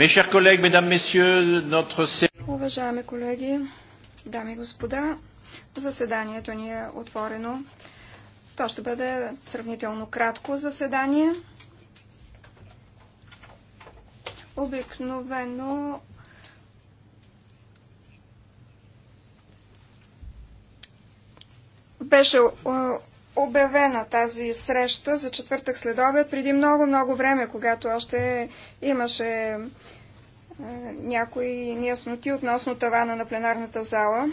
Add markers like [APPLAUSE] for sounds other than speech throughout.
Mes chers collègues, mesdames, messieurs, notre Уважаеми колеги, дами и господа, заседанието ни е отворено. То ще бъде сравнително кратко заседание. Обикновено беше е, обявена тази среща за четвъртък следобед преди много-много време, когато още имаше някои неясноти относно тавана на пленарната зала.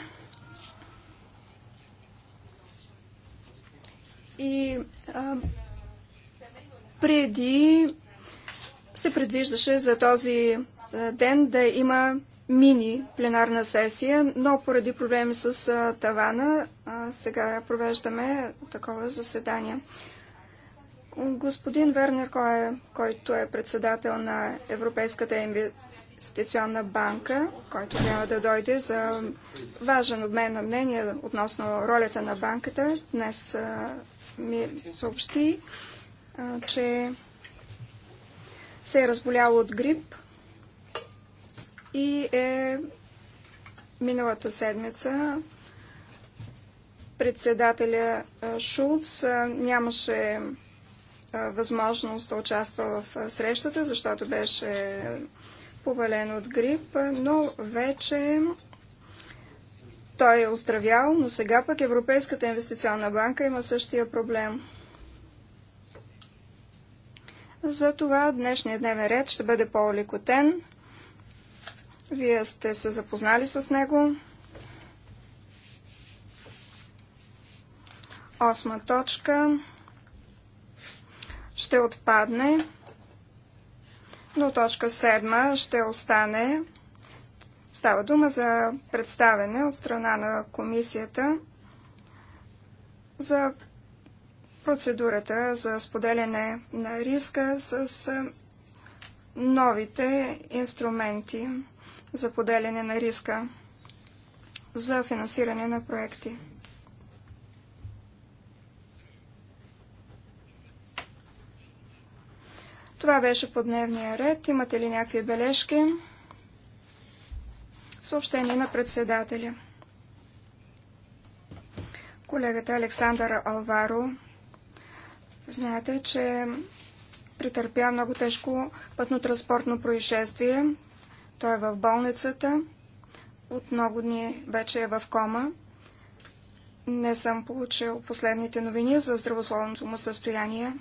И а, преди се предвиждаше за този ден да има мини пленарна сесия, но поради проблеми с а, тавана а, сега провеждаме такова заседание. Господин Вернер, кой е, който е председател на Европейската инвестиционна банка, който трябва да дойде за важен обмен на мнение относно ролята на банката. Днес ми съобщи, че се е разболял от грип и е миналата седмица председателя Шулц нямаше възможност да участва в срещата, защото беше повален от грип, но вече той е оздравял, но сега пък Европейската инвестиционна банка има същия проблем. Затова днешният дневен ред ще бъде по-лекотен. Вие сте се запознали с него. Осма точка ще отпадне но точка 7 ще остане. Става дума за представене от страна на комисията за процедурата за споделяне на риска с новите инструменти за поделяне на риска за финансиране на проекти. Това беше по дневния ред. Имате ли някакви бележки? Съобщение на председателя. Колегата Александър Алваро. Знаете, че притърпя много тежко пътно-транспортно происшествие. Той е в болницата. От много дни вече е в кома. Не съм получил последните новини за здравословното му състояние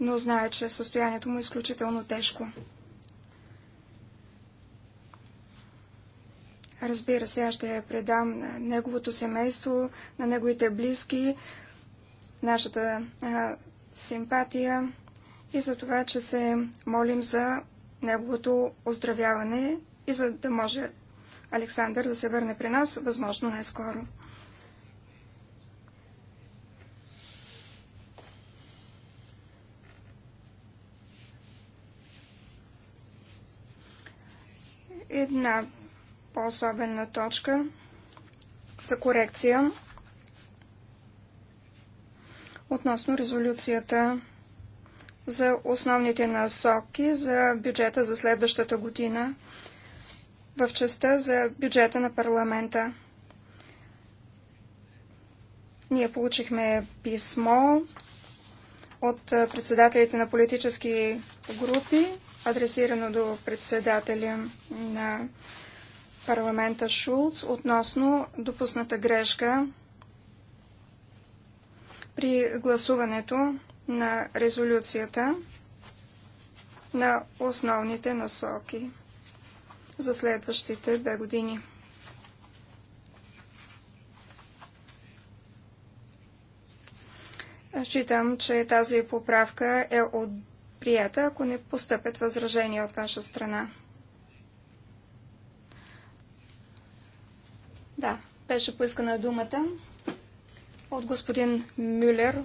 но знае, че състоянието му е изключително тежко. Разбира се, аз ще я предам на неговото семейство, на неговите близки, нашата а, симпатия и за това, че се молим за неговото оздравяване и за да може Александър да се върне при нас, възможно най-скоро. Една по-особена точка за корекция относно резолюцията за основните насоки за бюджета за следващата година в частта за бюджета на парламента. Ние получихме писмо от председателите на политически групи адресирано до председателя на парламента Шулц относно допусната грешка при гласуването на резолюцията на основните насоки за следващите две години. Считам, че тази поправка е от прията, ако не постъпят възражения от ваша страна. Да, беше поискана думата от господин Мюлер.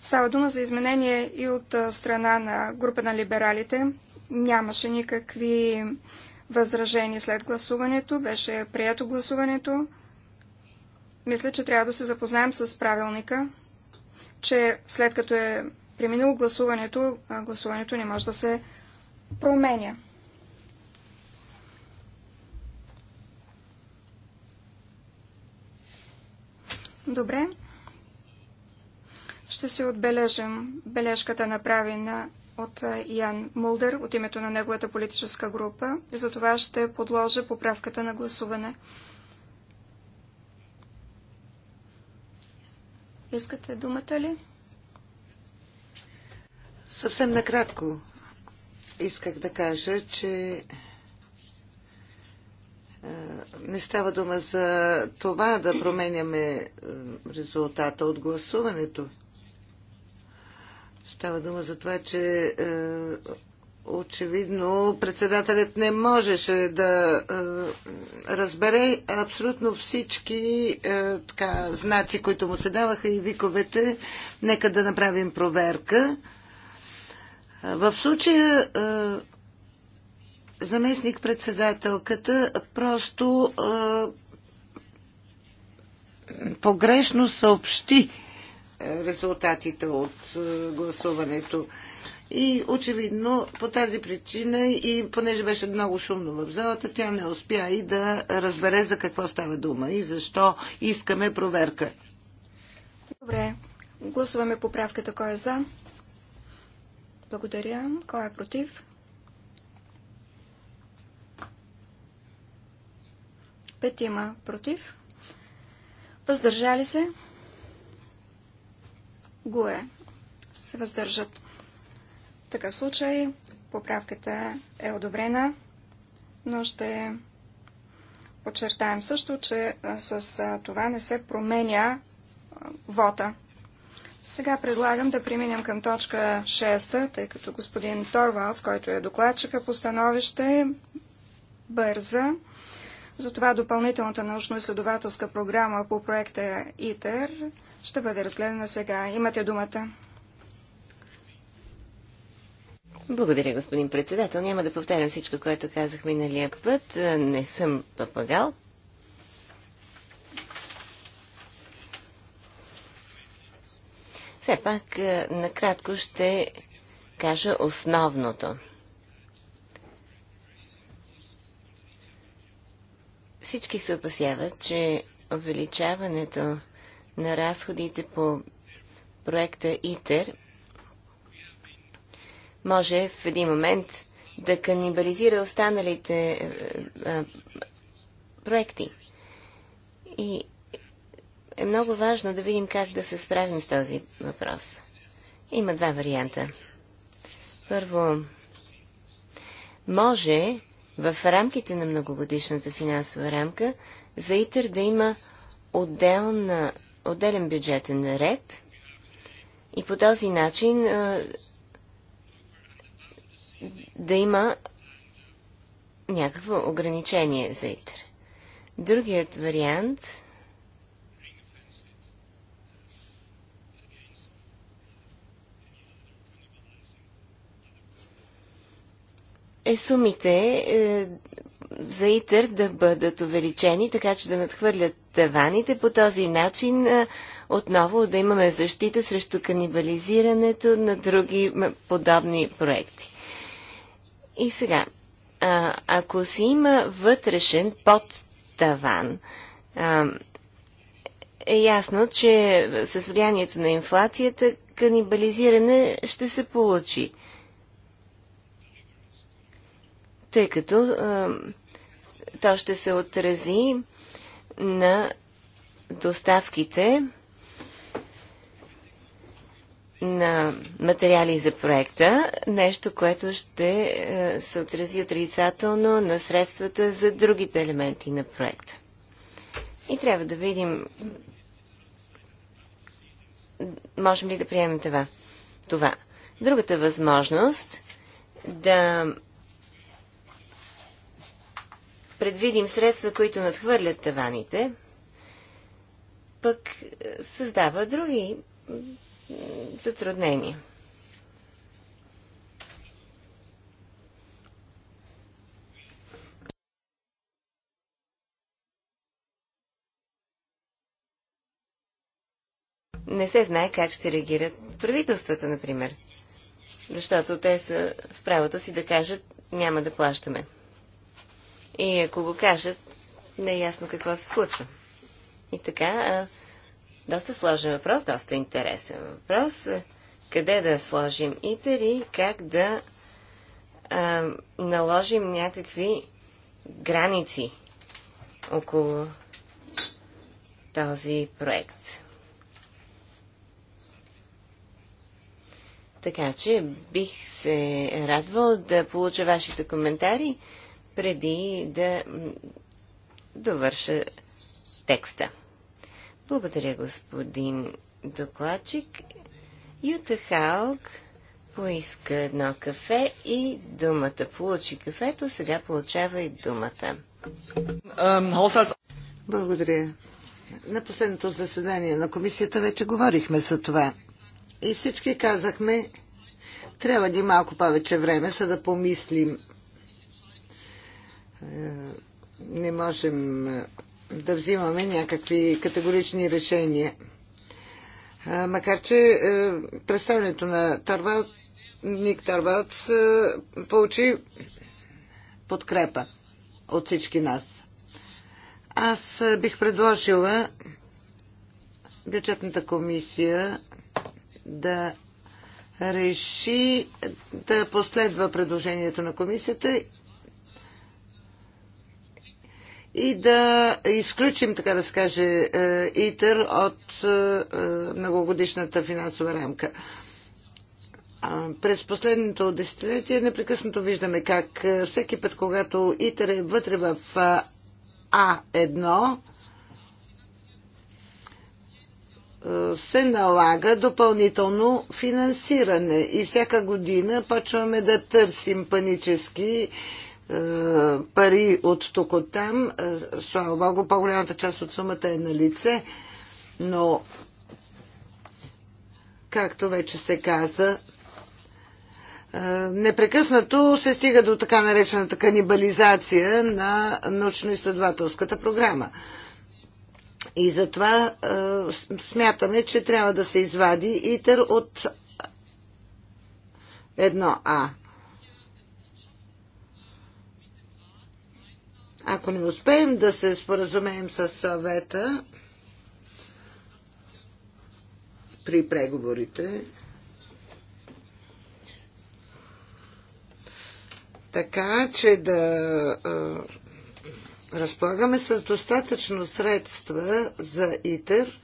Става дума за изменение и от страна на група на либералите. Нямаше никакви възражения след гласуването. Беше прието гласуването. Мисля, че трябва да се запознаем с правилника че след като е преминало гласуването, гласуването не може да се променя. Добре. Ще се отбележим бележката направена от Ян Мулдер от името на неговата политическа група. За това ще подложа поправката на гласуване. Искате думата ли? Съвсем накратко исках да кажа, че е, не става дума за това да променяме е, резултата от гласуването. Става дума за това, че е, Очевидно, председателят не можеше да е, разбере абсолютно всички е, така, знаци, които му се даваха и виковете. Нека да направим проверка. В случая е, заместник-председателката просто е, погрешно съобщи е, резултатите от е, гласуването. И очевидно по тази причина и понеже беше много шумно в залата, тя не успя и да разбере за какво става дума и защо искаме проверка. Добре, гласуваме поправката. Кой е за? Благодаря. Кой е против? Петима против. Въздържали се? Гуе. Се въздържат. В такъв случай поправката е одобрена, но ще подчертаем също, че с това не се променя вота. Сега предлагам да преминем към точка 6, тъй като господин Торвалс, който е докладчика по становище, бърза. Затова допълнителната научно-изследователска програма по проекта ИТЕР ще бъде разгледана сега. Имате думата. Благодаря, господин председател. Няма да повтарям всичко, което казах миналия път. Е, не съм папагал. Все пак, е, накратко ще кажа основното. Всички се опасяват, че увеличаването на разходите по проекта ИТЕР може в един момент да канибализира останалите а, е, а, е, проекти. И е много важно да видим как да се справим с този въпрос. Има два варианта. Първо, може в рамките на многогодишната финансова рамка за ИТЕР да има отделна, отделен бюджетен ред и по този начин е, да има някакво ограничение за ИТР. Другият вариант е сумите е, за ИТЕР да бъдат увеличени, така че да надхвърлят таваните. По този начин е, отново да имаме защита срещу канибализирането на други подобни проекти. И сега, а, ако си има вътрешен подтаван, а, е ясно, че с влиянието на инфлацията канибализиране ще се получи. Тъй като а, то ще се отрази на доставките на материали за проекта, нещо, което ще е, се отрази отрицателно на средствата за другите елементи на проекта. И трябва да видим можем ли да приемем това. това. Другата възможност да предвидим средства, които надхвърлят таваните, пък е, създава други затруднения. не се знае как ще реагират правителствата, например. Защото те са в правото си да кажат няма да плащаме. И ако го кажат, не е ясно какво се случва. И така, доста сложен въпрос, доста интересен въпрос. Къде да сложим ИТЕР и как да а, наложим някакви граници около този проект. Така че бих се радвал да получа вашите коментари преди да довърша текста. Благодаря, господин докладчик. Юта Хаук поиска едно кафе и думата. Получи кафето, сега получава и думата. Благодаря. На последното заседание на комисията вече говорихме за това. И всички казахме, трябва ни малко повече време, за да помислим. Е, не можем е, да взимаме някакви категорични решения. Макар, че е, представянето на Тарвалт, Ник Тарвалт е, получи подкрепа от всички нас. Аз е, бих предложила бюджетната комисия да реши да последва предложението на комисията и да изключим, така да се каже, е, ИТЕР от е, е, многогодишната финансова рамка. През последното десетилетие непрекъснато виждаме как всеки път, когато ИТЕР е вътре в А1, се налага допълнително финансиране и всяка година почваме да търсим панически е, пари от тук от там. Е, слава Богу, по-голямата част от сумата е на лице, но както вече се каза, е, непрекъснато се стига до така наречената канибализация на научно-изследователската програма. И затова смятаме, че трябва да се извади ИТЕР от едно А. Ако не успеем да се споразумеем с съвета при преговорите, така че да разполагаме с достатъчно средства за ИТЕР,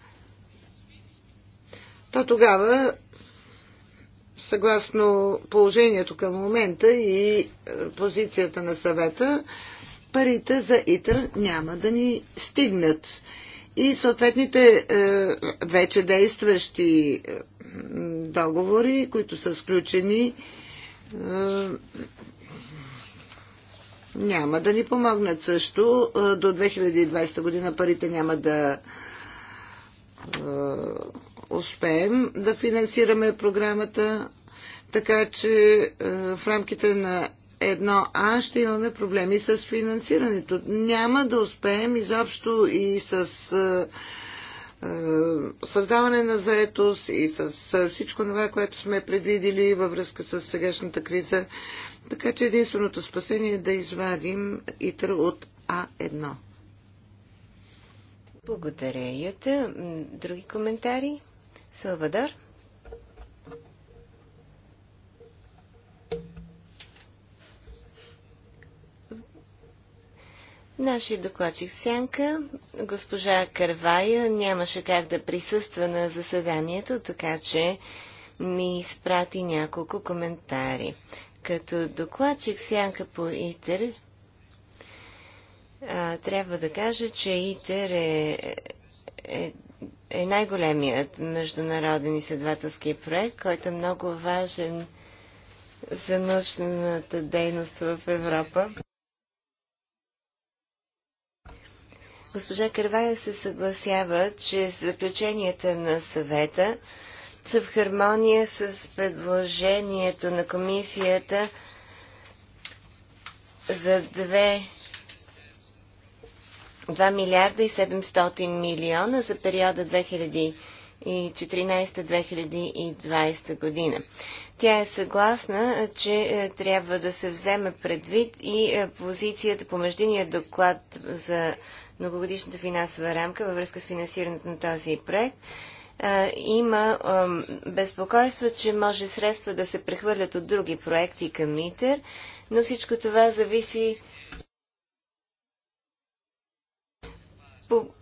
то тогава, съгласно положението към момента и позицията на съвета, парите за ИТР няма да ни стигнат. И съответните е, вече действащи е, договори, които са сключени, е, няма да ни помогнат също. Е, до 2020 година парите няма да е, успеем да финансираме програмата, така че е, в рамките на едно А ще имаме проблеми с финансирането. Няма да успеем изобщо и с създаване на заетост и с всичко това, което сме предвидили във връзка с сегашната криза. Така че единственото спасение е да извадим ИТР от А1. Благодаря, Юта. Други коментари? Салвадор? Нашия докладчик Сянка, госпожа Карвая, нямаше как да присъства на заседанието, така че ми изпрати няколко коментари. Като докладчик Сянка по ИТЕР, а, трябва да кажа, че ИТЕР е, е, е най-големият международен изследователски проект, който е много важен за научната дейност в Европа. Госпожа Карвая се съгласява, че заключенията на съвета са в хармония с предложението на комисията за 2, 2 милиарда и 700 милиона за периода 2014-2020 година. Тя е съгласна, че е, трябва да се вземе предвид и е, позицията по междиния доклад за многогодишната финансова рамка във връзка с финансирането на този проект, има безпокойство, че може средства да се прехвърлят от други проекти към ИТЕР, но всичко това зависи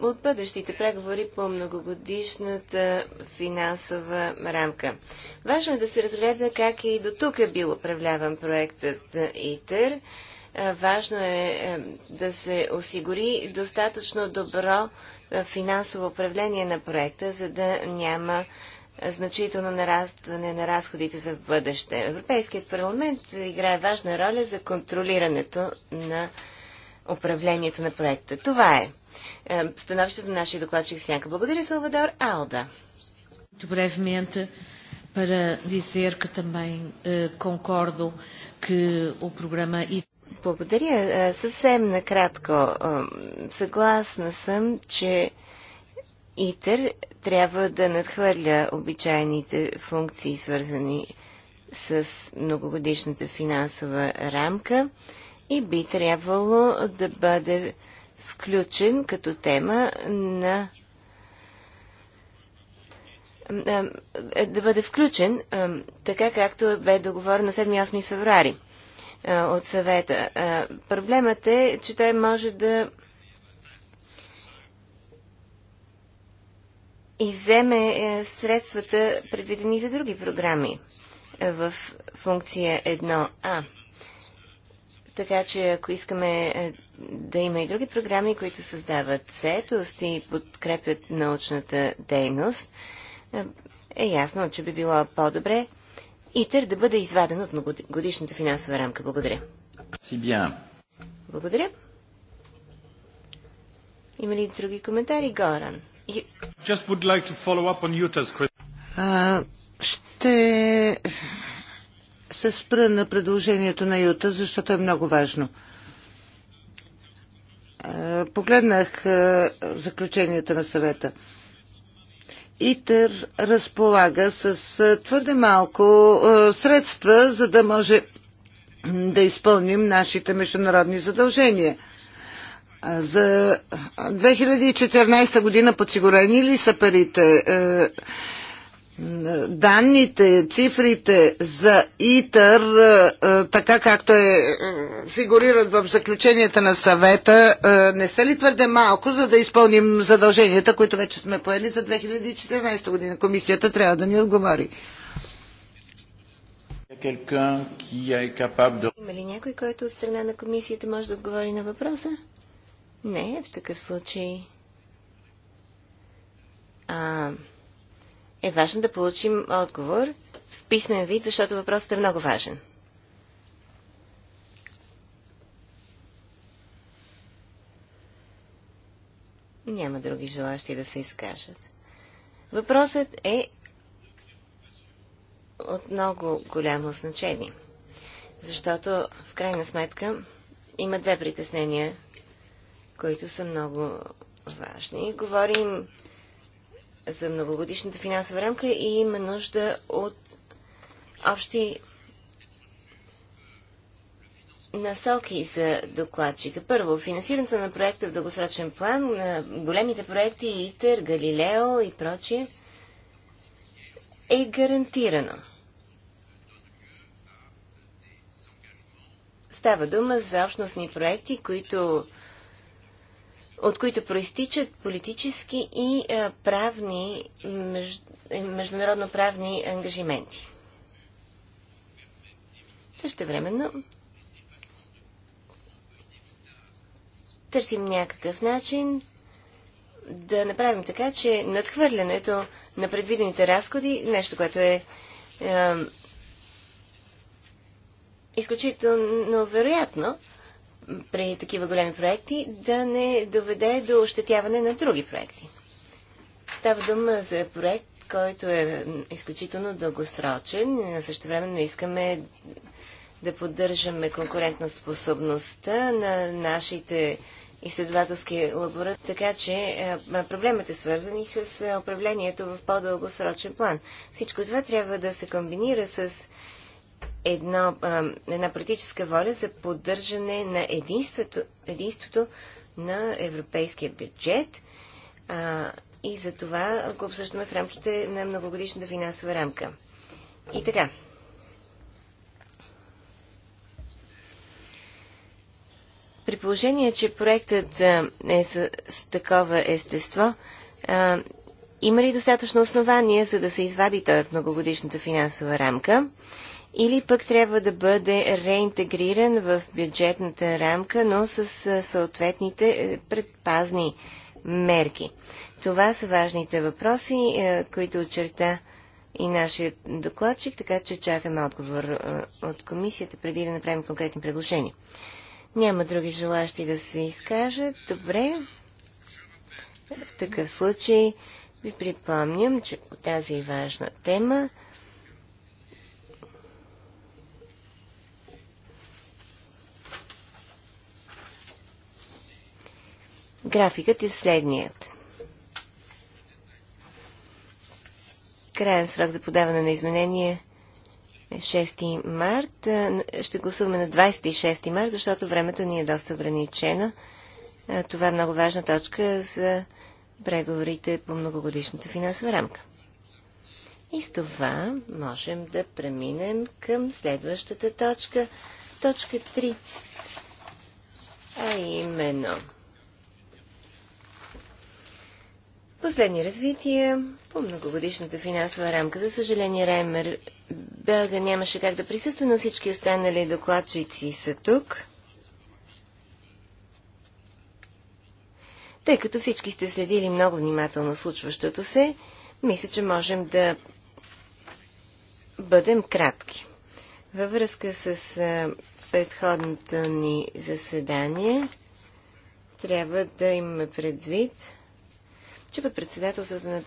от бъдещите преговори по многогодишната финансова рамка. Важно е да се разгледа как и до тук е бил управляван проектът ИТЕР е, важно е, е да се осигури достатъчно добро е, финансово управление на проекта, за да няма значително нарастване на разходите за бъдеще. Европейският парламент играе важна роля за контролирането на управлението на проекта. Това е становището на нашия докладчик Сянка. Благодаря, Салвадор Алда. момента para dizer que também eh, concordo que o programa благодаря. Е, съвсем накратко. Е, съгласна съм, че ИТЕР трябва да надхвърля обичайните функции, свързани с многогодишната финансова рамка и би трябвало да бъде включен като тема на е, да бъде включен така както бе договор на 7-8 февруари от съвета. Проблемът е, че той може да иземе е, средствата, предвидени за други програми е, в функция 1А. Така че ако искаме е, да има и други програми, които създават сетост и подкрепят научната дейност, е ясно, че би било по-добре ИТЕР да бъде изваден от годишната финансова рамка. Благодаря. Благодаря. Има ли други коментари, Горан? Like ще се спра на предложението на Юта, защото е много важно. погледнах заключенията на съвета. ИТЕР разполага с твърде малко средства, за да може да изпълним нашите международни задължения. За 2014 година подсигурени ли са парите? данните, цифрите за ИТър, е, е, така както е, е, фигурират в заключенията на съвета, не са ли твърде малко, за да изпълним задълженията, които вече сме поели за 2014 година? Комисията трябва да ни отговори. Има ли някой, който от страна на комисията може да отговори на въпроса? Не, в такъв случай. А, е важно да получим отговор в писмен вид, защото въпросът е много важен. Няма други желащи да се изкажат. Въпросът е от много голямо значение, защото в крайна сметка има две притеснения, които са много важни. Говорим за многогодишната финансова рамка и има нужда от общи насоки за докладчика. Първо, финансирането на проекта в дългосрочен план, на големите проекти ИТЕР, Галилео и прочие, е гарантирано. Става дума за общностни проекти, които от които проистичат политически и е, правни, е, международно правни ангажименти. Също времено търсим някакъв начин да направим така, че надхвърлянето на предвидените разходи, нещо, което е, е изключително вероятно, при такива големи проекти да не доведе до ощетяване на други проекти. Става дума за проект, който е изключително дългосрочен. Също времено искаме да поддържаме способността на нашите изследователски лаборат, така че е, проблемът е свързан и с е, управлението в по-дългосрочен план. Всичко това трябва да се комбинира с едно, една политическа воля за поддържане на единството, единството на европейския бюджет а, и за това го обсъждаме в рамките на многогодишната финансова рамка. И така. При положение, че проектът е с, с такова естество, а, има ли достатъчно основания, за да се извади той от многогодишната финансова рамка? или пък трябва да бъде реинтегриран в бюджетната рамка, но с съответните е, предпазни мерки. Това са важните въпроси, е, които очерта и нашия докладчик, така че чакаме отговор е, от комисията преди да направим конкретни предложения. Няма други желащи да се изкажат. Добре. В такъв случай ви припомням, че по тази важна тема Графикът е следният. Краен срок за подаване на изменения 6 е март. Ще гласуваме на 26 март, защото времето ни е доста ограничено. Това е много важна точка за преговорите по многогодишната финансова рамка. И с това можем да преминем към следващата точка, точка 3, а именно Последни развития по многогодишната финансова рамка. За съжаление, Раймер Белга нямаше как да присъства, но всички останали докладчици са тук. Тъй като всички сте следили много внимателно случващото се, мисля, че можем да бъдем кратки. Във връзка с предходното ни заседание, трябва да имаме предвид, че под председателството на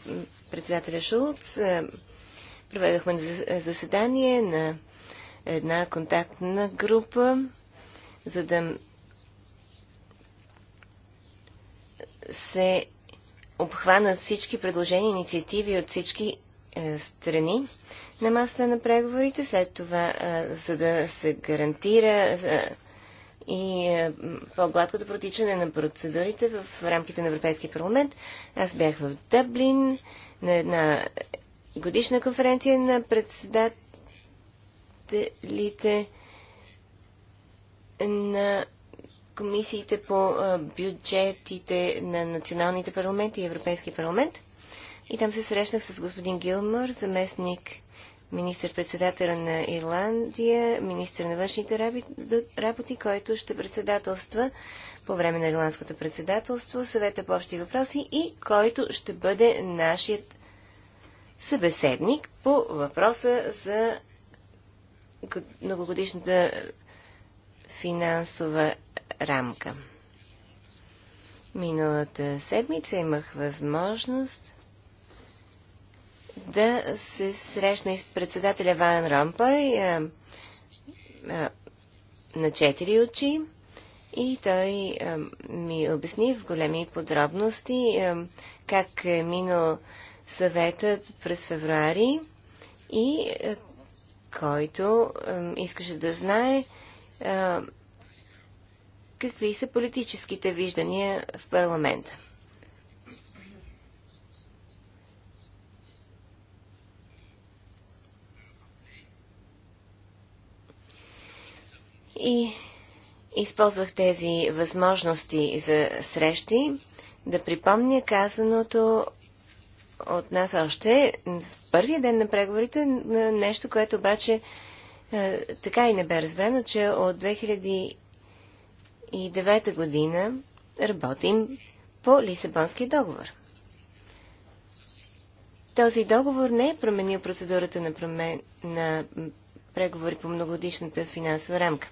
председателя Шулц е, проведохме заседание на една контактна група, за да се обхванат всички предложения и инициативи от всички е, страни на масата на преговорите, след това, е, за да се гарантира и е, по-гладкото протичане на процедурите в рамките на Европейския парламент. Аз бях в Дъблин на една годишна конференция на председателите на комисиите по е, бюджетите на националните парламенти и Европейски парламент. И там се срещнах с господин Гилмор, заместник министър-председателя на Ирландия, министър на външните работи, който ще председателства по време на ирландското председателство, съвета по общи въпроси и който ще бъде нашият събеседник по въпроса за многогодишната финансова рамка. Миналата седмица имах възможност да се срещна и с председателя Ван Ромпой а, а, на четири очи и той а, ми обясни в големи подробности а, как е минал съветът през февруари и а, който а, искаше да знае а, какви са политическите виждания в парламента. И използвах тези възможности за срещи да припомня казаното от нас още в първия ден на преговорите, на нещо, което обаче е, така и не бе разбрано, че от 2009 година работим по Лисабонски договор. Този договор не е променил процедурата на, промен... на преговори по многодишната финансова рамка.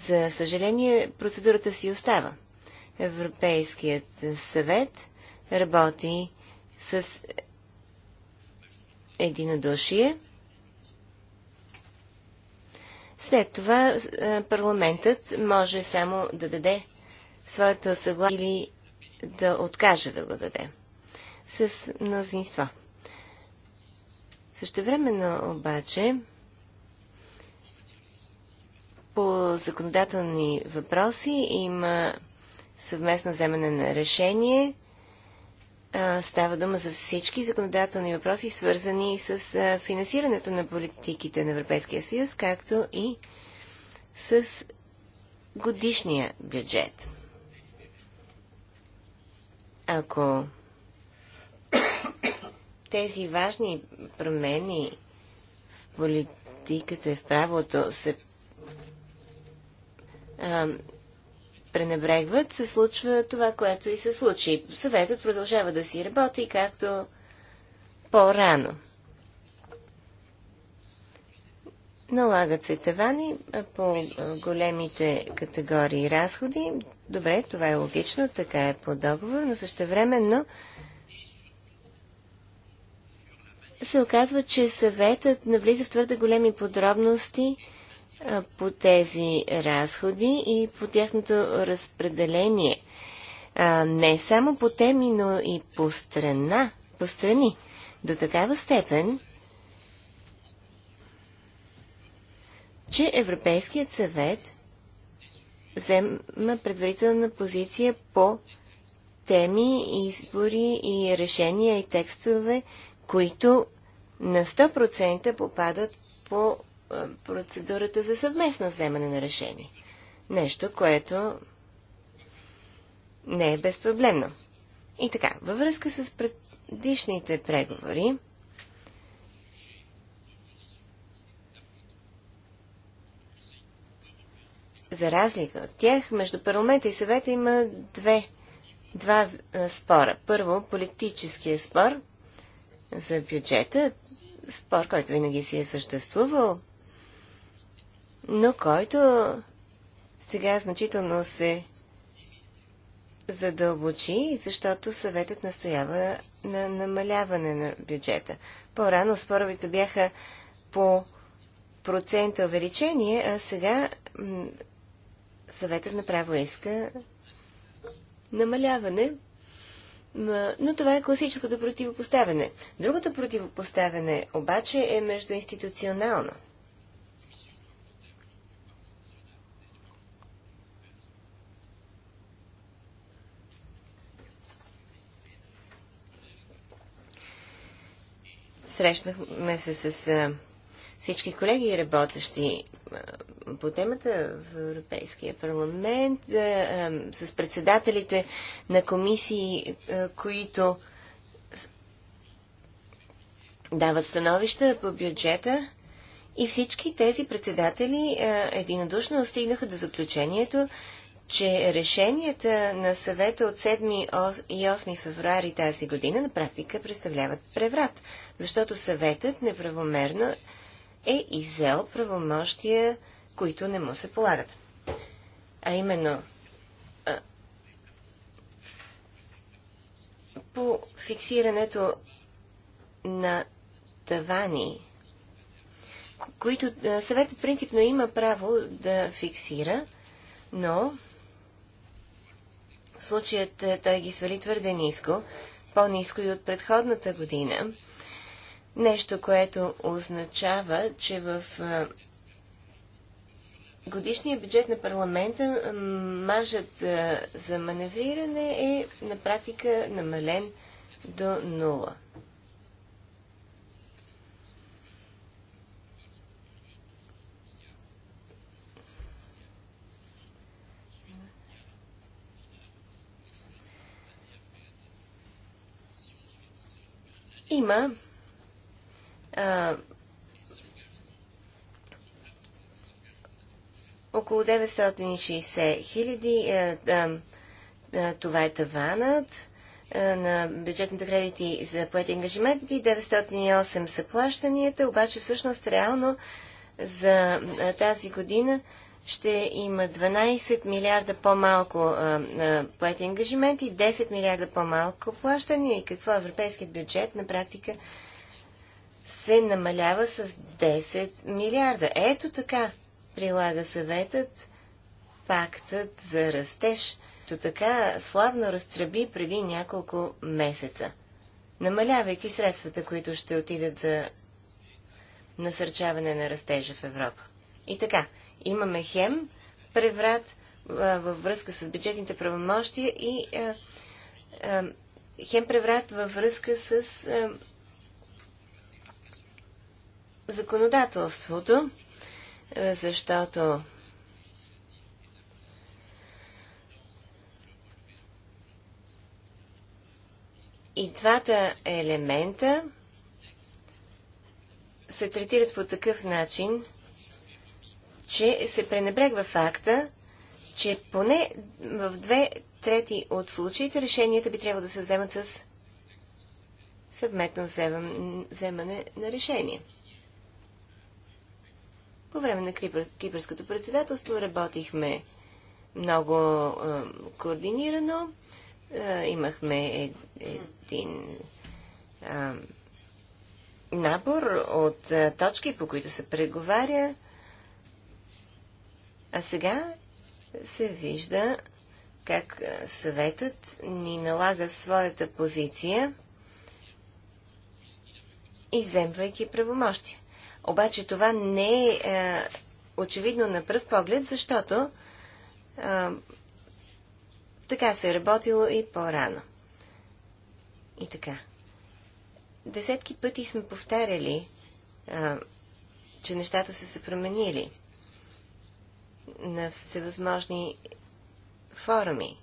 За съжаление, процедурата си остава. Европейският съвет работи с единодушие. След това парламентът може само да даде своето съгласие или да откаже да го даде с мнозинство. времено обаче по законодателни въпроси има съвместно вземане на решение. Става дума за всички законодателни въпроси, свързани с финансирането на политиките на Европейския съюз, както и с годишния бюджет. Ако тези важни промени в политиката и в правото се пренебрегват, се случва това, което и се случи. Съветът продължава да си работи, както по-рано. Налагат се тавани по големите категории разходи. Добре, това е логично, така е по договор, но същевременно се оказва, че съветът навлиза в твърде големи подробности по тези разходи и по тяхното разпределение. не само по теми, но и по страна, по страни. До такава степен, че Европейският съвет взема предварителна позиция по теми, избори и решения и текстове, които на 100% попадат по процедурата за съвместно вземане на решение. Нещо, което не е безпроблемно. И така, във връзка с предишните преговори, за разлика от тях, между парламента и съвета има две, два спора. Първо, политическия спор за бюджета, спор, който винаги си е съществувал но който сега значително се задълбочи, защото съветът настоява на намаляване на бюджета. По-рано споровите бяха по процента увеличение, а сега съветът направо иска намаляване. Но това е класическото противопоставяне. Другото противопоставяне обаче е междуинституционално – Срещнахме се с всички колеги, работещи по темата в Европейския парламент, с председателите на комисии, които дават становища по бюджета. И всички тези председатели единодушно стигнаха до заключението, че решенията на съвета от 7 и 8 февруари тази година на практика представляват преврат, защото съветът неправомерно е изел правомощия, които не му се полагат. А именно, по фиксирането на тавани, които съветът принципно има право да фиксира, но в случаят е, той ги свали твърде ниско, по-ниско и от предходната година. Нещо, което означава, че в е, годишния бюджет на парламента мажът е, за маневриране е на практика намален до нула. Има а, около 960 хиляди. Е, е, това е таванът е, на бюджетните кредити за поети ангажименти. 908 са плащанията, обаче всъщност реално за тази година ще има 12 милиарда по-малко поети ангажимент и 10 милиарда по-малко плащане и какво европейският бюджет на практика се намалява с 10 милиарда. Ето така прилага съветът пактът за растеж, то така славно разтреби преди няколко месеца, намалявайки средствата, които ще отидат за насърчаване на растежа в Европа. И така, имаме хем преврат във връзка с бюджетните правомощия и хем преврат във връзка с законодателството, защото и двата елемента се третират по такъв начин, че се пренебрегва факта, че поне в две трети от случаите решенията би трябвало да се вземат с съвметно вземане на решение. По време на кипърското председателство работихме много е, координирано. Е, имахме е, един е, набор от е, точки, по които се преговаря. А сега се вижда как съветът ни налага своята позиция, иземвайки правомощия. Обаче това не е, е очевидно на пръв поглед, защото е, така се е работило и по-рано. И така. Десетки пъти сме повтаряли, е, че нещата са се променили – на всевъзможни форуми.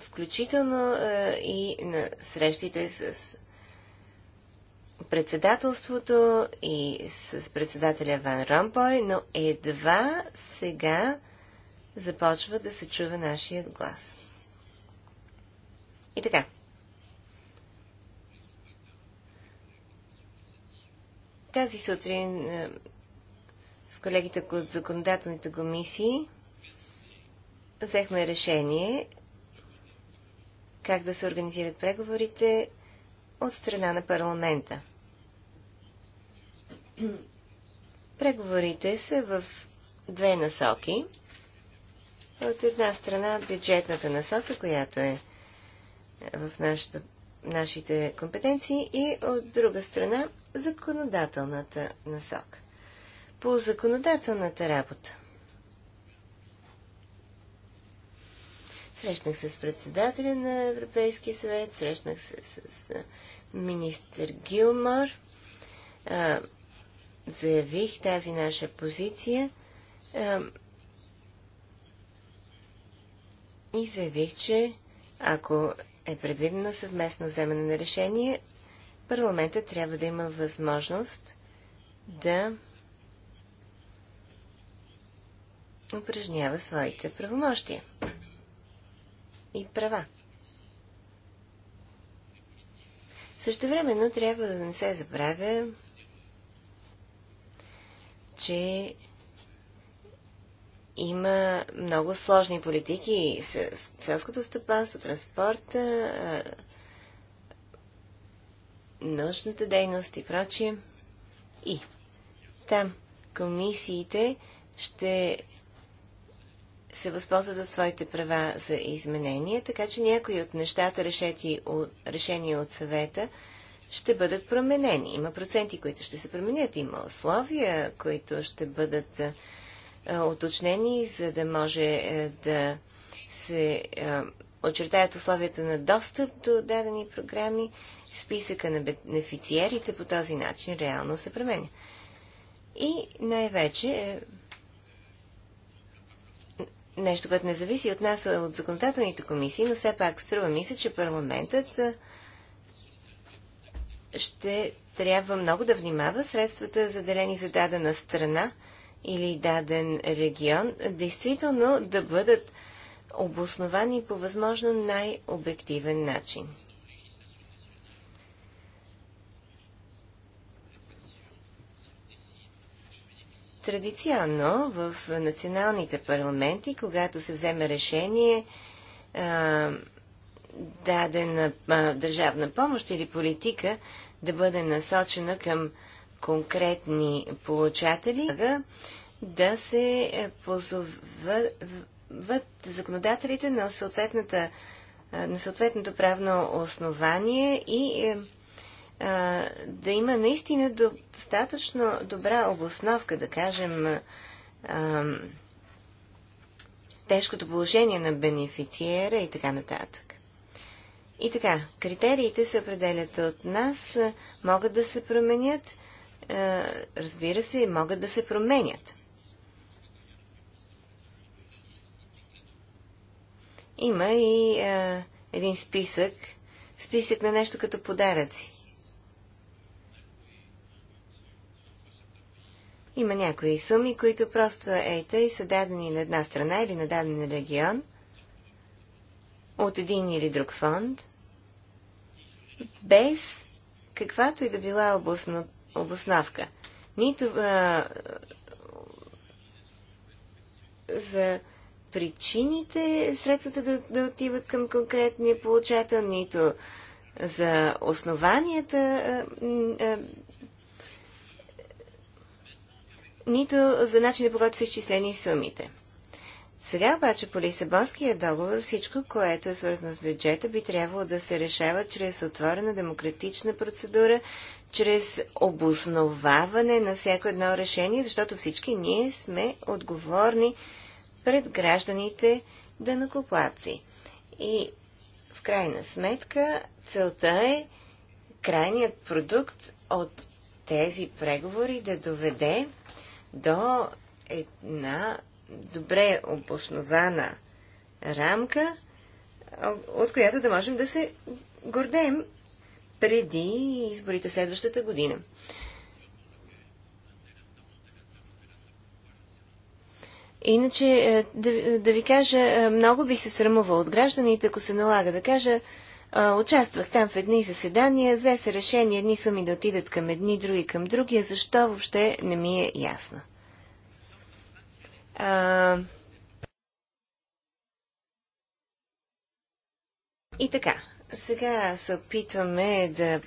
Включително и на срещите с председателството и с председателя Ван Ромпой, но едва сега започва да се чува нашия глас. И така. Тази сутрин е, с колегите от законодателните комисии взехме решение как да се организират преговорите от страна на парламента. Преговорите са в две насоки. От една страна бюджетната насока, която е в нашата, нашите компетенции, и от друга страна законодателната насока. По законодателната работа. Срещнах се с председателя на Европейския съвет, срещнах се с, с министър Гилмор. А, заявих тази наша позиция а, и заявих, че ако е предвидено съвместно вземане на решение, парламента трябва да има възможност да упражнява своите правомощия и права. Също Същевременно трябва да не се забравя, че има много сложни политики. Селското стопанство, транспорта, научната дейност и прочие. И там комисиите ще се възползват от своите права за изменения, така че някои от нещата, решети, решения от съвета, ще бъдат променени. Има проценти, които ще се променят, има условия, които ще бъдат а, уточнени, за да може а, да се а, очертаят условията на достъп до дадени програми списъка на бенефициерите по този начин реално се променя. И най-вече е, нещо, което не зависи от нас, от законодателните комисии, но все пак струва ми се, че парламентът е, ще трябва много да внимава средствата, заделени за дадена страна или даден регион, действително да бъдат обосновани по възможно най-обективен начин. традиционно в националните парламенти, когато се вземе решение а, дадена а, държавна помощ или политика да бъде насочена към конкретни получатели, да се е, позоват законодателите на, съответната, на съответното правно основание и е, а, да има наистина достатъчно добра обосновка, да кажем, а, тежкото положение на бенефициера и така нататък. И така, критериите се определят от нас, могат да се променят, разбира се, могат да се променят. Има и един списък, списък на нещо като подаръци. Има някои суми, които просто ей тъй са дадени на една страна или на даден регион от един или друг фонд, без каквато и да била обосно... обосновка. Нито а, за причините средствата да, да отиват към конкретния получател, нито за основанията нито за начин, по който са изчислени сумите. Сега обаче по Лисабонския договор всичко, което е свързано с бюджета, би трябвало да се решава чрез отворена демократична процедура, чрез обосноваване на всяко едно решение, защото всички ние сме отговорни пред гражданите да накоплаци. И в крайна сметка целта е крайният продукт от тези преговори да доведе до една добре обоснована рамка, от която да можем да се гордеем преди изборите следващата година. Иначе, е, да, да ви кажа, е, много бих се срамувал от гражданите, ако се налага да кажа, Участвах там в едни заседания, взе се решение едни суми да отидат към едни, други към други, защо въобще не ми е ясно. А... И така, сега се опитваме да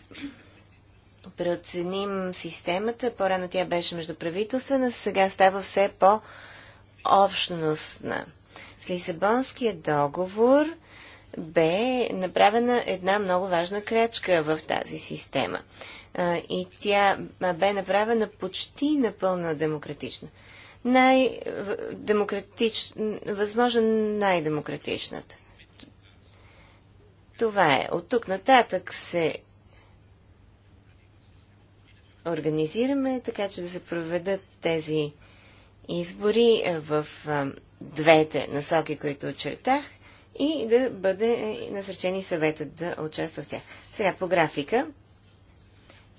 преоценим системата. По-рано тя беше междуправителствена, сега става все по-общностна. С Лисабонския договор бе направена една много важна крачка в тази система. И тя бе направена почти напълно демократична. Най-демократич... Възможно най-демократичната. Това е. От тук нататък се организираме, така че да се проведат тези избори в двете насоки, които очертах – и да бъде насречени съветът да участва в тях. Сега по графика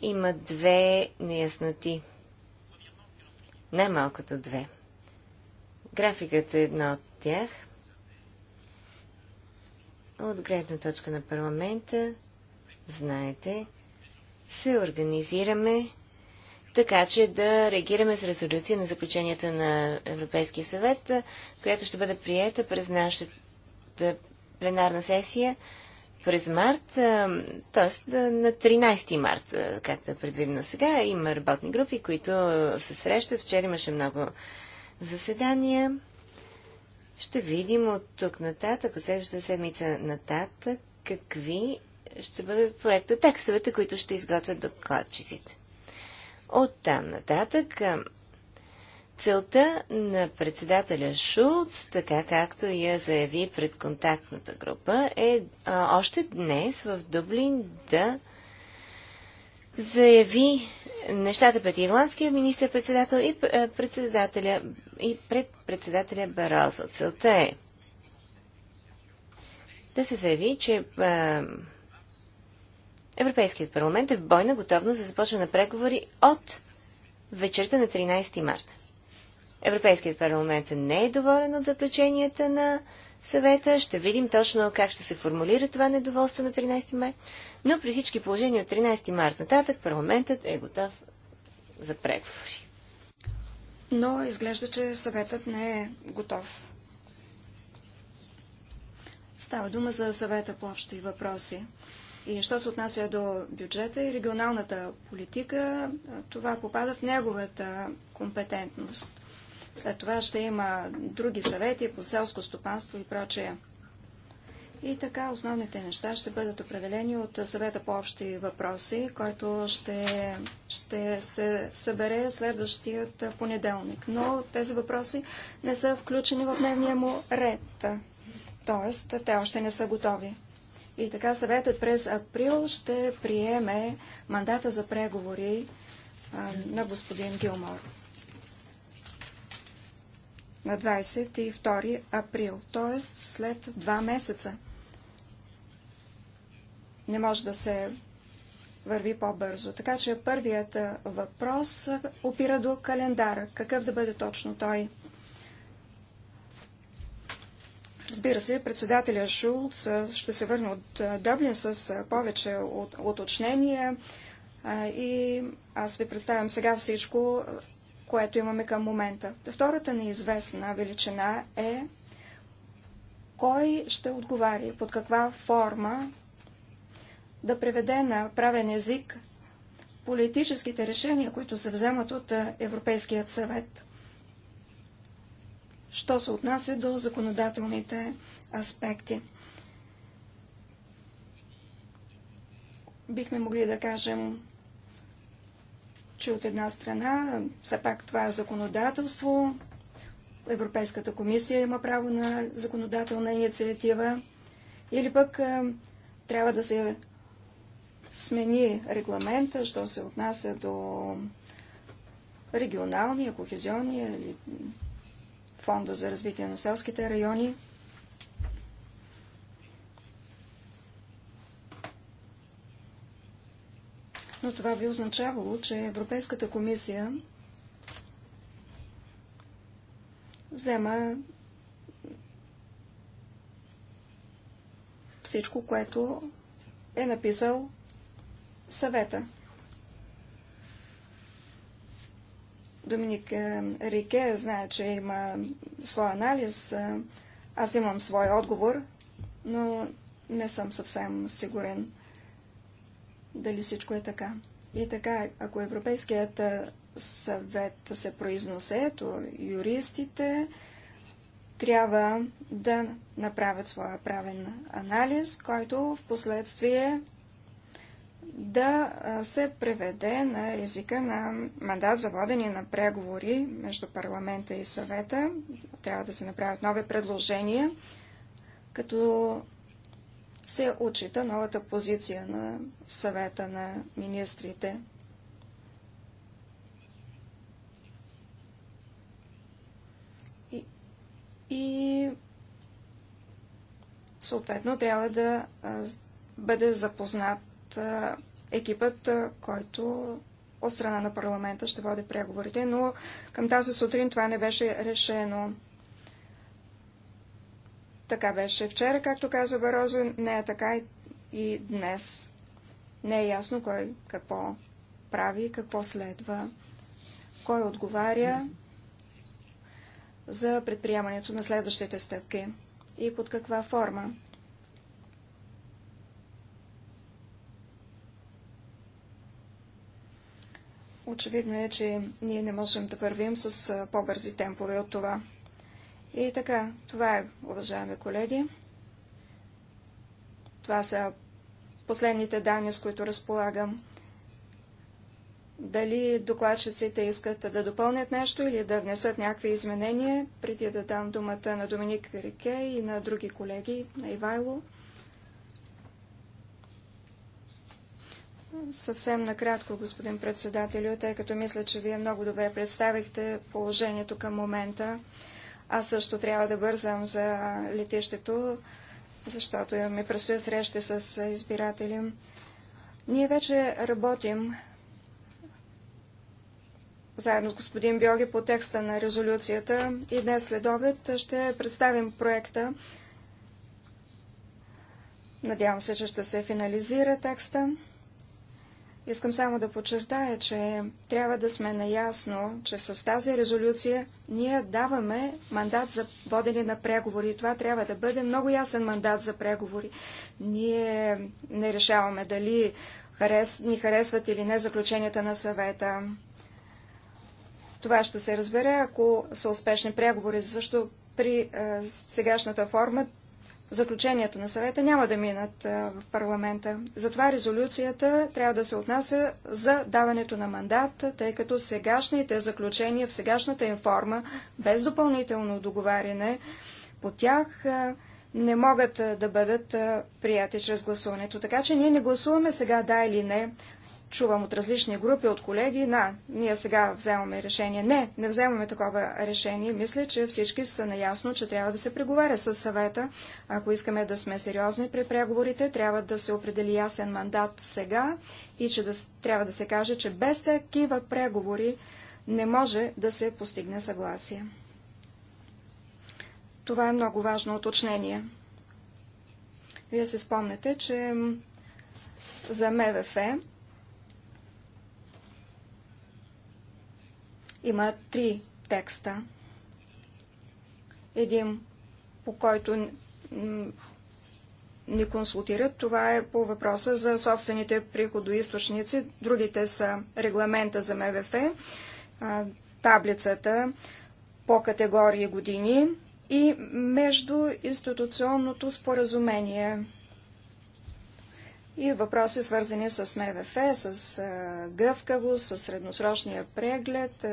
има две неясноти. Най-малкото две. Графикът е едно от тях. От гледна точка на парламента, знаете, се организираме така, че да реагираме с резолюция на заключенията на Европейския съвет, която ще бъде приета през нашата от е, пленарна сесия през март, т.е. Е, на 13 март, е, както е предвидено сега. Има работни групи, които се срещат. Вчера имаше много заседания. Ще видим от тук нататък, от следващата седмица нататък, какви ще бъдат проекта текстовете, които ще изготвят докладчиците. От там нататък Целта на председателя Шулц, така както я заяви пред контактната група, е а, още днес в Дублин да заяви нещата пред ирландския министър председател и, председателя, и пред председателя Барозо. Целта е да се заяви, че а, Европейският парламент е в бойна готовност за започване на преговори от вечерта на 13 марта. Европейският парламент не е доволен от заключенията на съвета. Ще видим точно как ще се формулира това недоволство на 13 март. Но при всички положения от 13 март нататък парламентът е готов за преговори. Но изглежда, че съветът не е готов. Става дума за съвета по общи въпроси. И що се отнася до бюджета и регионалната политика, това попада в неговата компетентност. След това ще има други съвети по селско стопанство и прочее. И така основните неща ще бъдат определени от съвета по общи въпроси, който ще, ще се събере следващият понеделник. Но тези въпроси не са включени в дневния му ред, Тоест, те още не са готови. И така съветът през април ще приеме мандата за преговори а, на господин Гилмор на 22 април, т.е. след два месеца. Не може да се върви по-бързо. Така че първият въпрос опира до календара. Какъв да бъде точно той? Разбира се, председателя Шулц ще се върне от Дъблин с повече уточнения и аз ви представям сега всичко което имаме към момента. Втората неизвестна величина е кой ще отговаря, под каква форма да преведе на правен език политическите решения, които се вземат от Европейският съвет. Що се отнася до законодателните аспекти. Бихме могли да кажем, че от една страна, все пак това е законодателство, Европейската комисия има право на законодателна инициатива, или пък е, трябва да се смени регламента, що се отнася до регионалния, кохезионния или фонда за развитие на селските райони – но това би означавало, че Европейската комисия взема всичко, което е написал съвета. Доминик е, Рике знае, че има свой анализ. Е, аз имам свой отговор, но не съм съвсем сигурен дали всичко е така. И така, ако Европейският съвет се произнесе, то юристите трябва да направят своя правен анализ, който в последствие да се преведе на езика на мандат за водене на преговори между парламента и съвета. Трябва да се направят нови предложения, като се отчита новата позиция на съвета на министрите. И, и съответно трябва да бъде запознат екипът, който от страна на парламента ще води преговорите, но към тази сутрин това не беше решено. Така беше вчера, както каза Барозо, не е така и днес. Не е ясно кой какво прави, какво следва, кой отговаря за предприемането на следващите стъпки и под каква форма. Очевидно е, че ние не можем да вървим с по-бързи темпове от това. И така, това е, уважаеми колеги. Това са последните данни, с които разполагам. Дали докладчиците искат да допълнят нещо или да внесат някакви изменения, преди да дам думата на Доминик Рике и на други колеги, на Ивайло. Съвсем накратко, господин председателю, тъй като мисля, че вие много добре представихте положението към момента. Аз също трябва да бързам за летището, защото ми предстоят срещи с избиратели. Ние вече работим заедно с господин Бьоги по текста на резолюцията и днес след обед ще представим проекта. Надявам се, че ще се финализира текста. Искам само да подчертая, че трябва да сме наясно, че с тази резолюция ние даваме мандат за водене на преговори. Това трябва да бъде много ясен мандат за преговори. Ние не решаваме дали харес... ни харесват или не заключенията на съвета. Това ще се разбере, ако са успешни преговори, защото при е, сегашната форма заключенията на съвета няма да минат в парламента. Затова резолюцията трябва да се отнася за даването на мандат, тъй като сегашните заключения в сегашната им форма, без допълнително договаряне по тях, не могат да бъдат прияти чрез гласуването. Така че ние не гласуваме сега да или не, чувам от различни групи, от колеги, на, ние сега вземаме решение. Не, не вземаме такова решение. Мисля, че всички са наясно, че трябва да се преговаря с съвета. Ако искаме да сме сериозни при преговорите, трябва да се определи ясен мандат сега и че да, трябва да се каже, че без такива преговори не може да се постигне съгласие. Това е много важно уточнение. Вие се спомнете, че за МВФ Има три текста. Един, по който ни консултират. Това е по въпроса за собствените приходоисточници. Другите са регламента за МВФ, таблицата по категории години и междуинституционното споразумение и въпроси свързани с МВФ, с гъвкавост, с средносрочния преглед,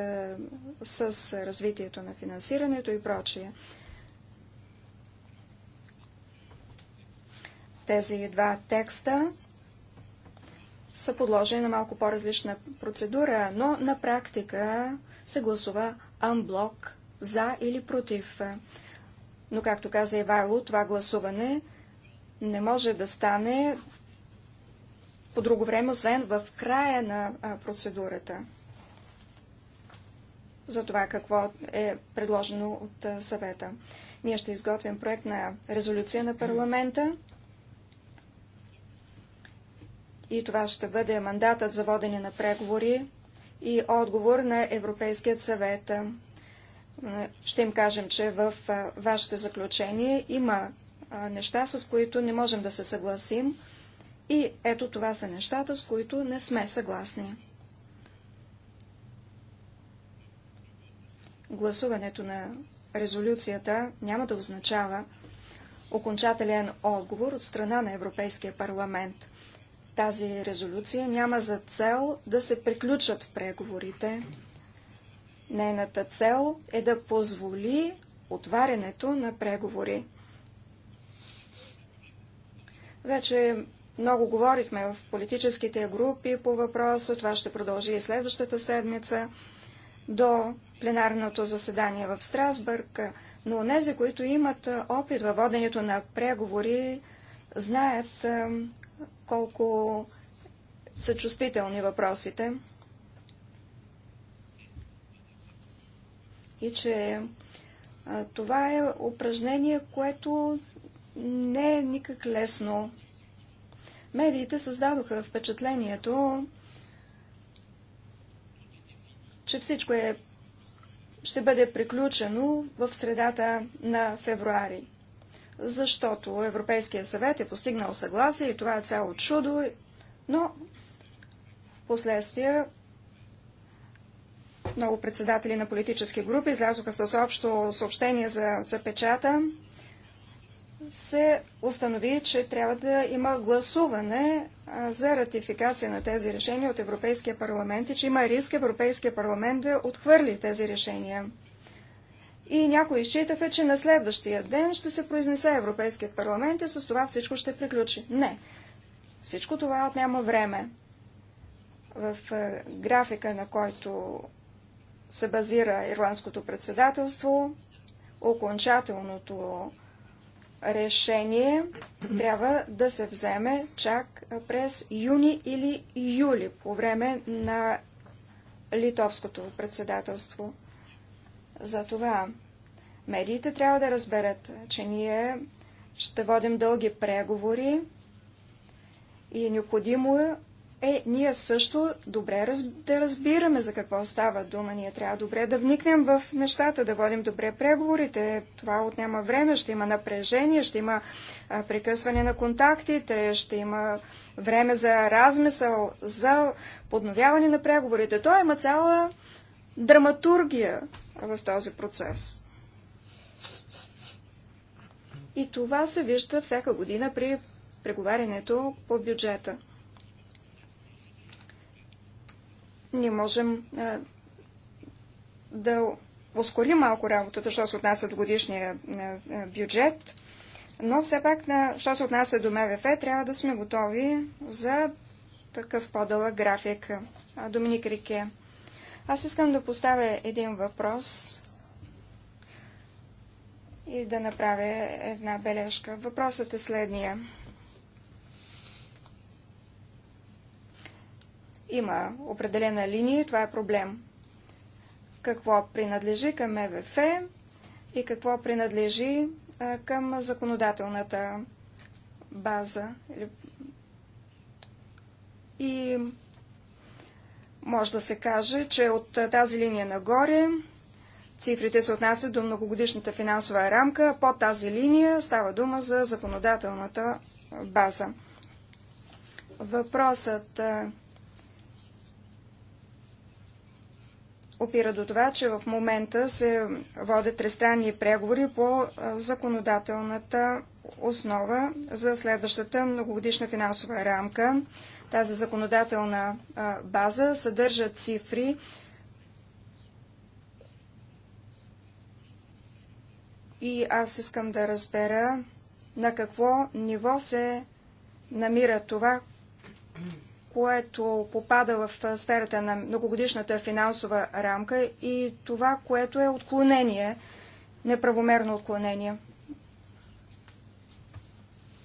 с развитието на финансирането и прочие. Тези два текста са подложени на малко по-различна процедура, но на практика се гласува Анблок за или против. Но, както каза Ивайло, това гласуване не може да стане по друго време, освен в края на процедурата за това какво е предложено от съвета. Ние ще изготвим проект на резолюция на парламента и това ще бъде мандатът за водене на преговори и отговор на Европейският съвет. Ще им кажем, че в вашето заключение има неща, с които не можем да се съгласим и ето това са нещата, с които не сме съгласни. Гласуването на резолюцията няма да означава окончателен отговор от страна на Европейския парламент. Тази резолюция няма за цел да се приключат преговорите. Нейната цел е да позволи отварянето на преговори. Вече много говорихме в политическите групи по въпроса. Това ще продължи и следващата седмица до пленарното заседание в Страсбърг. Но тези, които имат опит във воденето на преговори, знаят колко са чувствителни въпросите. И че това е упражнение, което не е никак лесно Медиите създадоха впечатлението, че всичко е, ще бъде приключено в средата на февруари. Защото Европейския съвет е постигнал съгласие и това е цяло чудо, но в последствие много председатели на политически групи излязоха с общо съобщение за, запечата се установи, че трябва да има гласуване за ратификация на тези решения от Европейския парламент и че има риск Европейския парламент да отхвърли тези решения. И някои считаха, че на следващия ден ще се произнесе Европейският парламент и с това всичко ще приключи. Не. Всичко това отнема време. В графика, на който се базира ирландското председателство, окончателното решение трябва да се вземе чак през юни или юли, по време на литовското председателство. Затова медиите трябва да разберат, че ние ще водим дълги преговори и е необходимо е ние също добре раз, да разбираме за какво става дума. Ние трябва добре да вникнем в нещата, да водим добре преговорите. Това отнема време, ще има напрежение, ще има а, прекъсване на контактите, ще има време за размисъл, за подновяване на преговорите. Той има цяла драматургия в този процес. И това се вижда всяка година при преговарянето по бюджета. ние можем да ускорим малко работата, що се отнася до годишния бюджет, но все пак, на, що се отнася до МВФ, трябва да сме готови за такъв по-дълъг график. Доминик Рике. Аз искам да поставя един въпрос и да направя една бележка. Въпросът е следния. има определена линия и това е проблем. Какво принадлежи към МВФ е и какво принадлежи а, към законодателната база. И може да се каже, че от тази линия нагоре цифрите се отнасят до многогодишната финансова рамка, под тази линия става дума за законодателната база. Въпросът опира до това, че в момента се водят тристранни преговори по законодателната основа за следващата многогодишна финансова рамка. Тази законодателна база съдържа цифри, и аз искам да разбера на какво ниво се намира това, което попада в сферата на многогодишната финансова рамка и това, което е отклонение, неправомерно отклонение.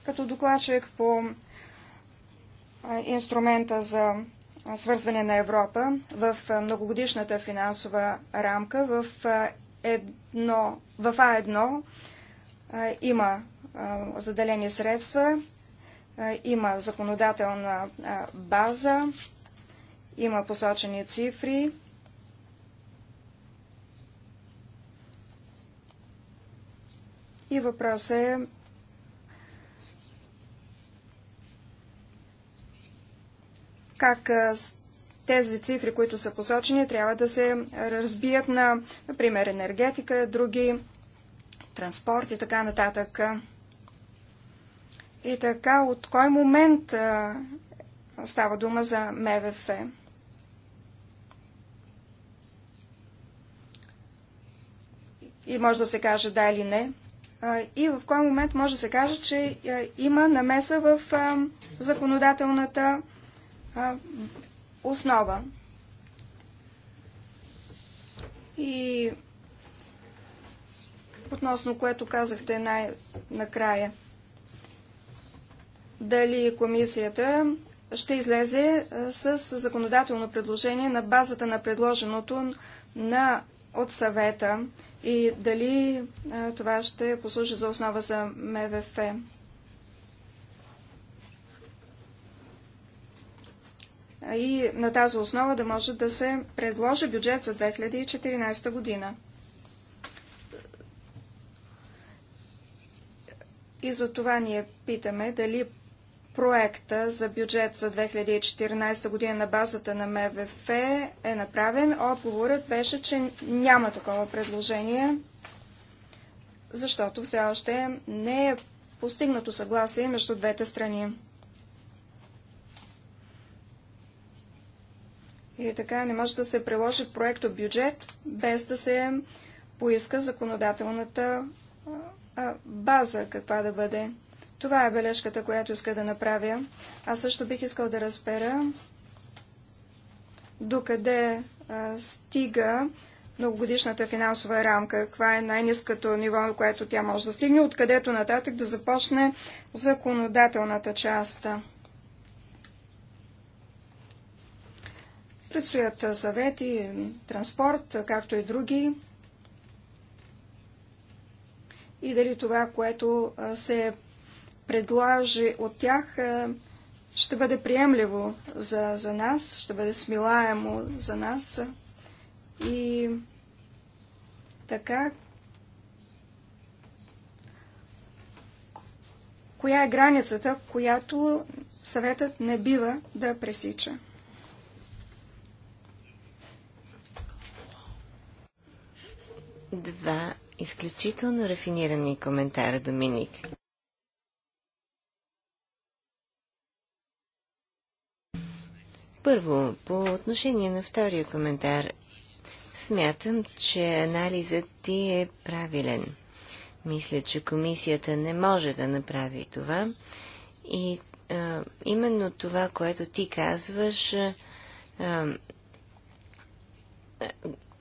Като докладчик по инструмента за свързване на Европа в многогодишната финансова рамка в, едно, в А1 има заделени средства е, има законодателна е, база, има посочени цифри. И въпросът е как е, тези цифри, които са посочени, трябва да се разбият на, например, енергетика, други, транспорт и така нататък. И така, от кой момент а, става дума за МВФ? И може да се каже да или не. А, и в кой момент може да се каже, че а, има намеса в а, законодателната а, основа. И относно което казахте най-накрая – дали комисията ще излезе с законодателно предложение на базата на предложеното на, от съвета и дали а, това ще послужи за основа за МВФ. И на тази основа да може да се предложи бюджет за 2014 година. И за това ние питаме дали проекта за бюджет за 2014 година на базата на МВФ е направен. Отговорът беше, че няма такова предложение, защото все още не е постигнато съгласие между двете страни. И така не може да се приложи проекто бюджет без да се поиска законодателната база, каква да бъде. Това е бележката, която иска да направя. Аз също бих искал да разбера докъде а, стига многогодишната финансова рамка, каква е най-низкото ниво, което тя може да стигне, откъдето нататък да започне законодателната част. Предстоят съвети, транспорт, както и други. И дали това, което се предложи от тях, е, ще бъде приемливо за, за нас, ще бъде смилаемо за нас. И така, коя е границата, която съветът не бива да пресича. Два изключително рафинирани коментара, Доминик. Първо, по отношение на втория коментар, смятам, че анализът ти е правилен. Мисля, че комисията не може да направи това. И а, именно това, което ти казваш, а, а,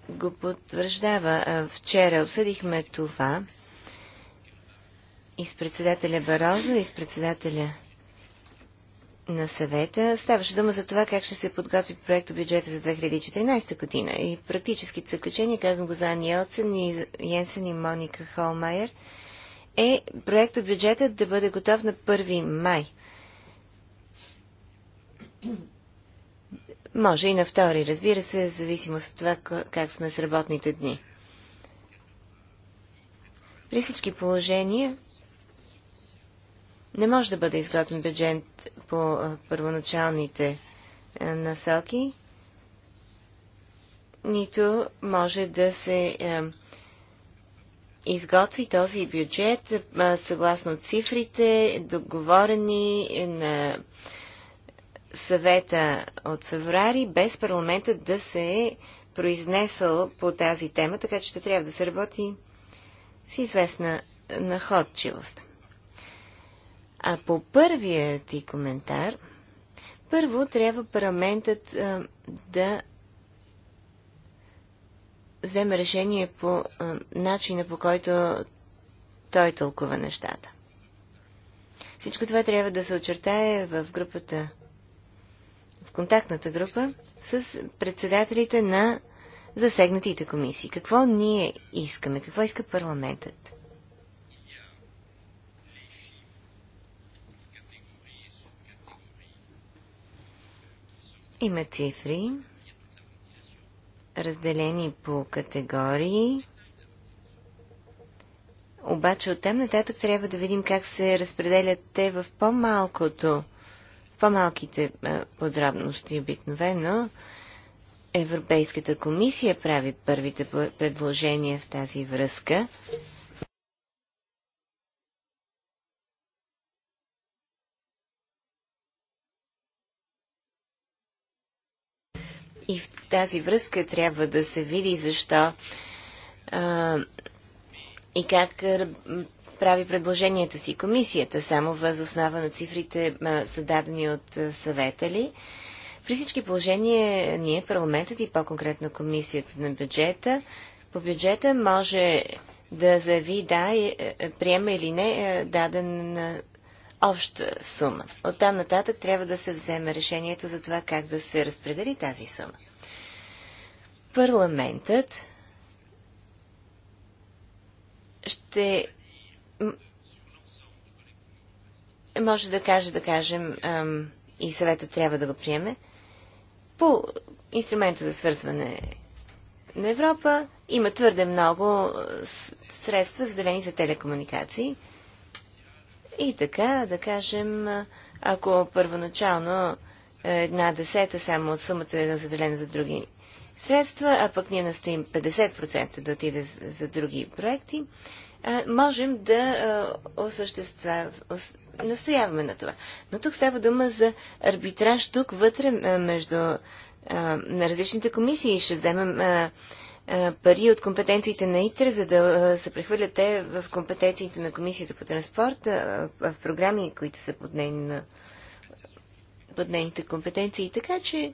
го потвърждава. А, вчера обсъдихме това и с председателя Барозо, и с председателя на съвета ставаше дума за това как ще се подготви проекто бюджета за 2014 година. И практическите заключения, казвам го за Ани Елцен и Йенсен и Моника Холмайер, е проектът бюджетът да бъде готов на 1 май. Може и на втори, разбира се, в зависимост от това как сме с работните дни. При всички положения не може да бъде изготвен бюджет по първоначалните насоки, нито може да се изготви този бюджет съгласно цифрите, договорени на съвета от феврари, без парламента да се е произнесъл по тази тема, така че ще трябва да се работи с известна находчивост. А по първия ти коментар, първо трябва парламентът а, да вземе решение по а, начина по който той тълкува нещата. Всичко това трябва да се очертае в групата, в контактната група с председателите на засегнатите комисии. Какво ние искаме? Какво иска парламентът? Има цифри, разделени по категории. Обаче оттам нататък трябва да видим как се разпределят те в по-малкото, в по-малките подробности обикновено. Европейската комисия прави първите предложения в тази връзка. тази връзка трябва да се види защо а, и как прави предложенията си комисията, само въз основа на цифрите а, са дадени от съвета ли. При всички положения ние, парламентът и по-конкретно комисията на бюджета, по бюджета може да заяви да, е, е, приема или не е, дадена обща сума. Оттам нататък трябва да се вземе решението за това как да се разпредели тази сума парламентът ще може да каже, да кажем, и съветът трябва да го приеме, по инструмента за свързване на Европа има твърде много средства, заделени за телекомуникации. И така, да кажем, ако първоначално една десета само от сумата е заделена за други средства, а пък ние настоим 50% да отиде за, други проекти, можем да осъществяваме, настояваме на това. Но тук става дума за арбитраж тук вътре между на различните комисии. Ще вземем пари от компетенциите на ИТР, за да се прехвърлят те в компетенциите на Комисията по транспорт, в програми, които са под, нейна, под нейните компетенции. Така че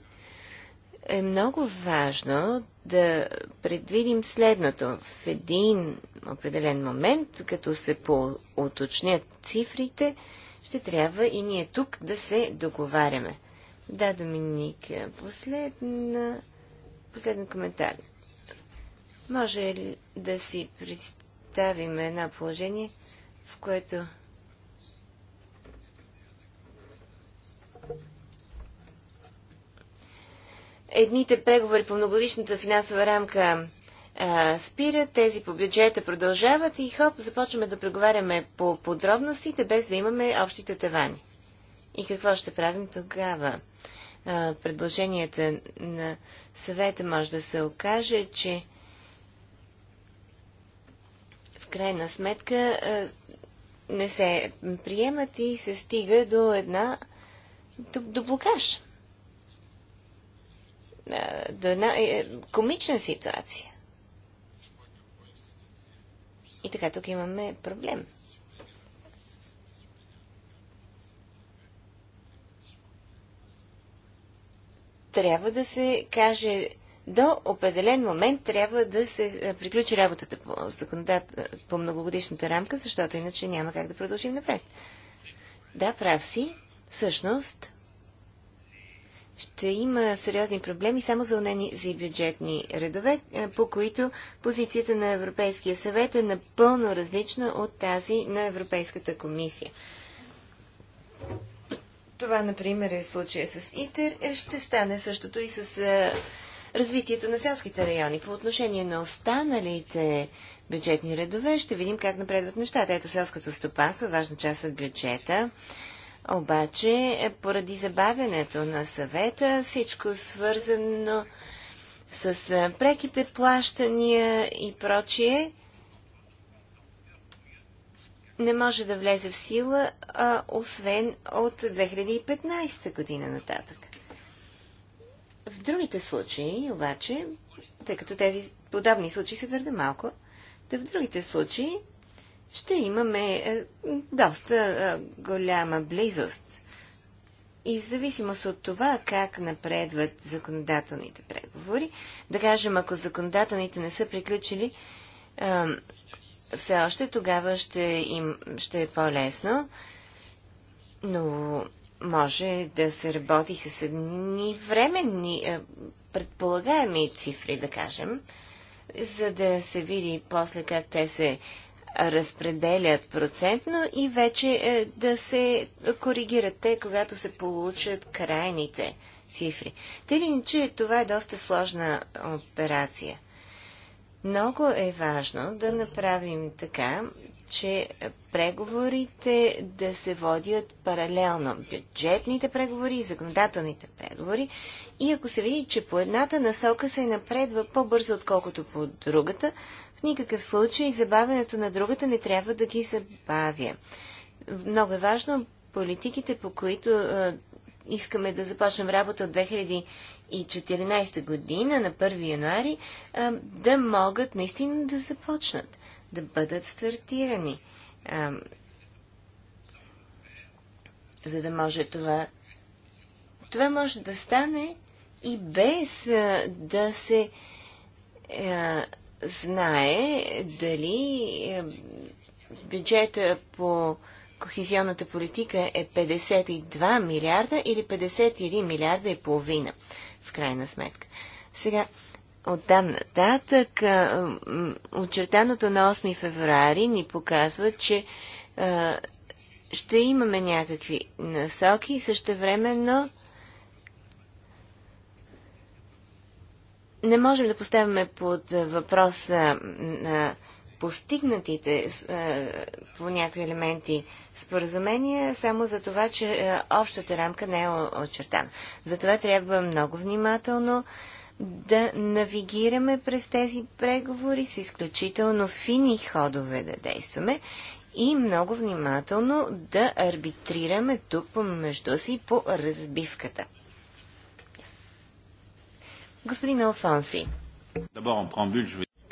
е много важно да предвидим следното. В един определен момент, като се поуточнят цифрите, ще трябва и ние тук да се договаряме. Да, Доминик, е, последна, последен коментар. Може ли да си представим едно положение, в което Едните преговори по многодишната финансова рамка а, спират, тези по бюджета продължават и хоп, започваме да преговаряме по подробностите, без да имаме общите тавани. И какво ще правим тогава? А, предложенията на съвета може да се окаже, че в крайна сметка а, не се приемат и се стига до една до, до блокаж до една е, комична ситуация. И така, тук имаме проблем. Трябва да се каже до определен момент трябва да се приключи работата по, по многогодишната рамка, защото иначе няма как да продължим напред. Да, прав си. Всъщност, ще има сериозни проблеми само за унени за бюджетни редове, е, по които позицията на Европейския съвет е напълно различна от тази на Европейската комисия. Това, например, е случая с ИТЕР. Е, ще стане същото и с е, развитието на селските райони. По отношение на останалите бюджетни редове, ще видим как напредват нещата. Ето селското стопанство е важна част от бюджета. Обаче, е, поради забавянето на съвета, всичко свързано с е, преките плащания и прочие, не може да влезе в сила, а, освен от 2015 година нататък. В другите случаи, обаче, тъй като тези подобни случаи са твърде малко, да в другите случаи ще имаме е, доста е, голяма близост. И в зависимост от това как напредват законодателните преговори, да кажем, ако законодателните не са приключили, е, все още тогава ще, им, ще е по-лесно, но може да се работи с едни временни, предполагаеми цифри, да кажем, за да се види после как те се разпределят процентно и вече е, да се коригират те, когато се получат крайните цифри. Те ли това е доста сложна операция? Много е важно да направим така, че преговорите да се водят паралелно. Бюджетните преговори и законодателните преговори. И ако се види, че по едната насока се напредва по-бързо, отколкото по другата, в никакъв случай забавянето на другата не трябва да ги забавя. Много е важно политиките, по които е, искаме да започнем работа от 2014 година на 1 януари, е, да могат наистина да започнат, да бъдат стартирани. Е, за да може това. Това може да стане и без а, да се а, знае дали е, бюджета по кохизионната политика е 52 милиарда или 53 милиарда и половина, в крайна сметка. Сега, оттам нататък, е, очертаното на 8 февруари ни показва, че е, ще имаме някакви насоки и времено не можем да поставяме под въпрос на постигнатите по някои елементи споразумения, само за това, че общата рамка не е очертана. Затова трябва много внимателно да навигираме през тези преговори с изключително фини ходове да действаме и много внимателно да арбитрираме тук помежду си по разбивката. Господин Алфонси.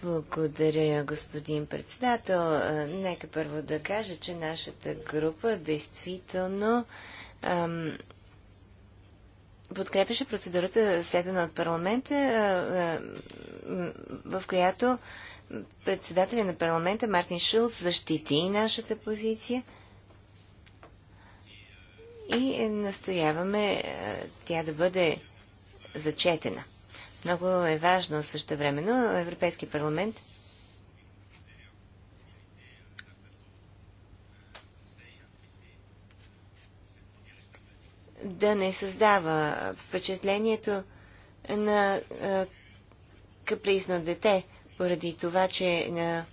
Благодаря, господин председател. Нека първо да кажа, че нашата група действително ам, подкрепяше процедурата следвана от парламента, а, а, в която председателя на парламента Мартин Шулц защити нашата позиция и е, настояваме а, тя да бъде зачетена. Много е важно също времено Европейски парламент да не създава впечатлението на капризно дете, поради това, че на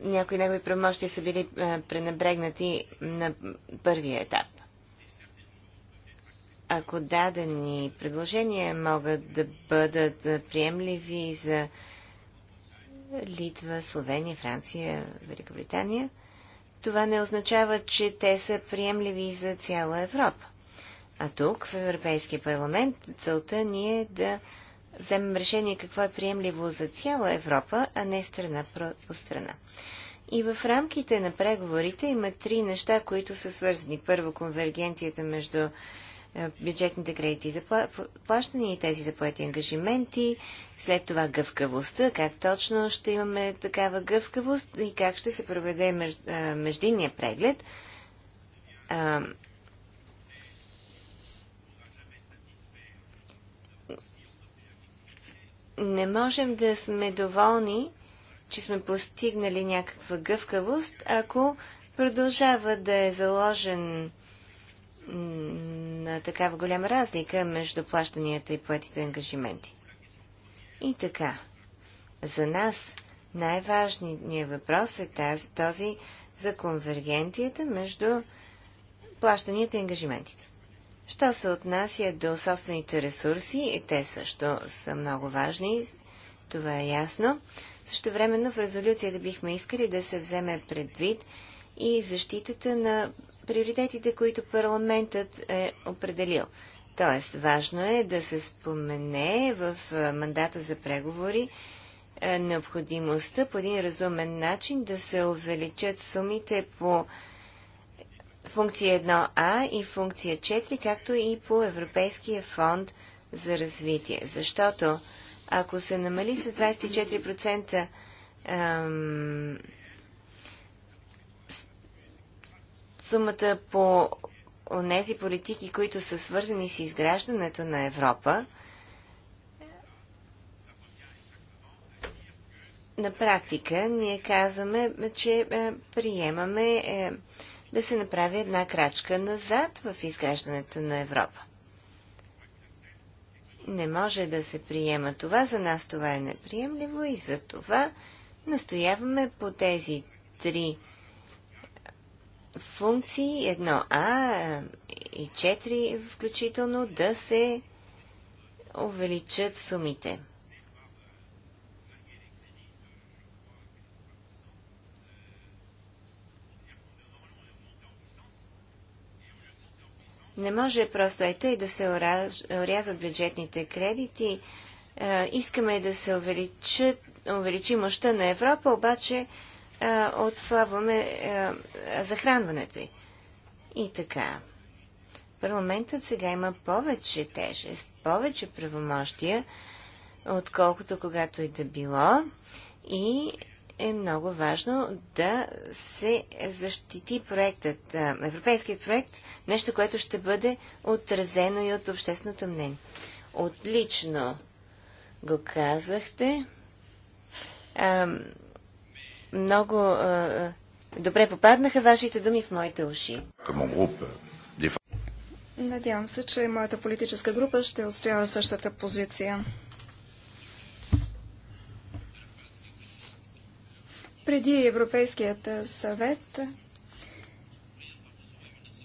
някои негови промощи са били пренебрегнати на първия етап ако дадени предложения могат да бъдат приемливи за Литва, Словения, Франция, Великобритания, това не означава, че те са приемливи за цяла Европа. А тук, в Европейския парламент, целта ни е да вземем решение какво е приемливо за цяла Европа, а не страна по страна. И в рамките на преговорите има три неща, които са свързани. Първо, конвергенцията между е, бюджетните кредити за плащане и тези за поети ангажименти, след това гъвкавостта, как точно ще имаме такава гъвкавост и как ще се проведе меж, е, междинния преглед. А, е, не можем да сме доволни, че сме постигнали някаква гъвкавост, ако продължава да е заложен на такава голяма разлика между плащанията и поетите ангажименти. И така, за нас най-важният въпрос е тази, този за конвергенцията между плащанията и ангажиментите. Що се отнася до собствените ресурси, те също са много важни, това е ясно. Също времено в резолюцията бихме искали да се вземе предвид и защитата на приоритетите, които парламентът е определил. Тоест, важно е да се спомене в мандата за преговори необходимостта по един разумен начин да се увеличат сумите по функция 1А и функция 4, както и по Европейския фонд за развитие. Защото ако се намали с 24% сумата по тези политики, които са свързани с изграждането на Европа, на практика ние казваме, че е, приемаме е, да се направи една крачка назад в изграждането на Европа. Не може да се приема това, за нас това е неприемливо и за това настояваме по тези три функции едно а е, и 4 включително да се увеличат сумите. Не може просто е тъй да се орязват бюджетните кредити. Е, искаме да се увеличи, увеличи мощта на Европа, обаче а, отслабваме а, захранването й. И така. Парламентът сега има повече тежест, повече правомощия, отколкото когато и да било. И е много важно да се защити проектът, европейският проект, нещо, което ще бъде отразено и от общественото мнение. Отлично го казахте. Ам, много а, добре попаднаха вашите думи в моите уши. Надявам се, че моята политическа група ще отстоява същата позиция. Преди Европейският съвет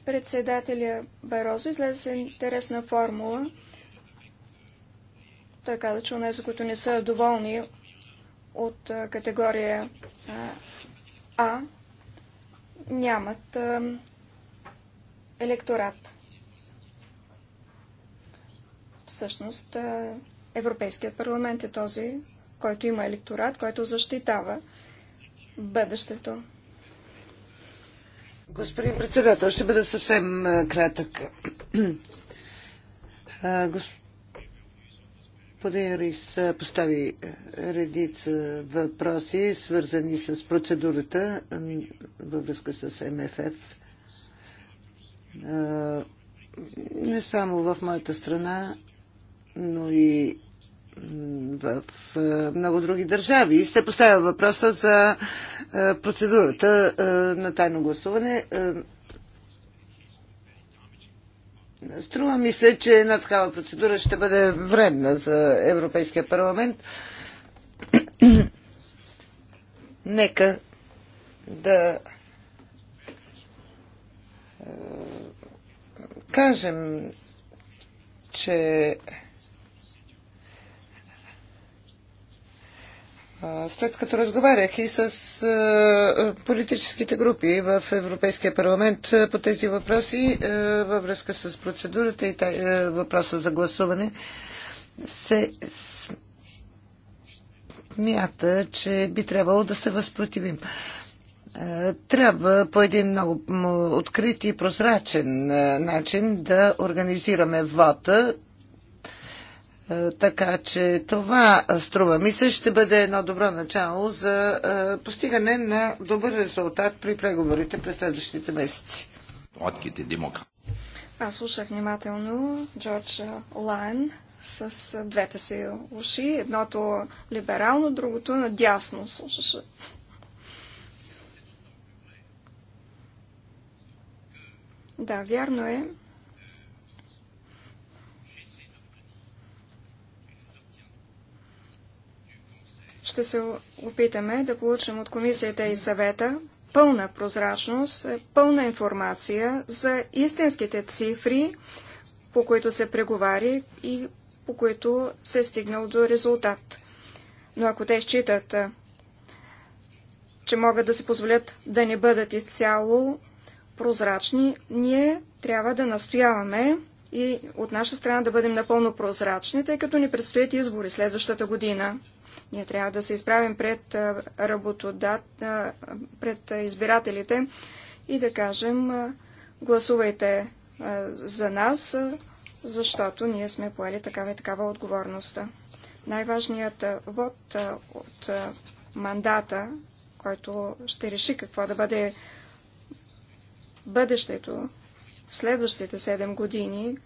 председателя Барозо излезе с интересна формула. Той каза, че унези, които не са доволни от категория А нямат електорат. Всъщност, Европейският парламент е този, който има електорат, който защитава бъдещето. Господин председател, ще бъда съвсем кратък. [CLEARS THROAT] Госп... Рис, постави редица въпроси, свързани с процедурата във връзка с МФФ. Не само в моята страна, но и в много други държави се поставя въпроса за процедурата на тайно гласуване. Струва ми се, че една такава процедура ще бъде вредна за Европейския парламент. [CLEARS THROAT] Нека да е, кажем, че След като разговарях и с политическите групи в Европейския парламент по тези въпроси, във връзка с процедурата и въпроса за гласуване, се смята, че би трябвало да се възпротивим. Трябва по един много открит и прозрачен начин да организираме вота е, така че това, струва ми се, ще бъде едно добро начало за е, постигане на добър резултат при преговорите през следващите месеци. Аз слушах внимателно Джордж Лайн с двете си уши. Едното либерално, другото надясно слушаше. Да, вярно е, ще се опитаме да получим от комисията и съвета пълна прозрачност, е, пълна информация за истинските цифри, по които се преговари и по които се е стигнал до резултат. Но ако те считат, е, че могат да се позволят да не бъдат изцяло прозрачни, ние трябва да настояваме и от наша страна да бъдем напълно прозрачни, тъй като ни предстоят избори следващата година. Ние трябва да се изправим пред работодат, пред избирателите и да кажем гласувайте за нас, защото ние сме поели такава и такава отговорност. Най-важният вод от мандата, който ще реши какво да бъде бъдещето, следващите 7 години,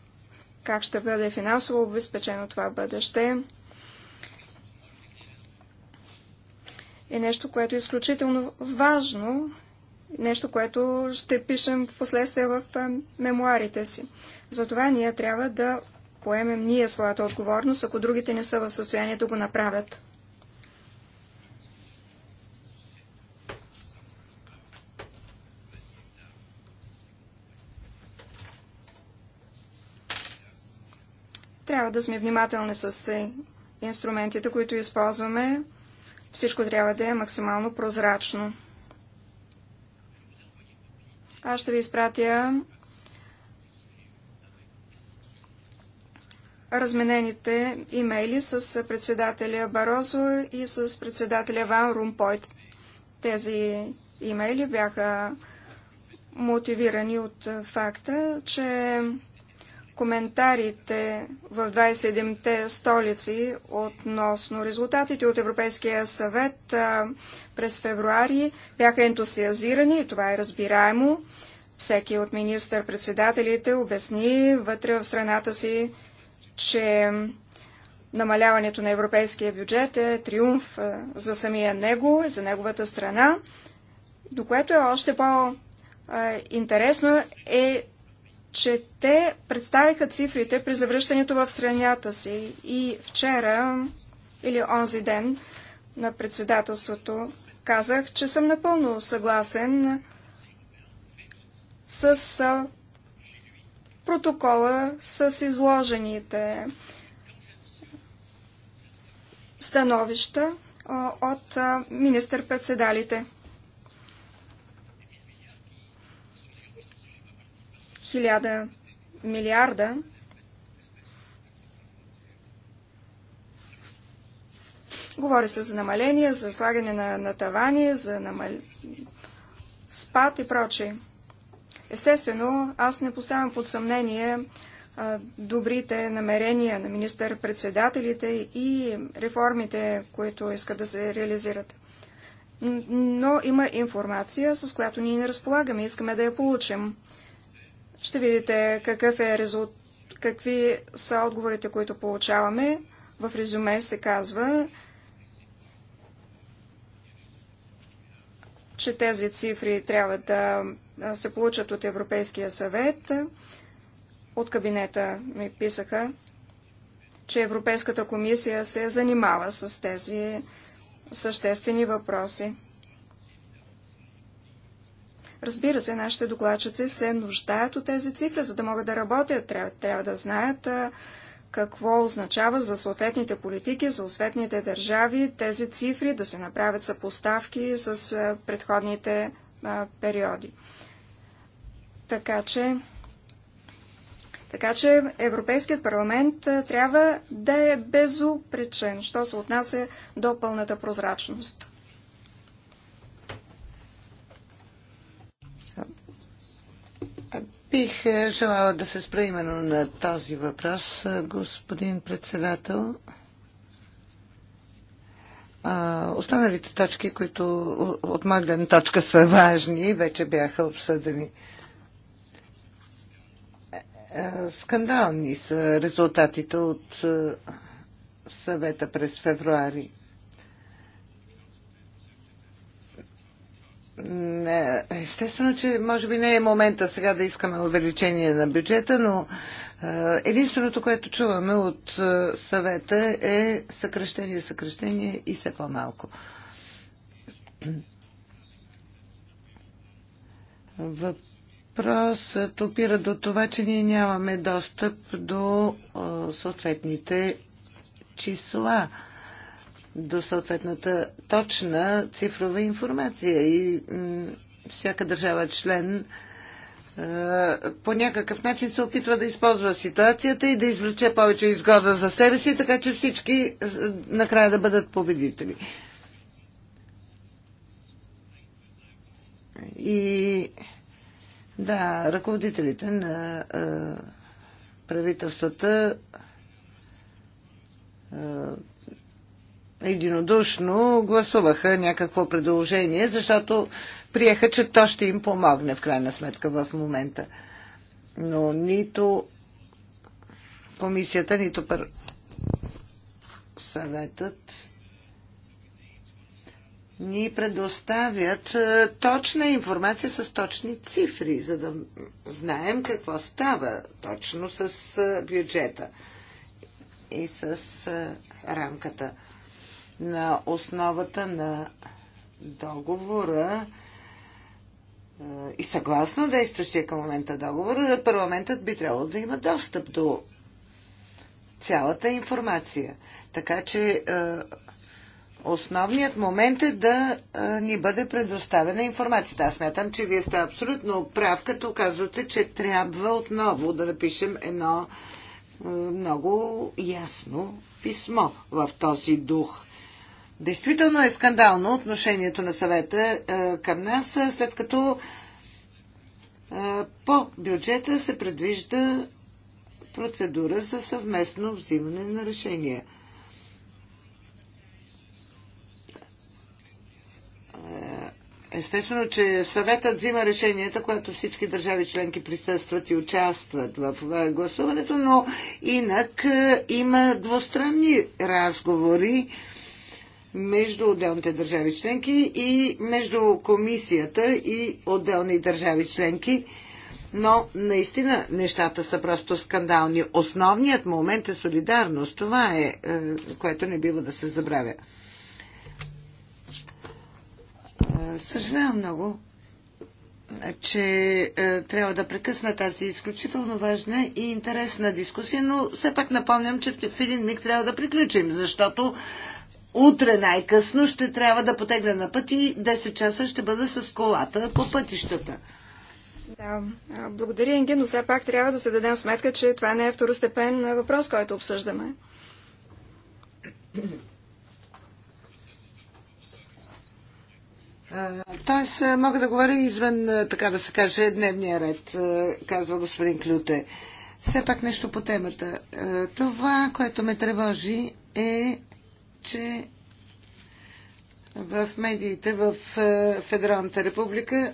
как ще бъде финансово обезпечено това бъдеще, е нещо, което е изключително важно, нещо, което ще пишем в последствие в мемуарите си. Затова ние трябва да поемем ние своята отговорност, ако другите не са в състояние да го направят. Трябва да сме внимателни с инструментите, които използваме, всичко трябва да е максимално прозрачно. Аз ще ви изпратя разменените имейли с председателя Барозо и с председателя Ван Румпой. Тези имейли бяха мотивирани от факта, че коментарите в 27-те столици относно резултатите от Европейския съвет през февруари бяха ентусиазирани и това е разбираемо. Всеки от министър-председателите обясни вътре в страната си, че намаляването на европейския бюджет е триумф за самия него и за неговата страна, до което е още по-интересно е че те представиха цифрите при завръщането в страната си. И вчера или онзи ден на председателството казах, че съм напълно съгласен с протокола с изложените становища от министър-председалите. Хиляда милиарда. Говори се за намаление, за слагане на, на тавани, за намал... спад и прочее. Естествено, аз не поставям под съмнение а, добрите намерения на министър-председателите и реформите, които искат да се реализират. Но има информация, с която ние не разполагаме. Искаме да я получим. Ще видите какъв е резултат, какви са отговорите, които получаваме. В резюме се казва, че тези цифри трябва да се получат от Европейския съвет. От кабинета ми писаха, че Европейската комисия се занимава с тези съществени въпроси. Разбира се, нашите докладчици се нуждаят от тези цифри, за да могат да работят. Трябва, трябва да знаят а, какво означава за съответните политики, за съответните държави тези цифри, да се направят съпоставки с а, предходните а, периоди. Така че, така че Европейският парламент трябва да е безупречен, що се отнася до пълната прозрачност. Бих е, желала да се спра именно на този въпрос, е, господин председател. Останалите точки, които от моя гледна точка са важни, вече бяха обсъдени. Е, скандални са резултатите от съвета през февруари. Естествено, че може би не е момента сега да искаме увеличение на бюджета, но единственото, което чуваме от съвета е съкръщение, съкръщение и все по-малко. Въпросът опира до това, че ние нямаме достъп до съответните числа до съответната точна цифрова информация и всяка държава член по някакъв начин се опитва да използва ситуацията и да извлече повече изгода за себе си, така че всички накрая да бъдат победители. И да, ръководителите на правителствата единодушно гласуваха някакво предложение, защото приеха, че то ще им помогне в крайна сметка в момента. Но нито комисията, нито пар... съветът ни предоставят е, точна информация с точни цифри, за да знаем какво става точно с е, бюджета и с е, рамката на основата на договора е, и съгласно действащия към момента договор, парламентът би трябвало да има достъп до цялата информация. Така че е, основният момент е да е, ни бъде предоставена информацията. Аз смятам, че вие сте абсолютно прав, като казвате, че трябва отново да напишем едно много ясно писмо в този дух. Действително е скандално отношението на съвета е, към нас, е, след като е, по бюджета се предвижда процедура за съвместно взимане на решения. Естествено, че съветът взима решенията, когато всички държави членки присъстват и участват в гласуването, но инак има двустранни разговори между отделните държави членки и между комисията и отделни държави членки. Но наистина нещата са просто скандални. Основният момент е солидарност. Това е, е което не бива да се забравя. Е, съжалявам много, че е, трябва да прекъсна тази изключително важна и интересна дискусия, но все пак напомням, че в един миг трябва да приключим, защото утре най-късно ще трябва да потегля на пъти. и 10 часа ще бъда с колата по пътищата. Да, благодаря, Инги, но все пак трябва да се дадем сметка, че това не е второстепен въпрос, който обсъждаме. Тоест, мога да говоря извън, така да се каже, дневния ред, казва господин Клюте. Все пак нещо по темата. Това, което ме тревожи е че в медиите в е, Федералната република е,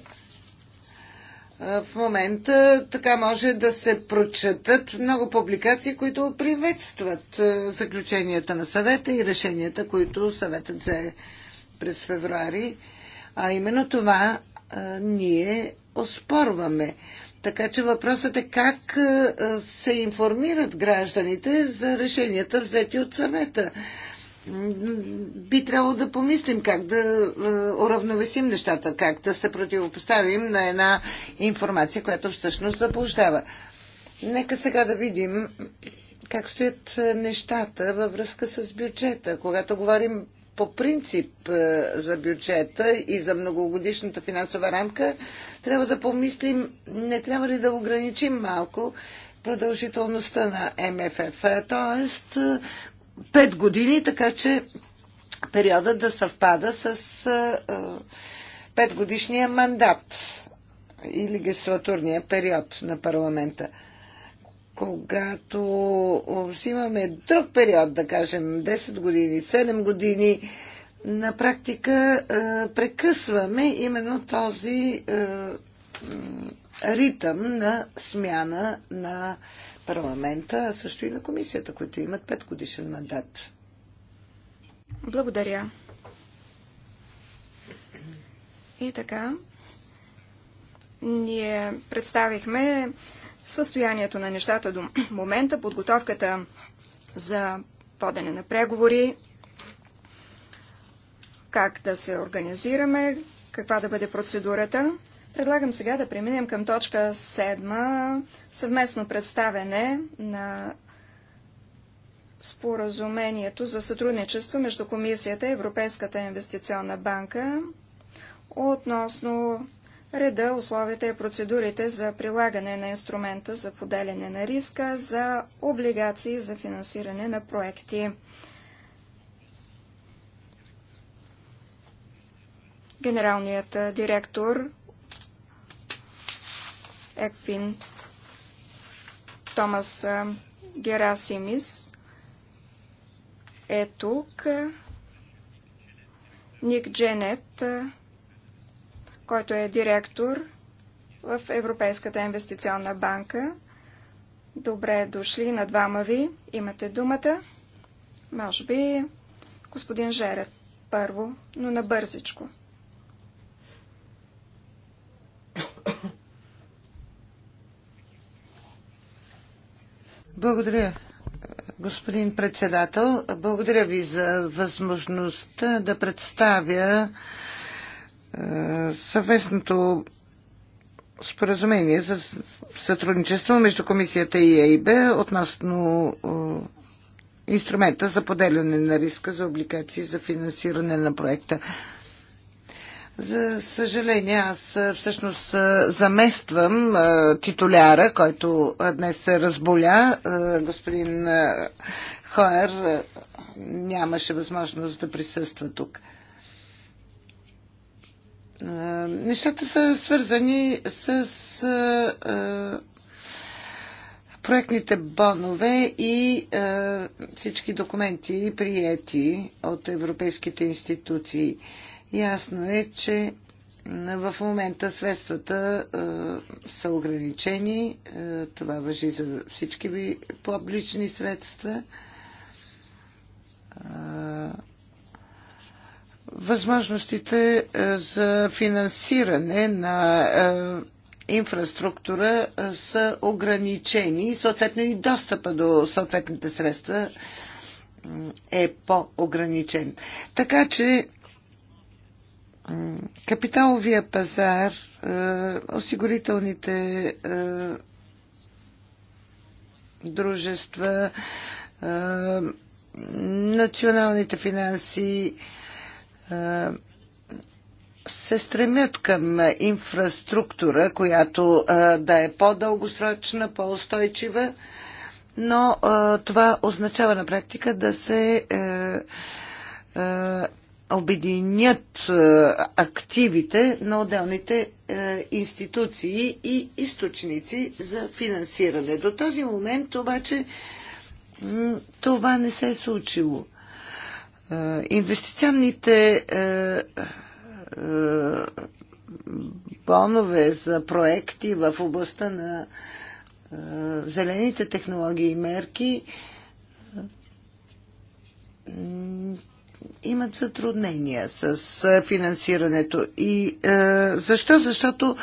в момента така може да се прочетат много публикации, които приветстват е, заключенията на съвета и решенията, които съветът взе през февруари. А именно това а, ние оспорваме. Така че въпросът е как се информират гражданите за решенията взети от съвета би трябвало да помислим как да е, уравновесим нещата, как да се противопоставим на една информация, която всъщност заблуждава. Нека сега да видим как стоят е, нещата във връзка с бюджета. Когато говорим по принцип е, за бюджета и за многогодишната финансова рамка, трябва да помислим, не трябва ли да ограничим малко продължителността на МФФ, т.е. 5 години, така че периода да съвпада с 5 годишния мандат и легислатурния период на парламента. Когато имаме друг период, да кажем 10 години, 7 години, на практика прекъсваме именно този ритъм на смяна на парламента, а също и на комисията, които имат пет годишен мандат. Благодаря. И така, ние представихме състоянието на нещата до момента, подготовката за водене на преговори, как да се организираме, каква да бъде процедурата. Предлагам сега да преминем към точка 7. Съвместно представене на споразумението за сътрудничество между Комисията и Европейската инвестиционна банка относно реда, условията и процедурите за прилагане на инструмента за поделяне на риска за облигации за финансиране на проекти. Генералният директор Еквин Томас Герасимис е тук. Ник Дженет, който е директор в Европейската инвестиционна банка. Добре дошли на двама ви. Имате думата. Може би господин Жерет първо, но на бързичко. Благодаря, господин председател. Благодаря ви за възможността да представя е, съвместното споразумение за сътрудничество между комисията и ЕИБ относно е, инструмента за поделяне на риска за облигации за финансиране на проекта. За съжаление, аз всъщност замествам титуляра, който днес се разболя. Господин Хоер нямаше възможност да присъства тук. Нещата са свързани с проектните бонове и всички документи, приети от европейските институции. Ясно е, че в момента средствата е, са ограничени. Е, това въжи за всички ви публични средства. Е, възможностите за финансиране на инфраструктура са ограничени и съответно и достъпа до съответните средства е по-ограничен. Така че капиталовия пазар, е, осигурителните е, дружества, е, националните финанси се стремят към инфраструктура, която да е по-дългосрочна, по-устойчива, но това означава на практика да се обединят е, активите на отделните е, институции и източници за финансиране. До този момент обаче това не се е случило. Е, инвестиционните бонове за проекти в областта на зелените технологии и мерки имат затруднения с е, финансирането. И а, е, защо? Защото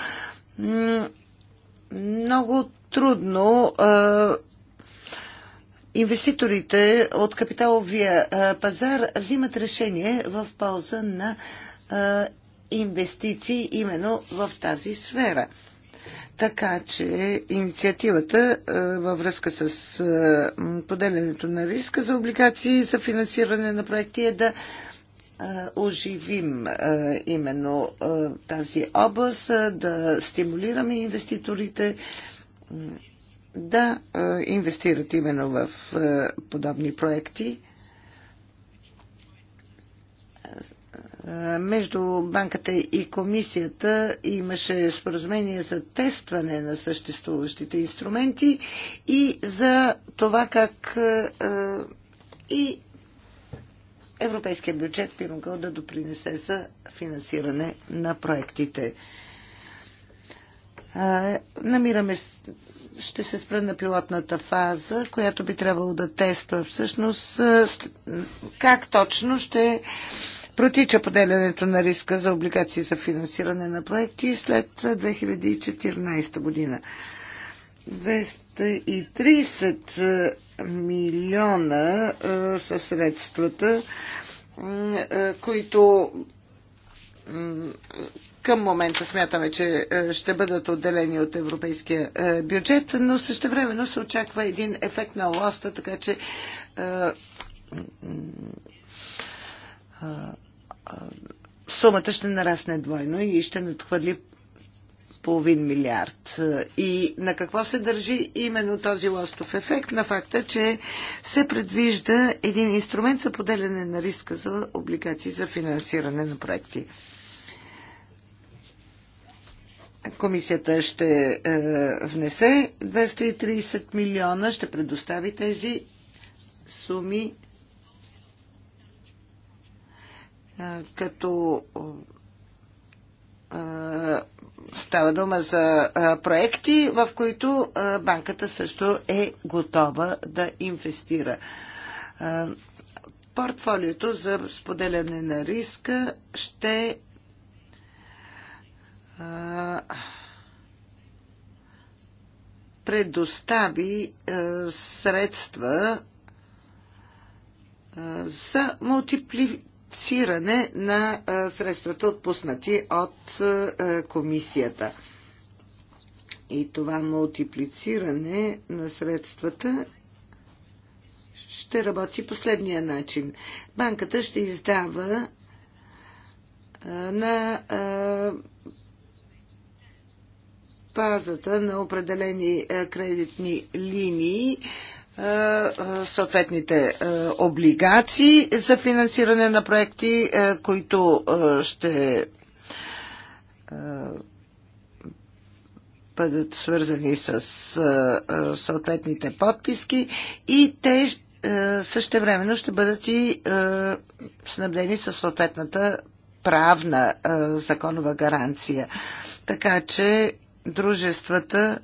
много трудно а, е, инвеститорите от капиталовия а, пазар взимат решение в полза на а, инвестиции именно в тази сфера. Така че инициативата е, във връзка с е, поделянето на риска за облигации и за финансиране на проекти е да е, оживим именно тази област, да стимулираме инвеститорите да инвестират именно в подобни проекти. Е, между банката и комисията имаше споразумение за тестване на съществуващите инструменти и за това как е, е, и европейския бюджет би могъл да допринесе за финансиране на проектите. Намираме, ще се спра на пилотната фаза, която би трябвало да тества всъщност как точно ще протича поделянето на риска за облигации за финансиране на проекти след 2014 година. 230 милиона са средствата, които към момента смятаме, че ще бъдат отделени от европейския бюджет, но също времено се очаква един ефект на лоста, така че сумата ще нарасне двойно и ще надхвърли половин милиард. И на какво се държи именно този лостов ефект? На факта, че се предвижда един инструмент за поделяне на риска за облигации за финансиране на проекти. Комисията ще е, внесе 230 милиона, ще предостави тези суми като става дума за проекти, в които банката също е готова да инвестира. Портфолиото за споделяне на риска ще предостави средства за мултипли дублициране на средствата отпуснати от комисията. И това мултиплициране на средствата ще работи последния начин. Банката ще издава на базата на определени кредитни линии е, е, съответните е, облигации за финансиране на проекти, които ще бъдат свързани с съответните подписки и те също времено ще бъдат и снабдени с съответната правна законова гаранция. Така че дружествата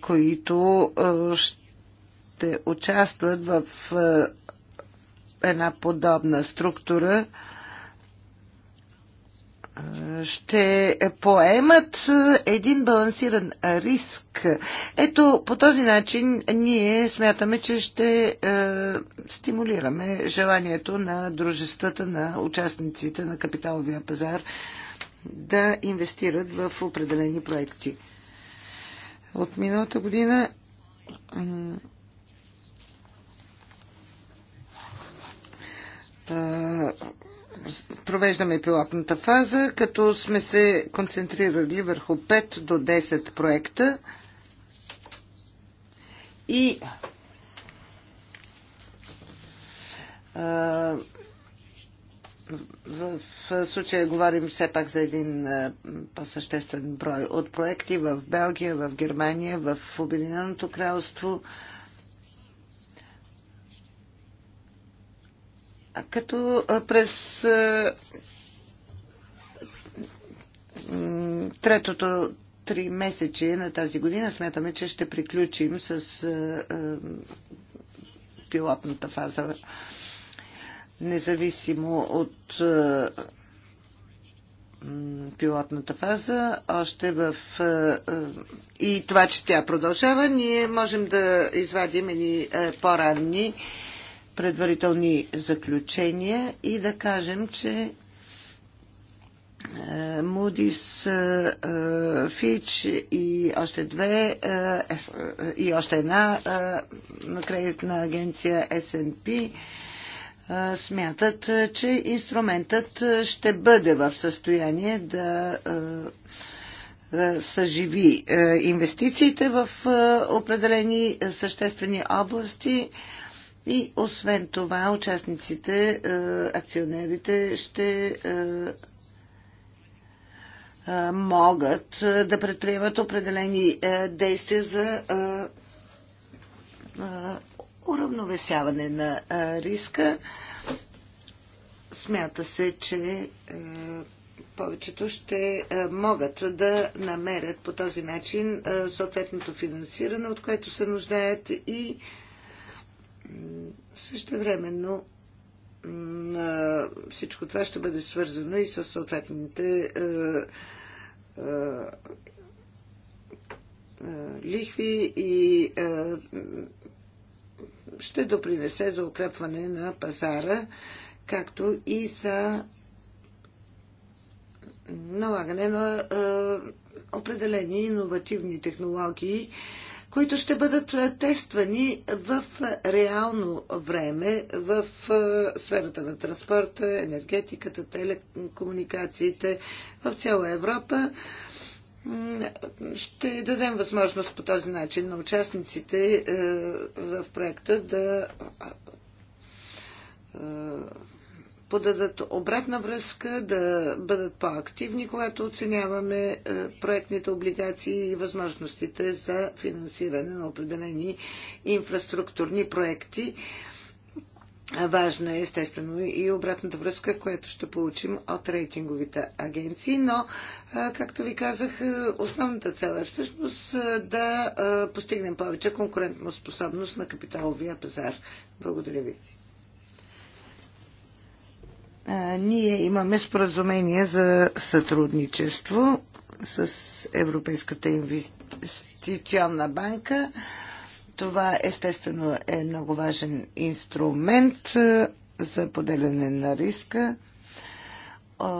които ще участват в една подобна структура, ще поемат един балансиран риск. Ето, по този начин ние смятаме, че ще е, стимулираме желанието на дружествата, на участниците на капиталовия пазар да инвестират в определени проекти от миналата година провеждаме пилотната фаза, като сме се концентрирали върху 5 до 10 проекта и в, в случая говорим все пак за един е, по-съществен брой от проекти в Белгия, в Германия, в Обединеното кралство. Като е, през е, третото три месече на тази година смятаме, че ще приключим с пилотната фаза независимо от е, пилотната фаза, още в... Е, е, и това, че тя продължава, ние можем да извадим едни по-ранни предварителни заключения и да кажем, че Мудис, Фич и още две и още една на кредитна агенция S&P смятат, че инструментът ще бъде в състояние да съживи инвестициите в определени съществени области и освен това участниците, акционерите ще могат да предприемат определени действия за уравновесяване на риска. Смята се, че е, повечето ще е, могат да намерят по този начин е, съответното финансиране, от което се нуждаят и същевременно всичко това ще бъде свързано и с съответните лихви и ще допринесе за укрепване на пазара, както и за налагане на е, определени иновативни технологии, които ще бъдат е, тествани в реално време в е, сферата на транспорта, енергетиката, телекомуникациите в цяла Европа ще дадем възможност по този начин на участниците е, в проекта да е, подадат обратна връзка, да бъдат по-активни, когато оценяваме е, проектните облигации и възможностите за финансиране на определени инфраструктурни проекти. Важна е, естествено, и обратната връзка, която ще получим от рейтинговите агенции, но, както ви казах, основната цел е всъщност да постигнем повече конкурентна способност на капиталовия пазар. Благодаря ви. Ние имаме споразумение за сътрудничество с Европейската инвестиционна банка. Това естествено е много важен инструмент е, за поделяне на риска. Е,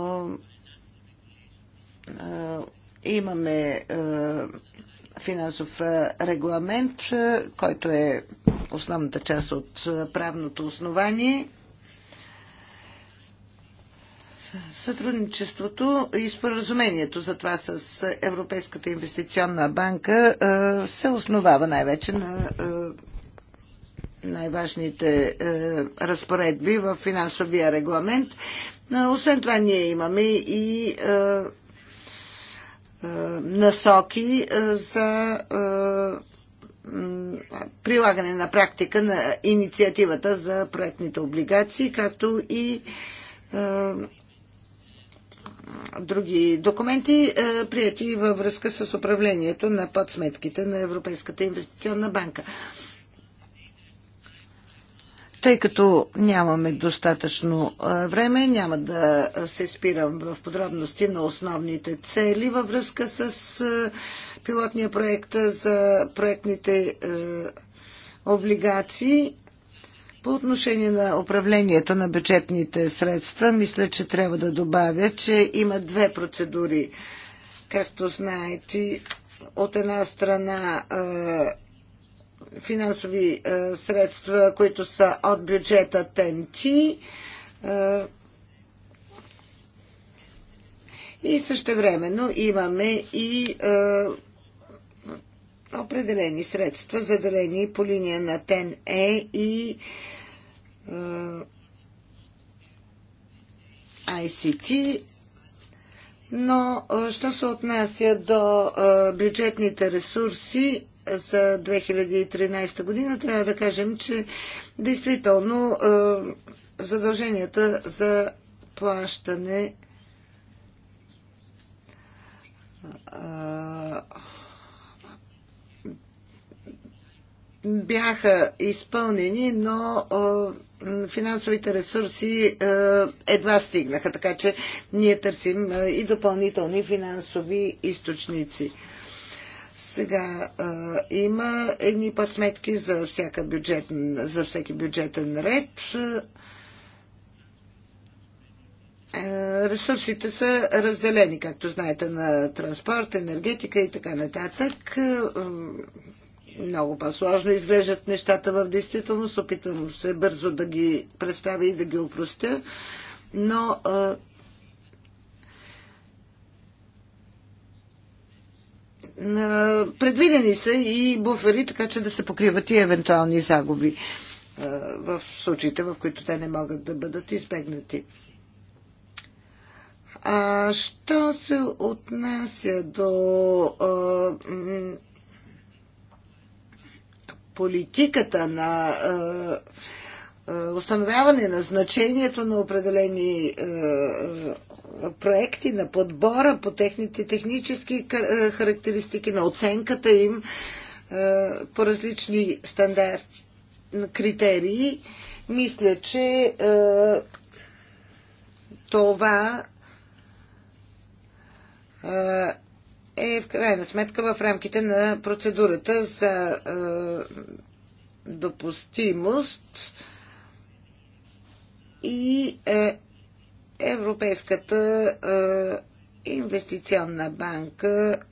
имаме е, финансов регламент, който е основната част от правното основание сътрудничеството и споразумението за това с Европейската инвестиционна банка се основава най-вече на най-важните разпоредби в финансовия регламент. Но освен това ние имаме и насоки за прилагане на практика на инициативата за проектните облигации, както и други документи, е, прияти във връзка с управлението на подсметките на Европейската инвестиционна банка. Тъй като нямаме достатъчно е, време, няма да се спирам в подробности на основните цели във връзка с е, пилотния проект за проектните облигации. По отношение на управлението на бюджетните средства, мисля, че трябва да добавя, че има две процедури. Както знаете, от една страна финансови средства, които са от бюджета ТНТ, и също времено имаме и определени средства, заделени по линия на ТЕН-Е и ICT. Е, Но, е, що се отнася до е, бюджетните ресурси за 2013 година, трябва да кажем, че действително задълженията за плащане е, бяха изпълнени, но финансовите ресурси едва стигнаха, така че ние търсим и допълнителни финансови източници. Сега а, има едни подсметки за, всяка бюджет, за всеки бюджетен ред. ресурсите са разделени, както знаете, на транспорт, енергетика и така нататък. Много по-сложно изглеждат нещата в действителност. Опитвам се бързо да ги представя и да ги опростя. Но а, предвидени са и буфери, така че да се покриват и евентуални загуби в случаите, в които те не могат да бъдат избегнати. А що се отнася до а, политиката на установяване на значението на определени проекти, на подбора по техните технически характеристики, на оценката им по различни стандарти, критерии, мисля, че това е в крайна сметка в рамките на процедурата за е, допустимост и е, Европейската е, инвестиционна банка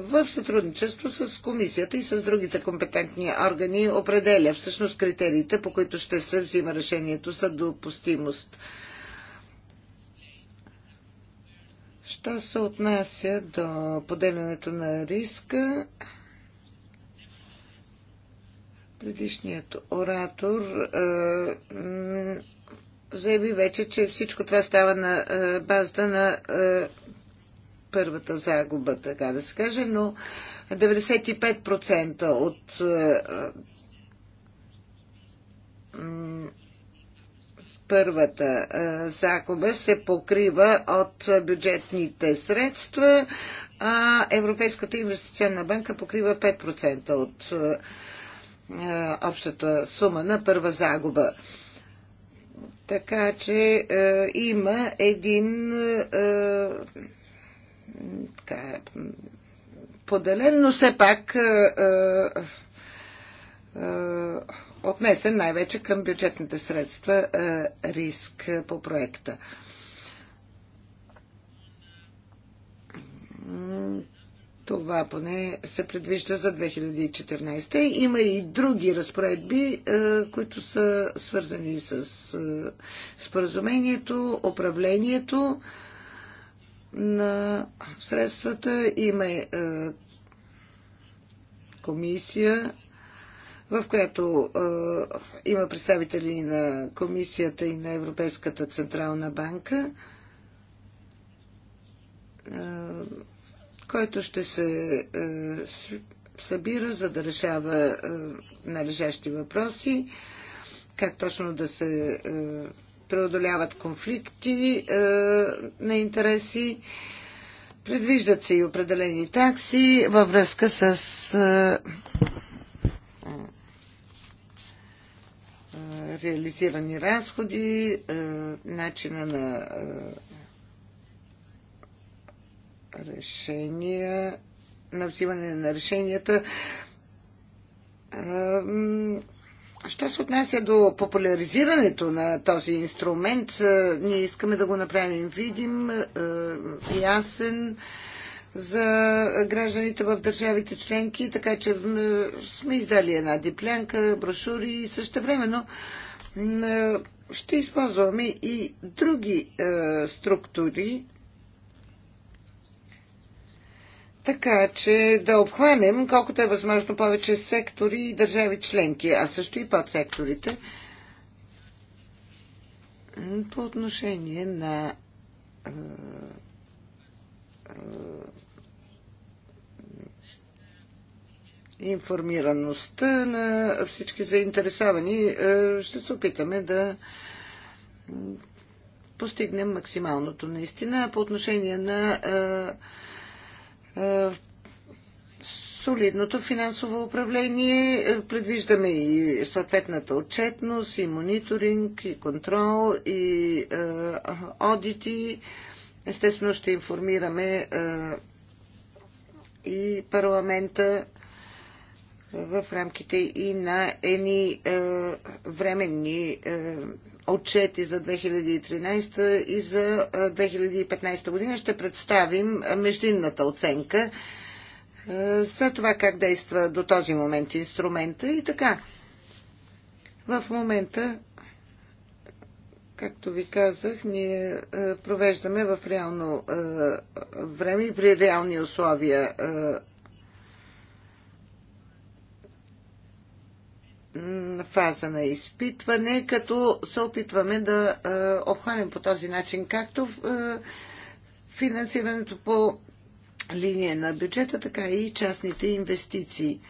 в сътрудничество с комисията и с другите компетентни органи определя всъщност критериите, по които ще се взима решението за допустимост. Що се отнася до поделянето на риска, предишният оратор е, заяви вече, че всичко това става на е, базата на е, първата загуба, така да се каже, но 95% от първата загуба се покрива от бюджетните средства, а Европейската инвестиционна банка покрива 5% от общата сума на първа загуба. Така че има един е, така, поделен, но все пак е, отнесен най-вече към бюджетните средства е, риск е, по проекта. Това поне се предвижда за 2014. Има и други разпоредби, е, които са свързани с споразумението, управлението на средствата. Има комисия в която е, има представители на комисията и на Европейската централна банка, е, който ще се е, събира, за да решава е, належащи въпроси, как точно да се е, преодоляват конфликти е, на интереси. Предвиждат се и определени такси във връзка с. Е, реализирани разходи, начина на решения, на взимане на решенията. Що се отнася до популяризирането на този инструмент, ние искаме да го направим видим, ясен, за гражданите в държавите членки, така че сме издали една дипленка, брошури и също времено ще използваме и други е, структури, така че да обхванем колкото е възможно повече сектори и държави членки, а също и подсекторите по отношение на е, информираността на всички заинтересовани. Е, ще се опитаме да постигнем максималното наистина по отношение на е, е, солидното финансово управление. Предвиждаме и съответната отчетност, и мониторинг, и контрол, и одити. Е, Естествено ще информираме е, и парламента е, в рамките и на едни е, временни отчети за 2013 и за 2015 година ще представим междинната оценка за това как действа до този момент инструмента и така. В момента Както ви казах, ние е, провеждаме в реално е, време и при реални условия е, фаза на изпитване, като се опитваме да обхванем по този начин както финансирането по линия на бюджета, така и частните инвестиции.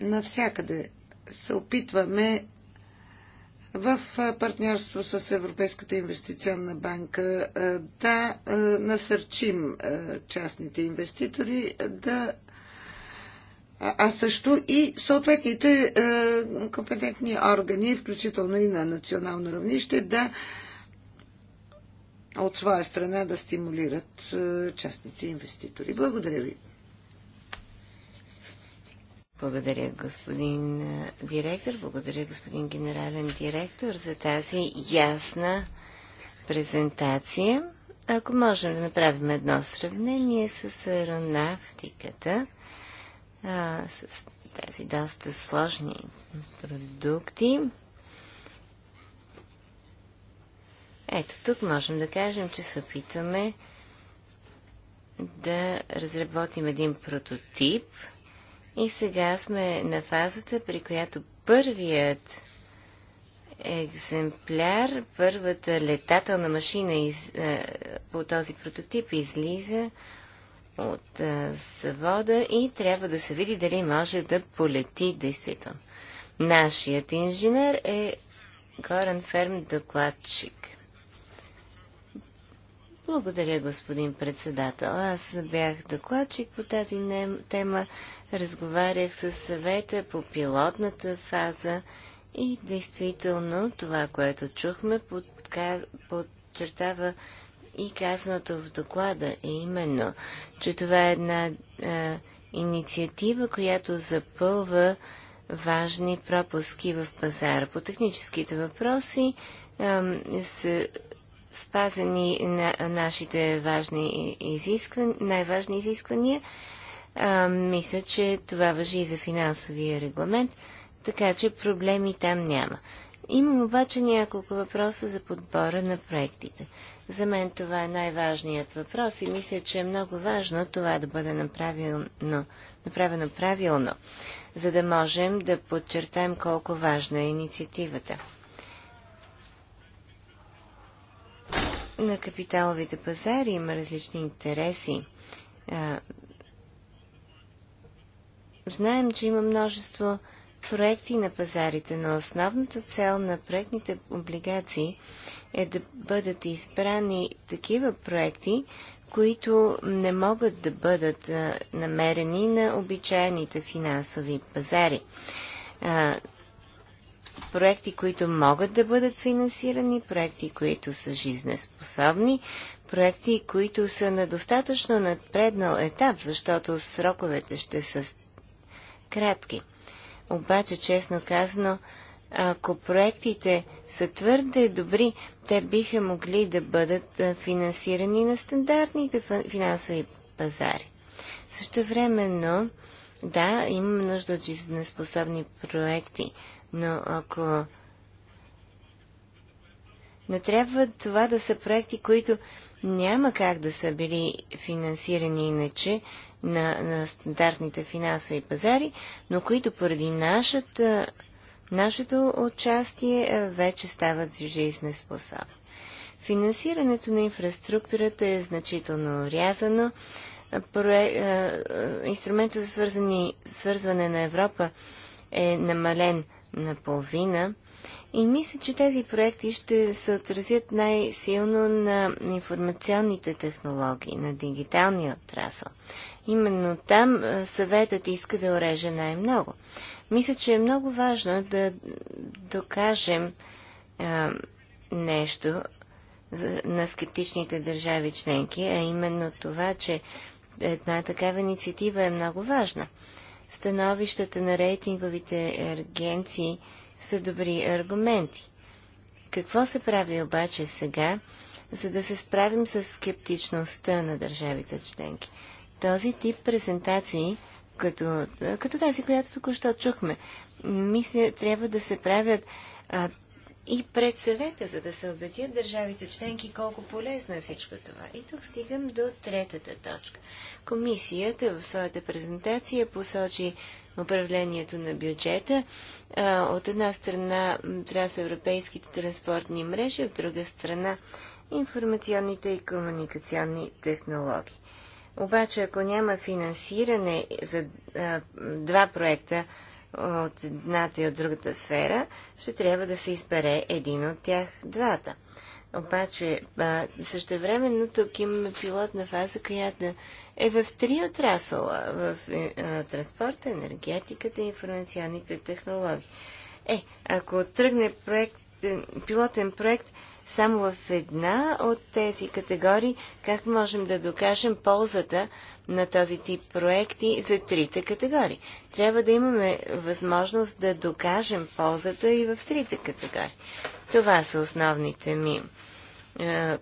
Навсякъде се опитваме в партньорство с Европейската инвестиционна банка да насърчим частните инвеститори да а също и съответните компетентни органи, включително и на национално равнище, да от своя страна да стимулират частните инвеститори. Благодаря ви. Благодаря, господин директор. Благодаря, господин генерален директор, за тази ясна презентация. Ако можем да направим едно сравнение с аеронавтиката, а, с тези доста сложни продукти, ето тук можем да кажем, че се опитваме да разработим един прототип – и сега сме на фазата, при която първият екземпляр, първата летателна машина из, е, по този прототип излиза от е, завода и трябва да се види дали може да полети действително. Нашият инженер е Горан Ферм докладчик. Благодаря, господин председател. Аз бях докладчик по тази тема, разговарях с съвета по пилотната фаза и действително това, което чухме, подчертава и казаното в доклада, е именно, че това е една е, инициатива, която запълва важни пропуски в пазара. По техническите въпроси е, се спазени на нашите важни изисквания, най-важни изисквания. А, мисля, че това въжи и за финансовия регламент, така че проблеми там няма. Имам обаче няколко въпроса за подбора на проектите. За мен това е най-важният въпрос и мисля, че е много важно това да бъде направено, направено правилно, за да можем да подчертаем колко важна е инициативата. на капиталовите пазари има различни интереси. Знаем, че има множество проекти на пазарите, но основната цел на проектните облигации е да бъдат избрани такива проекти, които не могат да бъдат намерени на обичайните финансови пазари проекти, които могат да бъдат финансирани, проекти, които са жизнеспособни, проекти, които са на достатъчно напреднал етап, защото сроковете ще са кратки. Обаче, честно казано, ако проектите са твърде добри, те биха могли да бъдат финансирани на стандартните финансови пазари. Също времено, да, имаме нужда от жизнеспособни проекти – но ако... Но трябва това да са проекти, които няма как да са били финансирани иначе на, на стандартните финансови пазари, но които поради нашата, нашето участие е, вече стават жизнеспособни. Финансирането на инфраструктурата е значително рязано. Е, е, инструментът за свързване на Европа е намален наполовина. И мисля, че тези проекти ще се отразят най-силно на информационните технологии, на дигиталния отрасъл. Именно там съветът иска да уреже най-много. Мисля, че е много важно да докажем а, нещо на скептичните държави членки, а именно това, че една такава инициатива е много важна становищата на рейтинговите агенции са добри аргументи. Какво се прави обаче сега, за да се справим с скептичността на държавите членки? Този тип презентации, като, като тази, която току-що чухме, мисля, трябва да се правят а, и пред съвета, за да се убедят държавите членки колко полезно е всичко това. И тук стигам до третата точка. Комисията в своята презентация посочи управлението на бюджета. от една страна трансевропейските транспортни мрежи, от друга страна информационните и комуникационни технологии. Обаче, ако няма финансиране за два проекта, от едната и от другата сфера, ще трябва да се избере един от тях двата. Обаче, същевременно тук имаме пилотна фаза, която е в три отрасъла в е, транспорта, енергетиката и информационните технологии. Е, ако тръгне проект, е, пилотен проект само в една от тези категории, как можем да докажем ползата на този тип проекти за трите категории? Трябва да имаме възможност да докажем ползата и в трите категории. Това са основните ми е,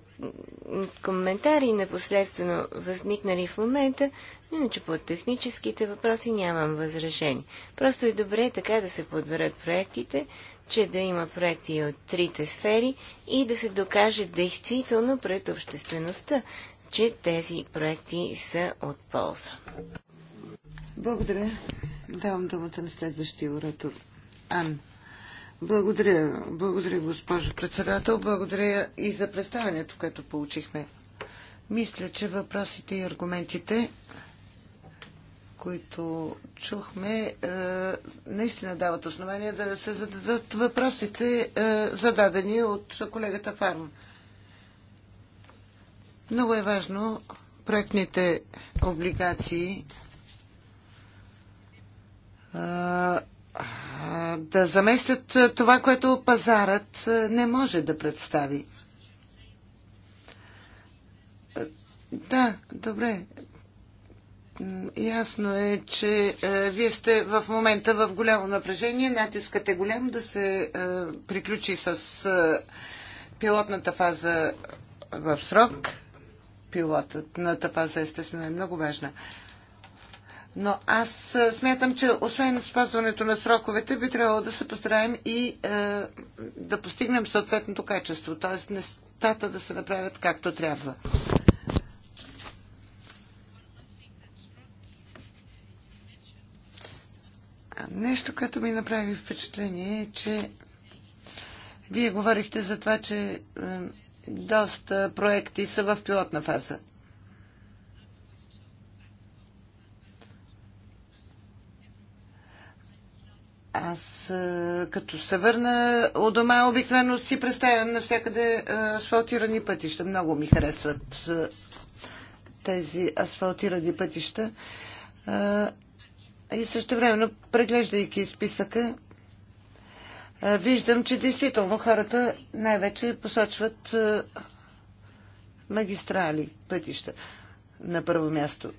коментари непосредствено възникнали в момента, иначе по техническите въпроси нямам възражение. Просто е добре така да се подберат проектите, че да има проекти от трите сфери и да се докаже действително пред обществеността, че тези проекти са от полза. Благодаря. Давам думата на следващия оратор. Ан. Благодаря. Благодаря, госпожо председател. Благодаря и за представянето, което получихме. Мисля, че въпросите и аргументите които чухме, е, наистина дават основания да се зададат въпросите, е, зададени от колегата Фарм. Много е важно проектните облигации е, да заместят това, което пазарът не може да представи. Да, добре. Ясно е, че е, вие сте в момента в голямо напрежение. Натискът е голям да се е, приключи с е, пилотната фаза в срок. Пилотната фаза, естествено, е много важна. Но аз е, смятам, че освен спазването на сроковете, би трябвало да се постараем и е, да постигнем съответното качество, т.е. нещата да се направят както трябва. Нещо, което ми направи впечатление е, че вие говорихте за това, че е, доста проекти са в пилотна фаза. Аз е, като се върна от дома, обикновено си представям навсякъде е, асфалтирани пътища. Много ми харесват тези асфалтирани пътища. И също времено, преглеждайки списъка, виждам, че действително хората най-вече посочват магистрали, пътища на първо място.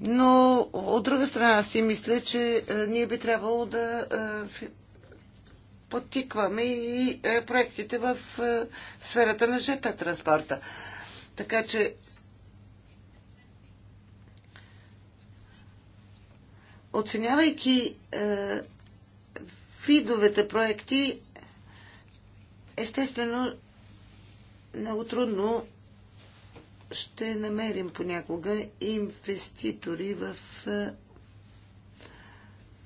Но от друга страна си мисля, че ние би трябвало да подтикваме и проектите в сферата на ЖП транспорта. Така че оценявайки е, видовете проекти, естествено, много трудно ще намерим понякога инвеститори в, е,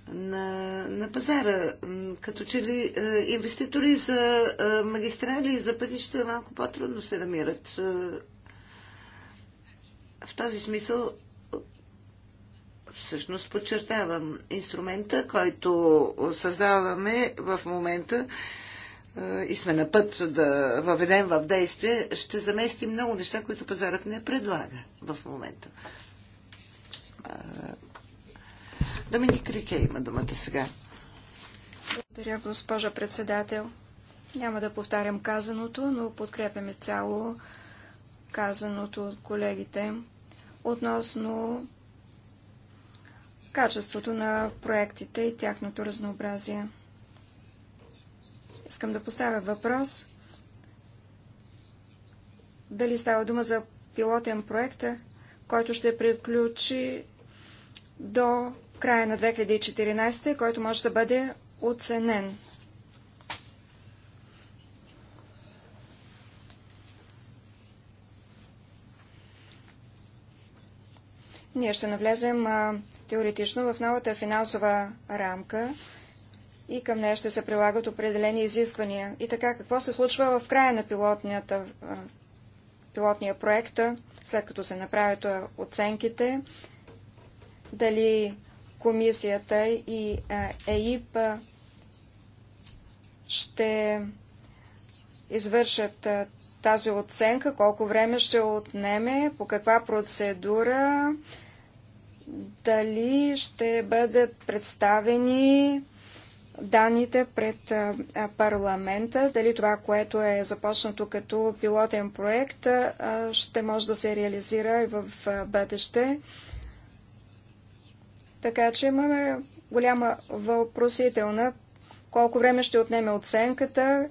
на, на пазара. Като че ли е, инвеститори за магистрали и за пътища малко по-трудно се намират. В този смисъл всъщност подчертавам инструмента, който създаваме в момента е, и сме на път да въведем в действие, ще замести много неща, които пазарът не предлага в момента. Е, Доминик Рике има думата сега. Благодаря, госпожа председател. Няма да повтарям казаното, но подкрепяме цяло казаното от колегите относно качеството на проектите и тяхното разнообразие. Искам да поставя въпрос дали става дума за пилотен проект, който ще приключи до края на 2014, който може да бъде оценен Ние ще навлезем а, теоретично в новата финансова рамка и към нея ще се прилагат определени изисквания. И така, какво се случва в края на пилотнията, а, пилотния проект, след като се направят оценките, дали комисията и ЕИП ще извършат тази оценка, колко време ще отнеме, по каква процедура, дали ще бъдат представени данните пред парламента, дали това, което е започнато като пилотен проект, ще може да се реализира и в бъдеще. Така че имаме голяма въпросителна колко време ще отнеме оценката,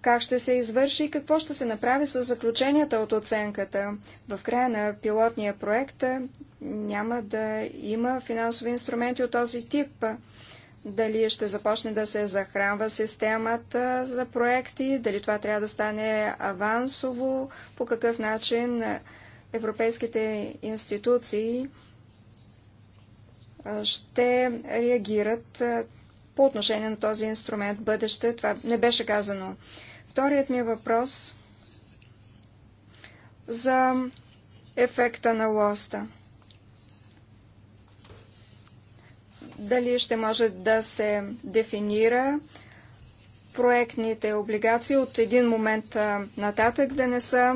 как ще се извърши и какво ще се направи с заключенията от оценката. В края на пилотния проект няма да има финансови инструменти от този тип. Дали ще започне да се захранва системата за проекти, дали това трябва да стане авансово, по какъв начин европейските институции ще реагират по отношение на този инструмент в бъдеще. Това не беше казано. Вторият ми въпрос за ефекта на лоста. дали ще може да се дефинира проектните облигации от един момент нататък да не са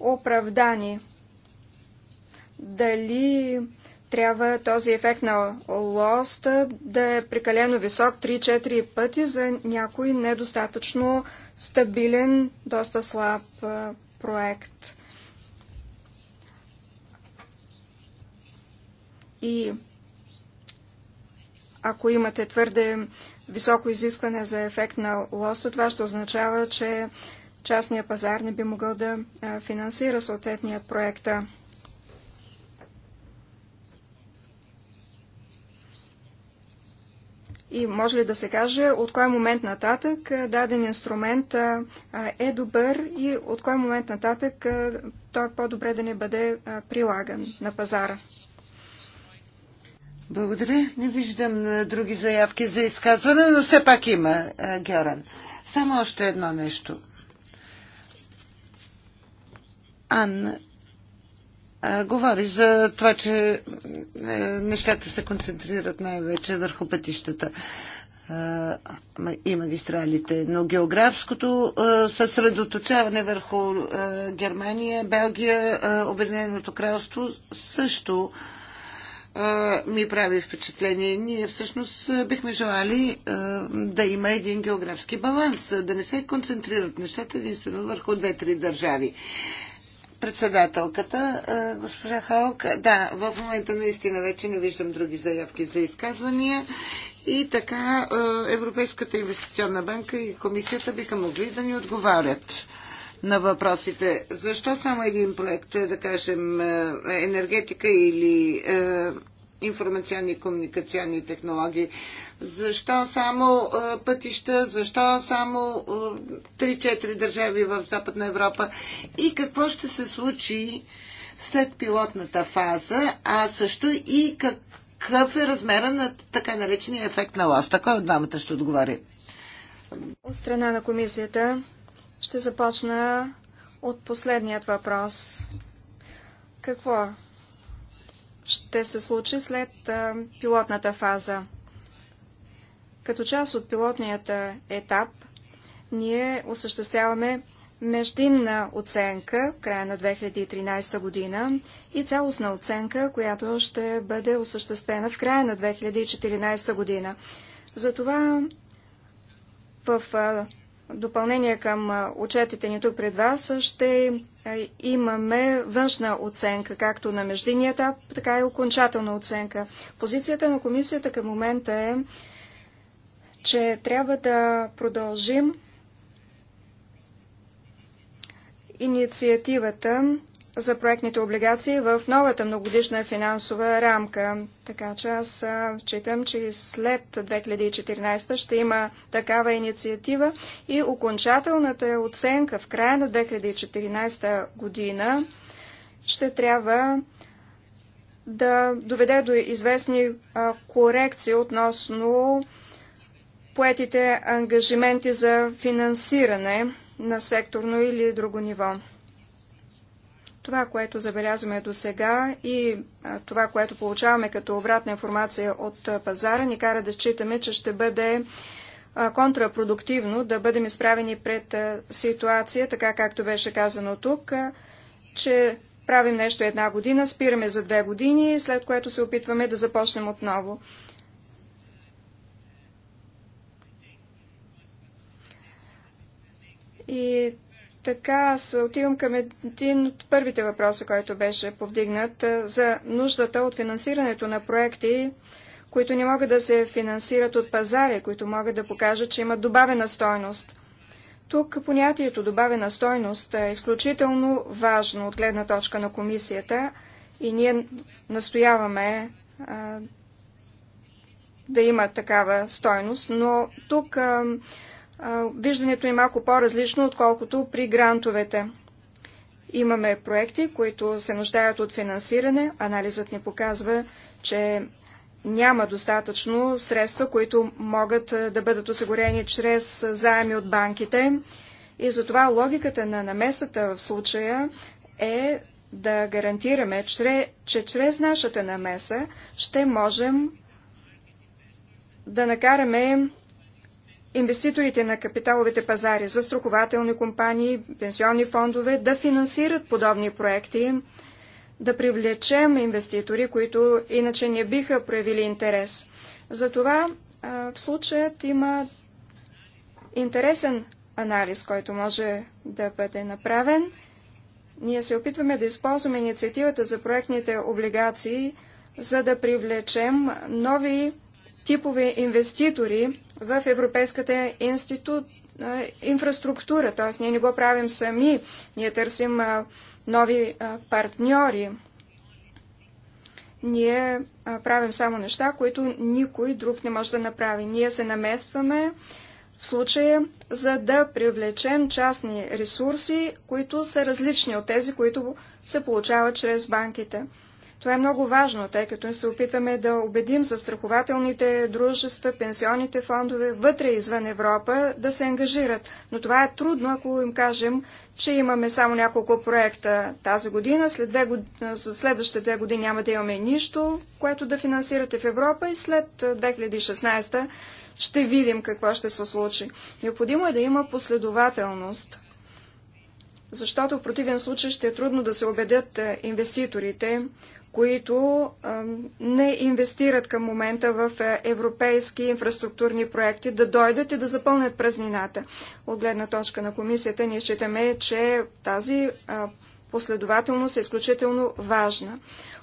оправдани. Дали трябва този ефект на лост да е прекалено висок 3-4 пъти за някой недостатъчно стабилен, доста слаб проект. И ако имате твърде високо изискване за ефект на лосто, това ще означава, че частния пазар не би могъл да финансира съответният проект. И може ли да се каже от кой момент нататък даден инструмент е добър и от кой момент нататък той е по-добре да не бъде прилаган на пазара? Благодаря. Не виждам други заявки за изказване, но все пак има, Георан. Само още едно нещо. Ан говори за това, че е, нещата се концентрират най-вече върху пътищата и магистралите. Но географското съсредоточаване върху Германия, Белгия, Обединеното кралство също ми прави впечатление. Ние всъщност бихме желали да има един географски баланс, да не се концентрират нещата единствено върху две-три държави. Председателката, госпожа Халк, да, в момента наистина вече не виждам други заявки за изказвания и така Европейската инвестиционна банка и комисията биха могли да ни отговарят на въпросите. Защо само един проект, е, да кажем, е, енергетика или е, информационни и комуникационни технологии. Защо само е, пътища, защо само е, 3-4 държави в Западна Европа и какво ще се случи след пилотната фаза, а също и какъв е размера на така наречения ефект на лоста. Кой от двамата ще отговори? От страна на комисията ще започна от последният въпрос. Какво ще се случи след пилотната фаза? Като част от пилотният етап, ние осъществяваме междинна оценка в края на 2013 година и цялостна оценка, която ще бъде осъществена в края на 2014 година. Затова в допълнение към отчетите ни тук пред вас, ще имаме външна оценка, както на междинния етап, така и окончателна оценка. Позицията на комисията към момента е, че трябва да продължим инициативата за проектните облигации в новата многодишна финансова рамка. Така че аз считам, че след 2014 ще има такава инициатива и окончателната оценка в края на 2014 година ще трябва да доведе до известни корекции относно поетите ангажименти за финансиране на секторно или друго ниво. Това, което забелязваме до сега и това, което получаваме като обратна информация от пазара, ни кара да считаме, че ще бъде контрапродуктивно да бъдем изправени пред ситуация, така както беше казано тук, че правим нещо една година, спираме за две години, след което се опитваме да започнем отново. И така аз отивам към един от първите въпроса, който беше повдигнат за нуждата от финансирането на проекти, които не могат да се финансират от пазари, които могат да покажат, че имат добавена стойност. Тук понятието добавена стойност е изключително важно от гледна точка на комисията и ние настояваме а, да има такава стойност, но тук а, виждането е малко по-различно, отколкото при грантовете. Имаме проекти, които се нуждаят от финансиране. Анализът ни показва, че няма достатъчно средства, които могат да бъдат осигурени чрез заеми от банките. И затова логиката на намесата в случая е да гарантираме, че чрез нашата намеса ще можем да накараме инвеститорите на капиталовите пазари, застрахователни компании, пенсионни фондове да финансират подобни проекти, да привлечем инвеститори, които иначе не биха проявили интерес. Затова в случаят има интересен анализ, който може да бъде направен. Ние се опитваме да използваме инициативата за проектните облигации, за да привлечем нови типове инвеститори в европейската институт, инфраструктура, т.е. ние не го правим сами, ние търсим а, нови а, партньори. Ние а, правим само неща, които никой друг не може да направи. Ние се наместваме в случая, за да привлечем частни ресурси, които са различни от тези, които се получават чрез банките. Това е много важно, тъй като се опитваме да убедим застрахователните дружества, пенсионните фондове вътре извън Европа да се ангажират. Но това е трудно, ако им кажем, че имаме само няколко проекта тази година, след две год... следващите две години няма да имаме нищо, което да финансирате в Европа и след 2016 ще видим какво ще се случи. Необходимо е да има последователност защото в противен случай ще е трудно да се убедят инвеститорите, които не инвестират към момента в е, европейски инфраструктурни проекти, да дойдат и да запълнят празнината. От гледна точка на комисията ние считаме, че тази последователност е изключително важна.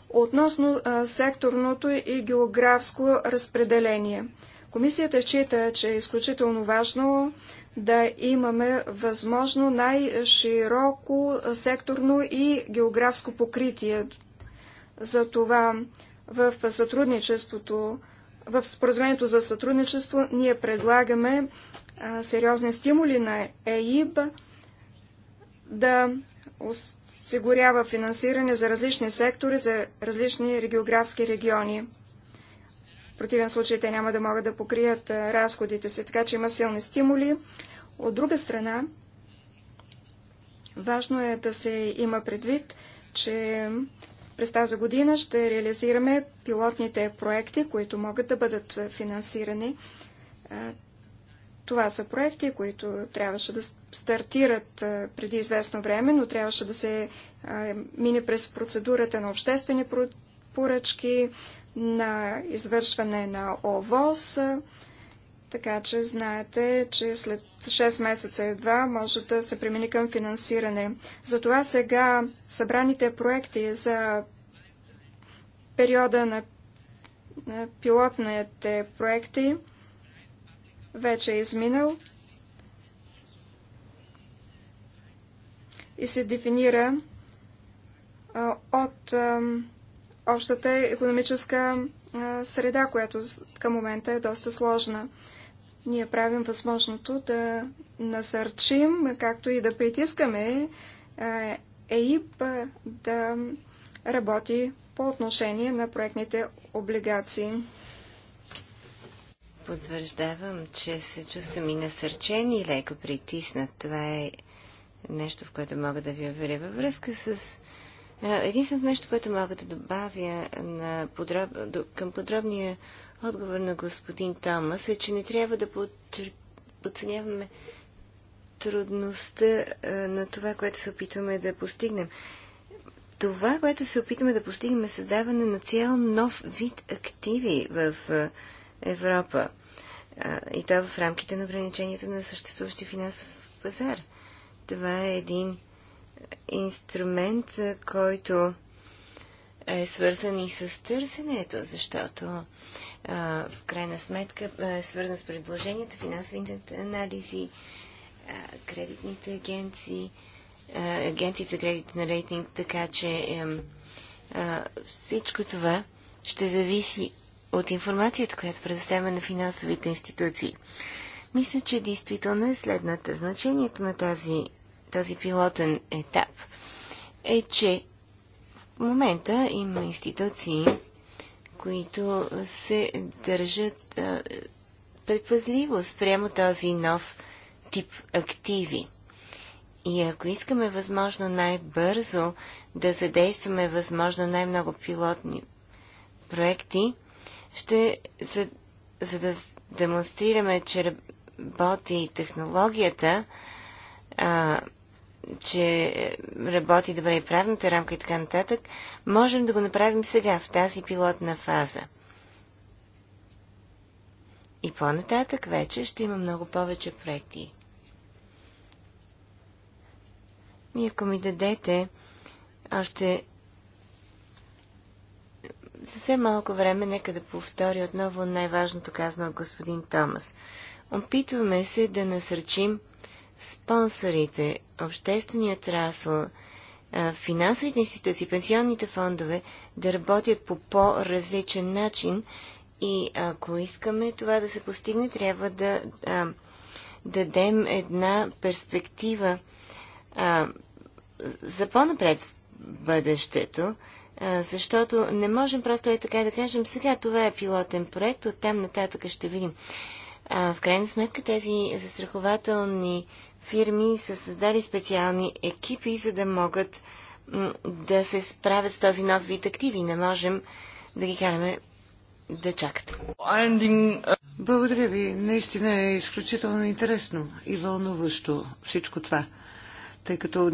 Относно секторното и географско разпределение. Комисията счита, че е изключително важно да имаме възможно най-широко секторно и географско покритие, за това в сътрудничеството, в споразумението за сътрудничество ние предлагаме сериозни стимули на ЕИБ да осигурява финансиране за различни сектори, за различни географски региони. В противен случай те няма да могат да покрият разходите си, така че има силни стимули. От друга страна, важно е да се има предвид, че през тази година ще реализираме пилотните проекти, които могат да бъдат финансирани. Това са проекти, които трябваше да стартират преди известно време, но трябваше да се мине през процедурата на обществени поръчки, на извършване на ОВОС, така че знаете, че след 6 месеца едва може да се премини към финансиране. Затова сега събраните проекти за периода на, пилотните проекти вече е изминал и се дефинира от общата економическа среда, която към момента е доста сложна. Ние правим възможното да насърчим, както и да притискаме ЕИП да работи по отношение на проектните облигации. Подтвърждавам, че се чувствам и насърчен и леко притиснат. Това е нещо, в което мога да ви уверя. Във връзка с... Единственото нещо, което мога да добавя на подроб... към подробния отговор на господин Томас е, че не трябва да подценяваме трудността на това, което се опитваме да постигнем. Това, което се опитваме да постигнем е създаване на цял нов вид активи в Европа. И то в рамките на ограниченията на съществуващия финансов пазар. Това е един инструмент, който е свързан и с търсенето, защото а, в крайна сметка е свързан с предложенията, финансовите анализи, а, кредитните агенции, а, агенциите за кредитен рейтинг, така че а, всичко това ще зависи от информацията, която предоставяме на финансовите институции. Мисля, че действително е следната. Значението на тази, този пилотен етап е, че момента има институции, които се държат а, предпазливо спрямо този нов тип активи. И ако искаме възможно най-бързо да задействаме възможно най-много пилотни проекти, ще за, за да демонстрираме, че работи технологията, а, че работи добре и правната рамка и така нататък, можем да го направим сега, в тази пилотна фаза. И по-нататък вече ще има много повече проекти. И ако ми дадете още съвсем малко време, нека да повтори отново най-важното казано от господин Томас. Опитваме се да насърчим спонсорите, общественият трасъл, финансовите институции, пенсионните фондове да работят по по-различен начин и ако искаме това да се постигне, трябва да а, дадем една перспектива а, за по-напред в бъдещето, а, защото не можем просто е така да кажем, сега това е пилотен проект, оттам нататък ще видим. А, в крайна сметка тези застрахователни фирми са създали специални екипи, за да могат да се справят с този нов вид активи. Не можем да ги караме да чакат. Uh, Благодаря ви. Наистина е изключително интересно и вълнуващо всичко това. Тъй като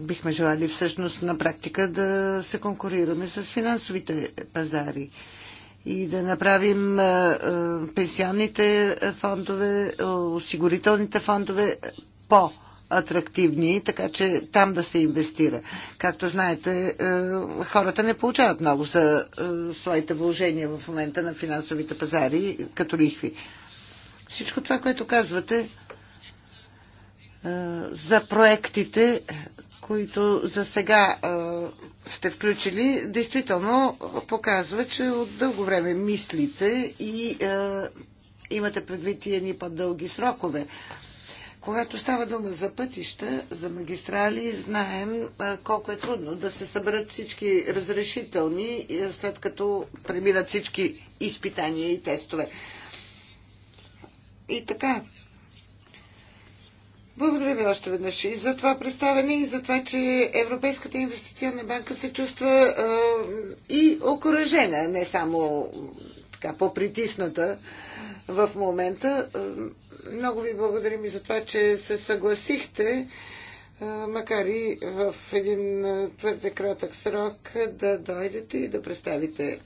бихме желали всъщност на практика да се конкурираме с финансовите пазари и да направим пенсионните фондове, осигурителните фондове по атрактивни, така че там да се инвестира. Както знаете, хората не получават много за своите вложения в момента на финансовите пазари като лихви. Всичко това, което казвате за проектите, които за сега сте включили, действително показва, че от дълго време мислите и е, имате предвид и едни по-дълги срокове. Когато става дума за пътища, за магистрали, знаем е, колко е трудно да се съберат всички разрешителни, е, след като преминат всички изпитания и тестове. И така, благодаря ви още веднъж и за това представяне и за това, че Европейската инвестиционна банка се чувства а, и окоръжена, не само така попритисната в момента. Много ви благодарим и за това, че се съгласихте, макар и в един твърде кратък срок, да дойдете и да представите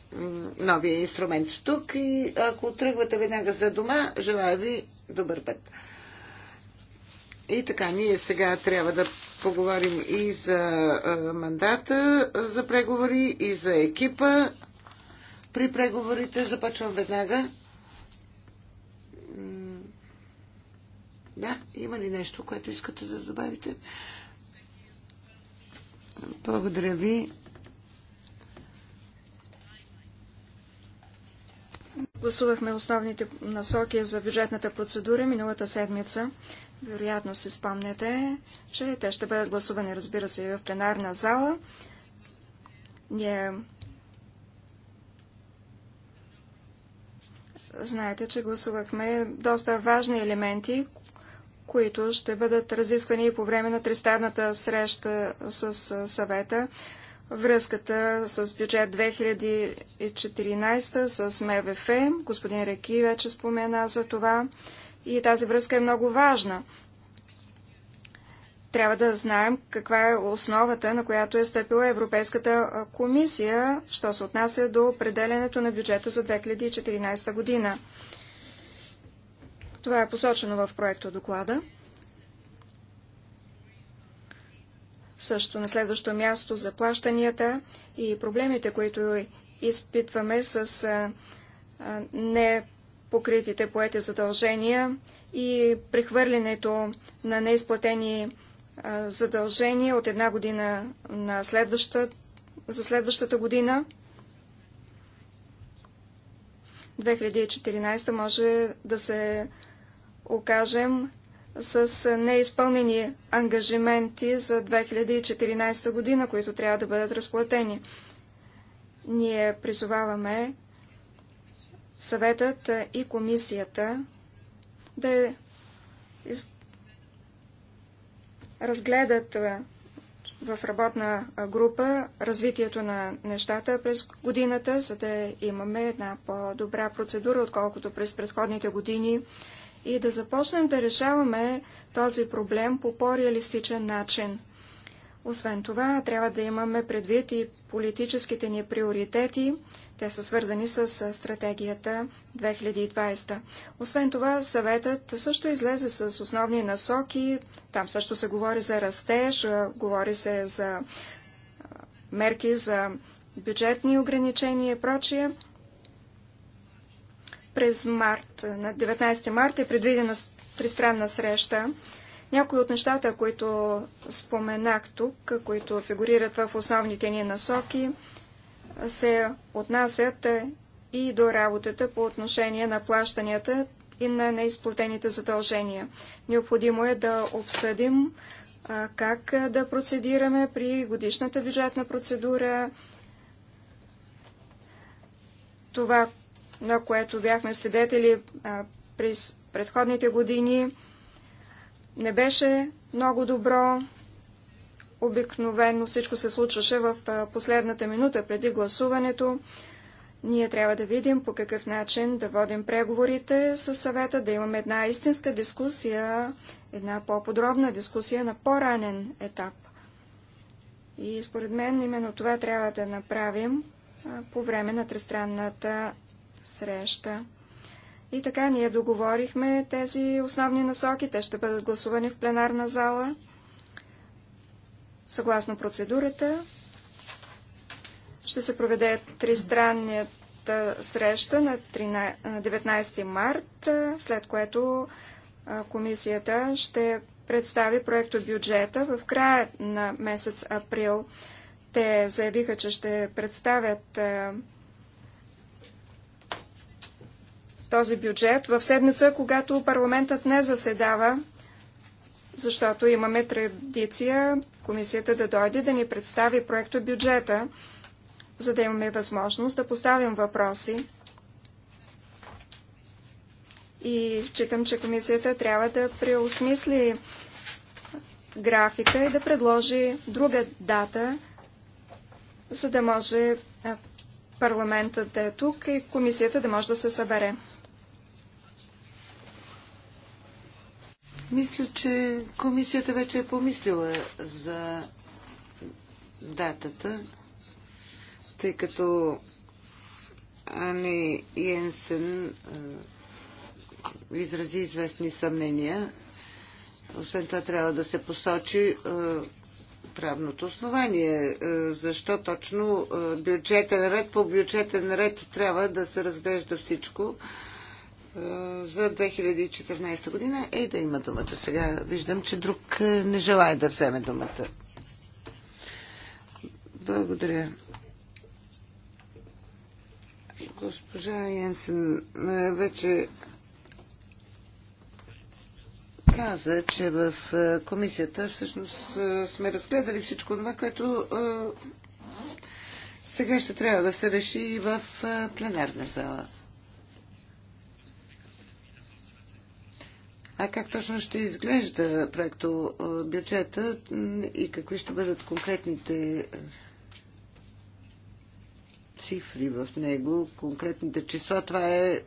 новия инструмент тук. И ако тръгвате веднага за дома, желая ви добър път. И така, ние сега трябва да поговорим и за мандата за преговори, и за екипа при преговорите. Започвам веднага. Да, има ли нещо, което искате да добавите? Благодаря ви. Гласувахме основните насоки за бюджетната процедура миналата седмица. Вероятно си спомняте, че те ще бъдат гласувани, разбира се, и в пленарна зала. Ние знаете, че гласувахме доста важни елементи, които ще бъдат разисквани и по време на тристадната среща с съвета. Връзката с бюджет 2014, с МВФ, господин Реки вече спомена за това и тази връзка е много важна. Трябва да знаем каква е основата, на която е стъпила Европейската комисия, що се отнася до определенето на бюджета за 2014 година. Това е посочено в проекта доклада. Също на следващо място за плащанията и проблемите, които изпитваме с а, не покритите поети задължения и прехвърлянето на неизплатени задължения от една година на следваща, за следващата година. 2014 може да се окажем с неизпълнени ангажименти за 2014 година, които трябва да бъдат разплатени. Ние призоваваме съветът и комисията да е разгледат в работна група развитието на нещата през годината, за да имаме една по-добра процедура, отколкото през предходните години и да започнем да решаваме този проблем по по-реалистичен начин. Освен това, трябва да имаме предвид и политическите ни приоритети. Те са свързани с стратегията 2020. Освен това, съветът също излезе с основни насоки. Там също се говори за растеж, говори се за мерки за бюджетни ограничения и прочие. През март, на 19 марта е предвидена тристранна среща някои от нещата, които споменах тук, които фигурират в основните ни насоки, се отнасят е, и до работата по отношение на плащанията и на неизплатените задължения. Необходимо е да обсъдим как да процедираме при годишната бюджетна процедура. Това, на което бяхме свидетели през предходните години, не беше много добро. Обикновено всичко се случваше в последната минута преди гласуването. Ние трябва да видим по какъв начин да водим преговорите с съвета, да имаме една истинска дискусия, една по-подробна дискусия на по-ранен етап. И според мен именно това трябва да направим по време на тристранната среща. И така ние договорихме тези основни насоки. Те ще бъдат гласувани в пленарна зала, съгласно процедурата. Ще се проведе тристранната среща на 19 март, след което комисията ще представи проекто бюджета в края на месец април. Те заявиха, че ще представят този бюджет в седмица, когато парламентът не заседава, защото имаме традиция комисията да дойде да ни представи проекто бюджета, за да имаме възможност да поставим въпроси. И считам, че комисията трябва да преосмисли графика и да предложи друга дата, за да може парламентът да е тук и комисията да може да се събере. Мисля, че комисията вече е помислила за датата, тъй като Ани Йенсен изрази известни съмнения. Освен това трябва да се посочи правното основание. Защо точно бюджетен ред по бюджетен ред трябва да се разглежда всичко? за 2014 година. Ей да има думата сега. Виждам, че друг е, не желая да вземе думата. Благодаря. Госпожа Янсен е, вече каза, че в е, комисията всъщност сме разгледали всичко това, което сега ще трябва да се реши и в пленарна зала. А как точно ще изглежда проекто бюджета и какви ще бъдат конкретните цифри в него, конкретните числа? Това е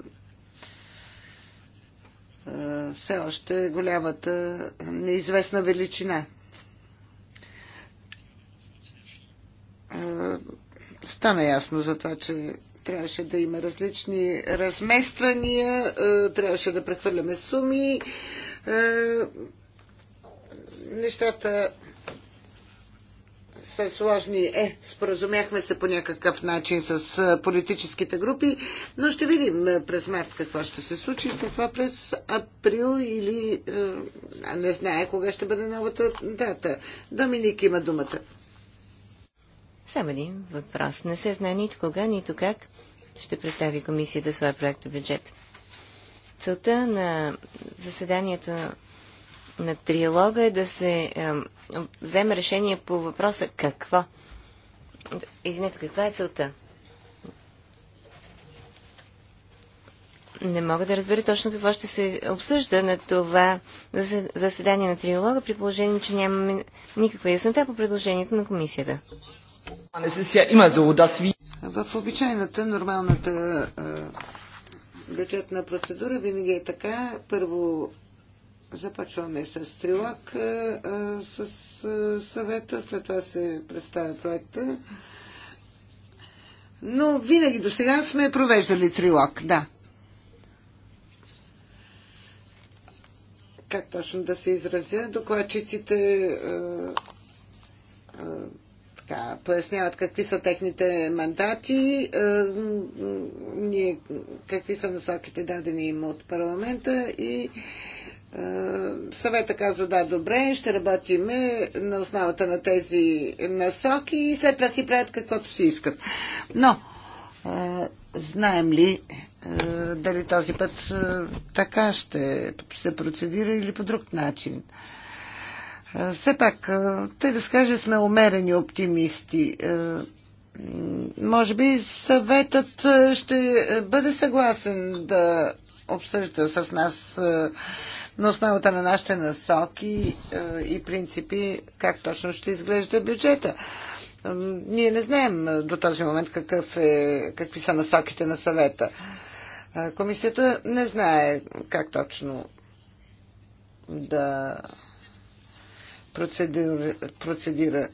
все още голямата неизвестна величина. Стана ясно за това, че трябваше да има различни размествания, е, трябваше да прехвърляме суми. Е, нещата са сложни. Е, споразумяхме се по някакъв начин с е, политическите групи, но ще видим през март какво ще се случи. След това през април или... не знае кога ще бъде новата дата. Доминик има думата. Само един въпрос. Не се знае нито кога, нито как ще представи комисията своя проект бюджет. Целта на заседанието на триалога е да се е, вземе решение по въпроса какво. Извинете, каква е целта? Не мога да разбера точно какво ще се обсъжда на това заседание на триолога, при положение, че нямаме никаква яснота по предложението на комисията. В обичайната, нормалната бюджетна процедура винаги е така. Първо започваме с трилог с съвета, след това се представя проекта. Но винаги до сега сме провеждали трилог, да. Как точно да се изразя? Докладчиците така, поясняват какви са техните мандати, е, ние, какви са насоките дадени им от парламента и е, съвета казва да, добре, ще работим на основата на тези насоки и след това си правят каквото си искат. Но, е, знаем ли е, дали този път е, така ще се процедира или по друг начин? Все пак, те да скаже, сме умерени оптимисти. Може би съветът ще бъде съгласен да обсъжда с нас на основата на нашите насоки и принципи как точно ще изглежда бюджета. Ние не знаем до този момент какъв е, какви са насоките на съвета. Комисията не знае как точно да процедура, процедира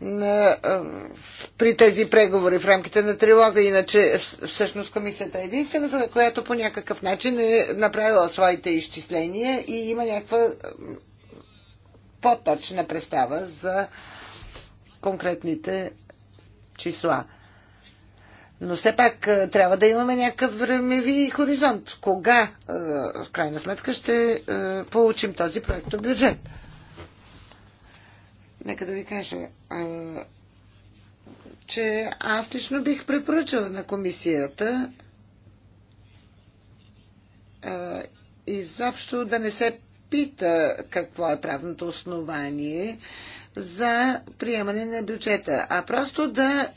на, при тези преговори в рамките на трилога. Иначе всъщност комисията е единствената, която по някакъв начин е направила своите изчисления и има някаква по-точна представа за конкретните числа. Но все пак трябва да имаме някакъв времеви хоризонт. Кога, в крайна сметка, ще получим този проект бюджет? Нека да ви кажа, че аз лично бих препоръчал на комисията изобщо да не се пита какво е правното основание за приемане на бюджета, а просто да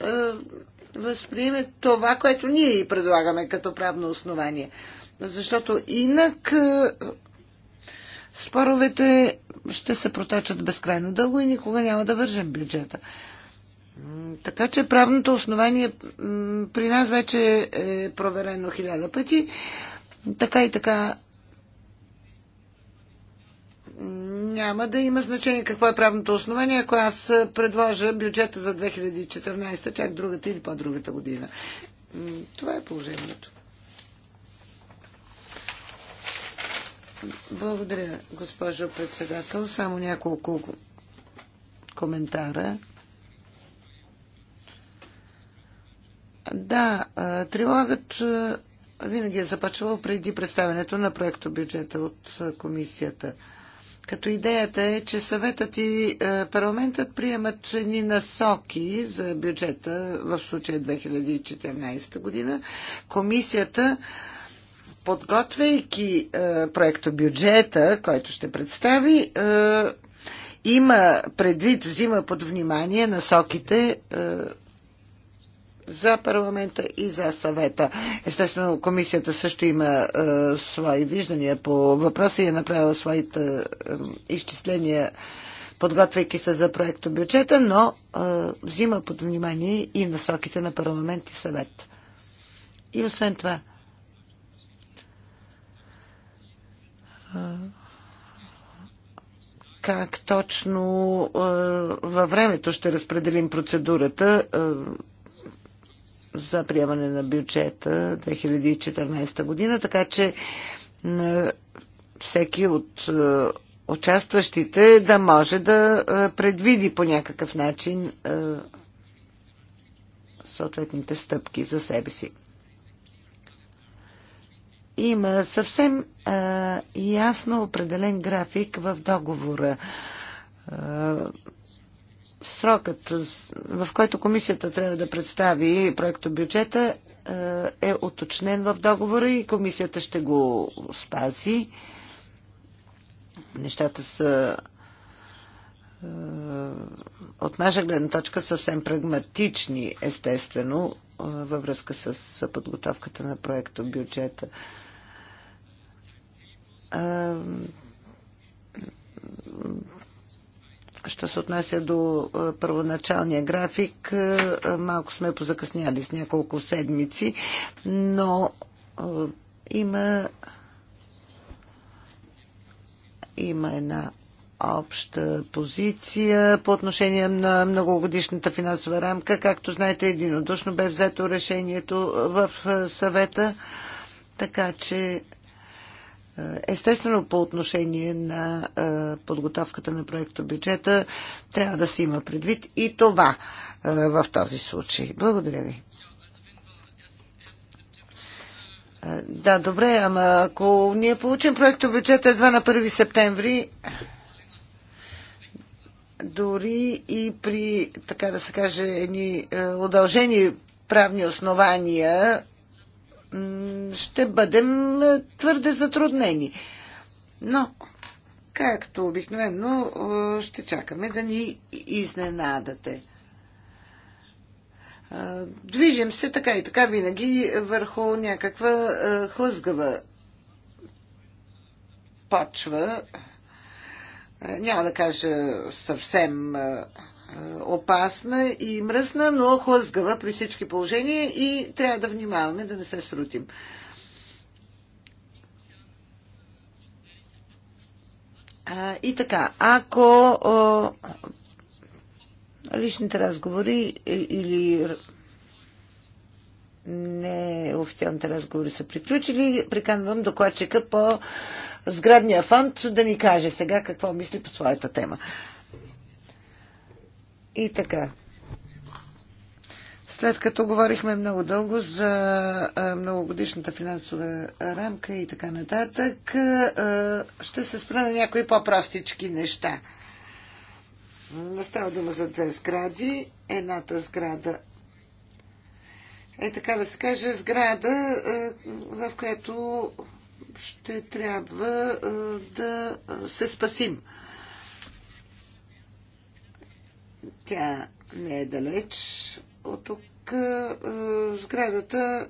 възприеме това, което ние и предлагаме като правно основание. Защото инак споровете ще се протечат безкрайно дълго и никога няма да вържем бюджета. Така че правното основание при нас вече е проверено хиляда пъти. Така и така няма да има значение какво е правното основание, ако аз предложа бюджета за 2014, чак другата или по-другата година. Това е положението. Благодаря, госпожо председател. Само няколко коментара. Да, трилогът винаги е започвал преди представянето на проекто бюджета от комисията. Като идеята е, че съветът и парламентът приемат ни насоки за бюджета, в случая 2014 година. Комисията подготвяйки е, проекто бюджета, който ще представи, е, има предвид, взима под внимание насоките е, за парламента и за съвета. Естествено, комисията също има е, свои виждания по въпроса и е направила своите е, изчисления, подготвяйки се за проекто бюджета, но е, взима под внимание и насоките на парламент и съвет. И освен това, как точно във времето ще разпределим процедурата за приемане на бюджета 2014 година, така че на всеки от участващите да може да предвиди по някакъв начин съответните стъпки за себе си има съвсем а, ясно определен график в договора. А, срокът, в който комисията трябва да представи проекто бюджета, е уточнен в договора и комисията ще го спази. Нещата са от наша гледна точка съвсем прагматични, естествено във връзка с подготовката на проекто бюджета. Що се отнася до първоначалния график, малко сме позакъсняли с няколко седмици, но има има една обща позиция по отношение на многогодишната финансова рамка. Както знаете, единодушно бе взето решението в съвета, така че естествено по отношение на подготовката на проекто бюджета трябва да се има предвид и това в този случай. Благодаря ви. Да, добре, ама ако ние получим проекто бюджета едва на 1 септември, дори и при, така да се каже, едни е, удължени правни основания, ще бъдем е, твърде затруднени. Но, както обикновено, е, ще чакаме да ни изненадате. Движим се така и така винаги върху някаква хлъзгава почва, е, няма да кажа съвсем е, е, опасна и мръсна, но хлъзгава при всички положения и трябва да внимаваме да не се срутим. И така, ако личните разговори или не официалните разговори са приключили. Приканвам докладчика по сградния фонд да ни каже сега какво мисли по своята тема. И така. След като говорихме много дълго за многогодишната финансова рамка и така нататък, ще се спра на някои по-простички неща. Става дума за две сгради. Едната сграда е така да се каже сграда, е, в която ще трябва е, да се спасим. Тя не е далеч от тук. Е, сградата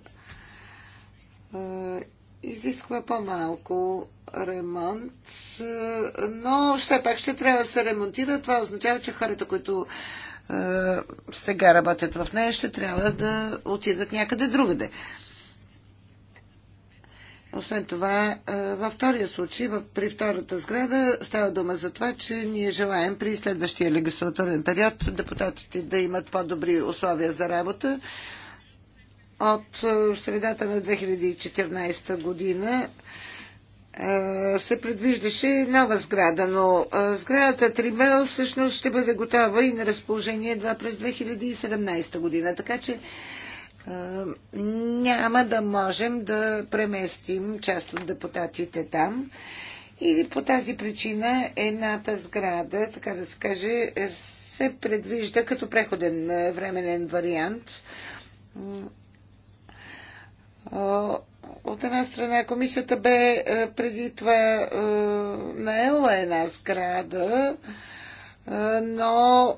изисква по-малко ремонт, но все пак ще трябва да се ремонтира. Това означава, че хората, които сега работят в нея, ще трябва да отидат някъде другаде. Освен това, във втория случай, при втората сграда, става дума за това, че ние желаем при следващия легислатурен период депутатите да имат по-добри условия за работа. От средата на 2014 година се предвиждаше нова сграда, но сградата Трибел всъщност ще бъде готова и на разположение едва през 2017 година. Така че няма да можем да преместим част от депутатите там. И по тази причина едната сграда, така да се каже, се предвижда като преходен временен вариант от една страна комисията бе е, преди това е, наела една сграда, е, но е,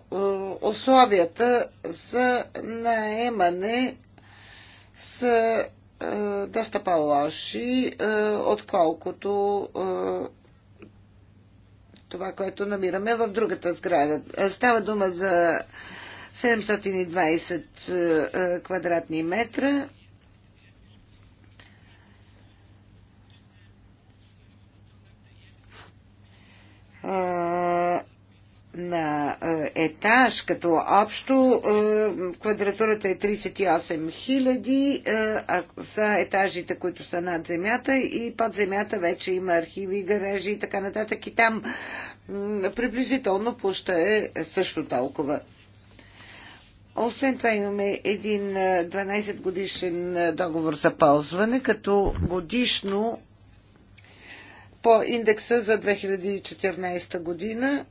условията за наемане са доста по-лоши, отколкото това, което намираме в другата сграда. Става дума за 720 квадратни метра на етаж, като общо квадратурата е 38 хиляди, а са етажите, които са над земята и под земята вече има архиви, гаражи и така нататък и там приблизително площа е също толкова. Освен това имаме един 12 годишен договор за ползване, като годишно по индекса за 2014 година.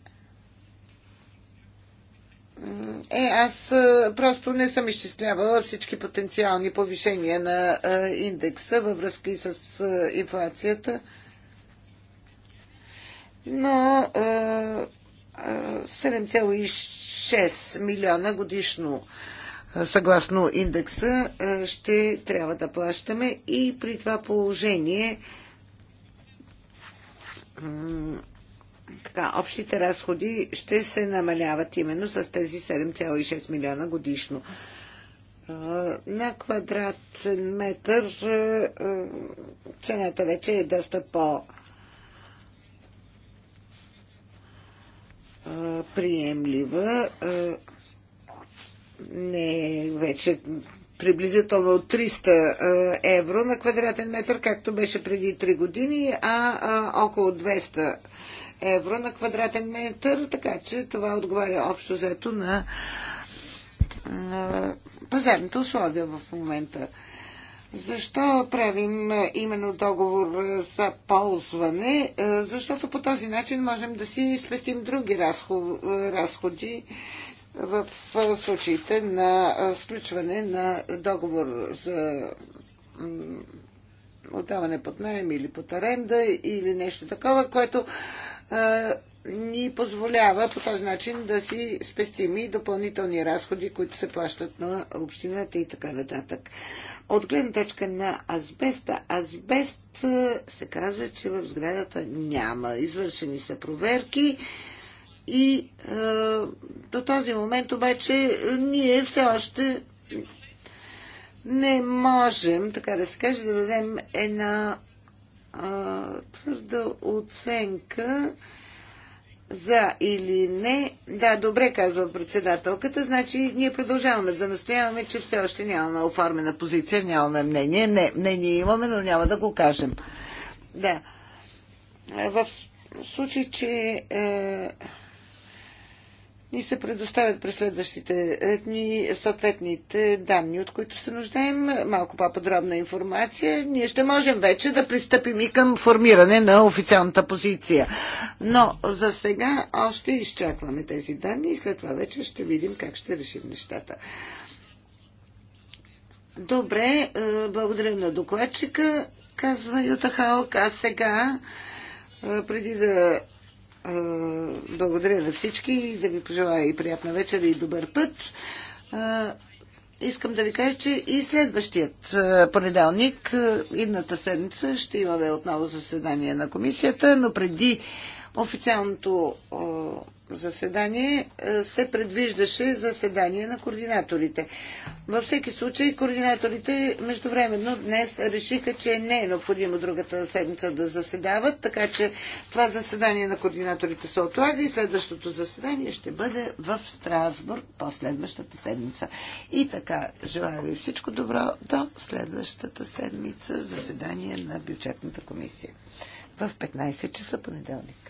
Е, аз просто не съм изчислявала всички потенциални повишения на индекса във връзка и с инфлацията. Но 7,6 милиона годишно съгласно индекса ще трябва да плащаме и при това положение така, общите разходи ще се намаляват именно с тези 7,6 милиона годишно. На квадрат метър цената вече е доста по- приемлива. Не е вече приблизително 300 евро на квадратен метър, както беше преди 3 години, а около 200 евро на квадратен метър, така че това отговаря общо заето на пазарните условия в момента. Защо правим именно договор за ползване? Защото по този начин можем да си спестим други разходи в случаите на сключване на договор за отдаване под найем или под аренда или нещо такова, което ни позволява по този начин да си спестим и допълнителни разходи, които се плащат на общината и така нататък. От гледна точка на азбеста, азбест се казва, че в сградата няма. Извършени са проверки, и е, до този момент обаче ние все още не можем, така да се каже, да дадем една а, твърда оценка за или не. Да, добре, казва председателката. Значи ние продължаваме да настояваме, че все още нямаме оформена позиция, нямаме мнение. Не, мнение имаме, но няма да го кажем. Да. В случай, че е, ни се предоставят през следващите е, дни съответните данни, от които се нуждаем, малко по-подробна информация, ние ще можем вече да пристъпим и към формиране на официалната позиция. Но за сега още изчакваме тези данни и след това вече ще видим как ще решим нещата. Добре, е, благодаря на докладчика, казва Юта Халк. А сега, е, преди да благодаря на всички да ви пожелая и приятна вечер и добър път. Искам да ви кажа, че и следващият понеделник, идната седмица, ще имаме отново заседание на комисията, но преди официалното заседание е, се предвиждаше заседание на координаторите. Във всеки случай координаторите междувременно днес решиха, че не е необходимо другата седмица да заседават, така че това заседание на координаторите се отлага и следващото заседание ще бъде в Страсбург последващата седмица. И така, желая ви всичко добро до следващата седмица заседание на бюджетната комисия в 15 часа понеделник.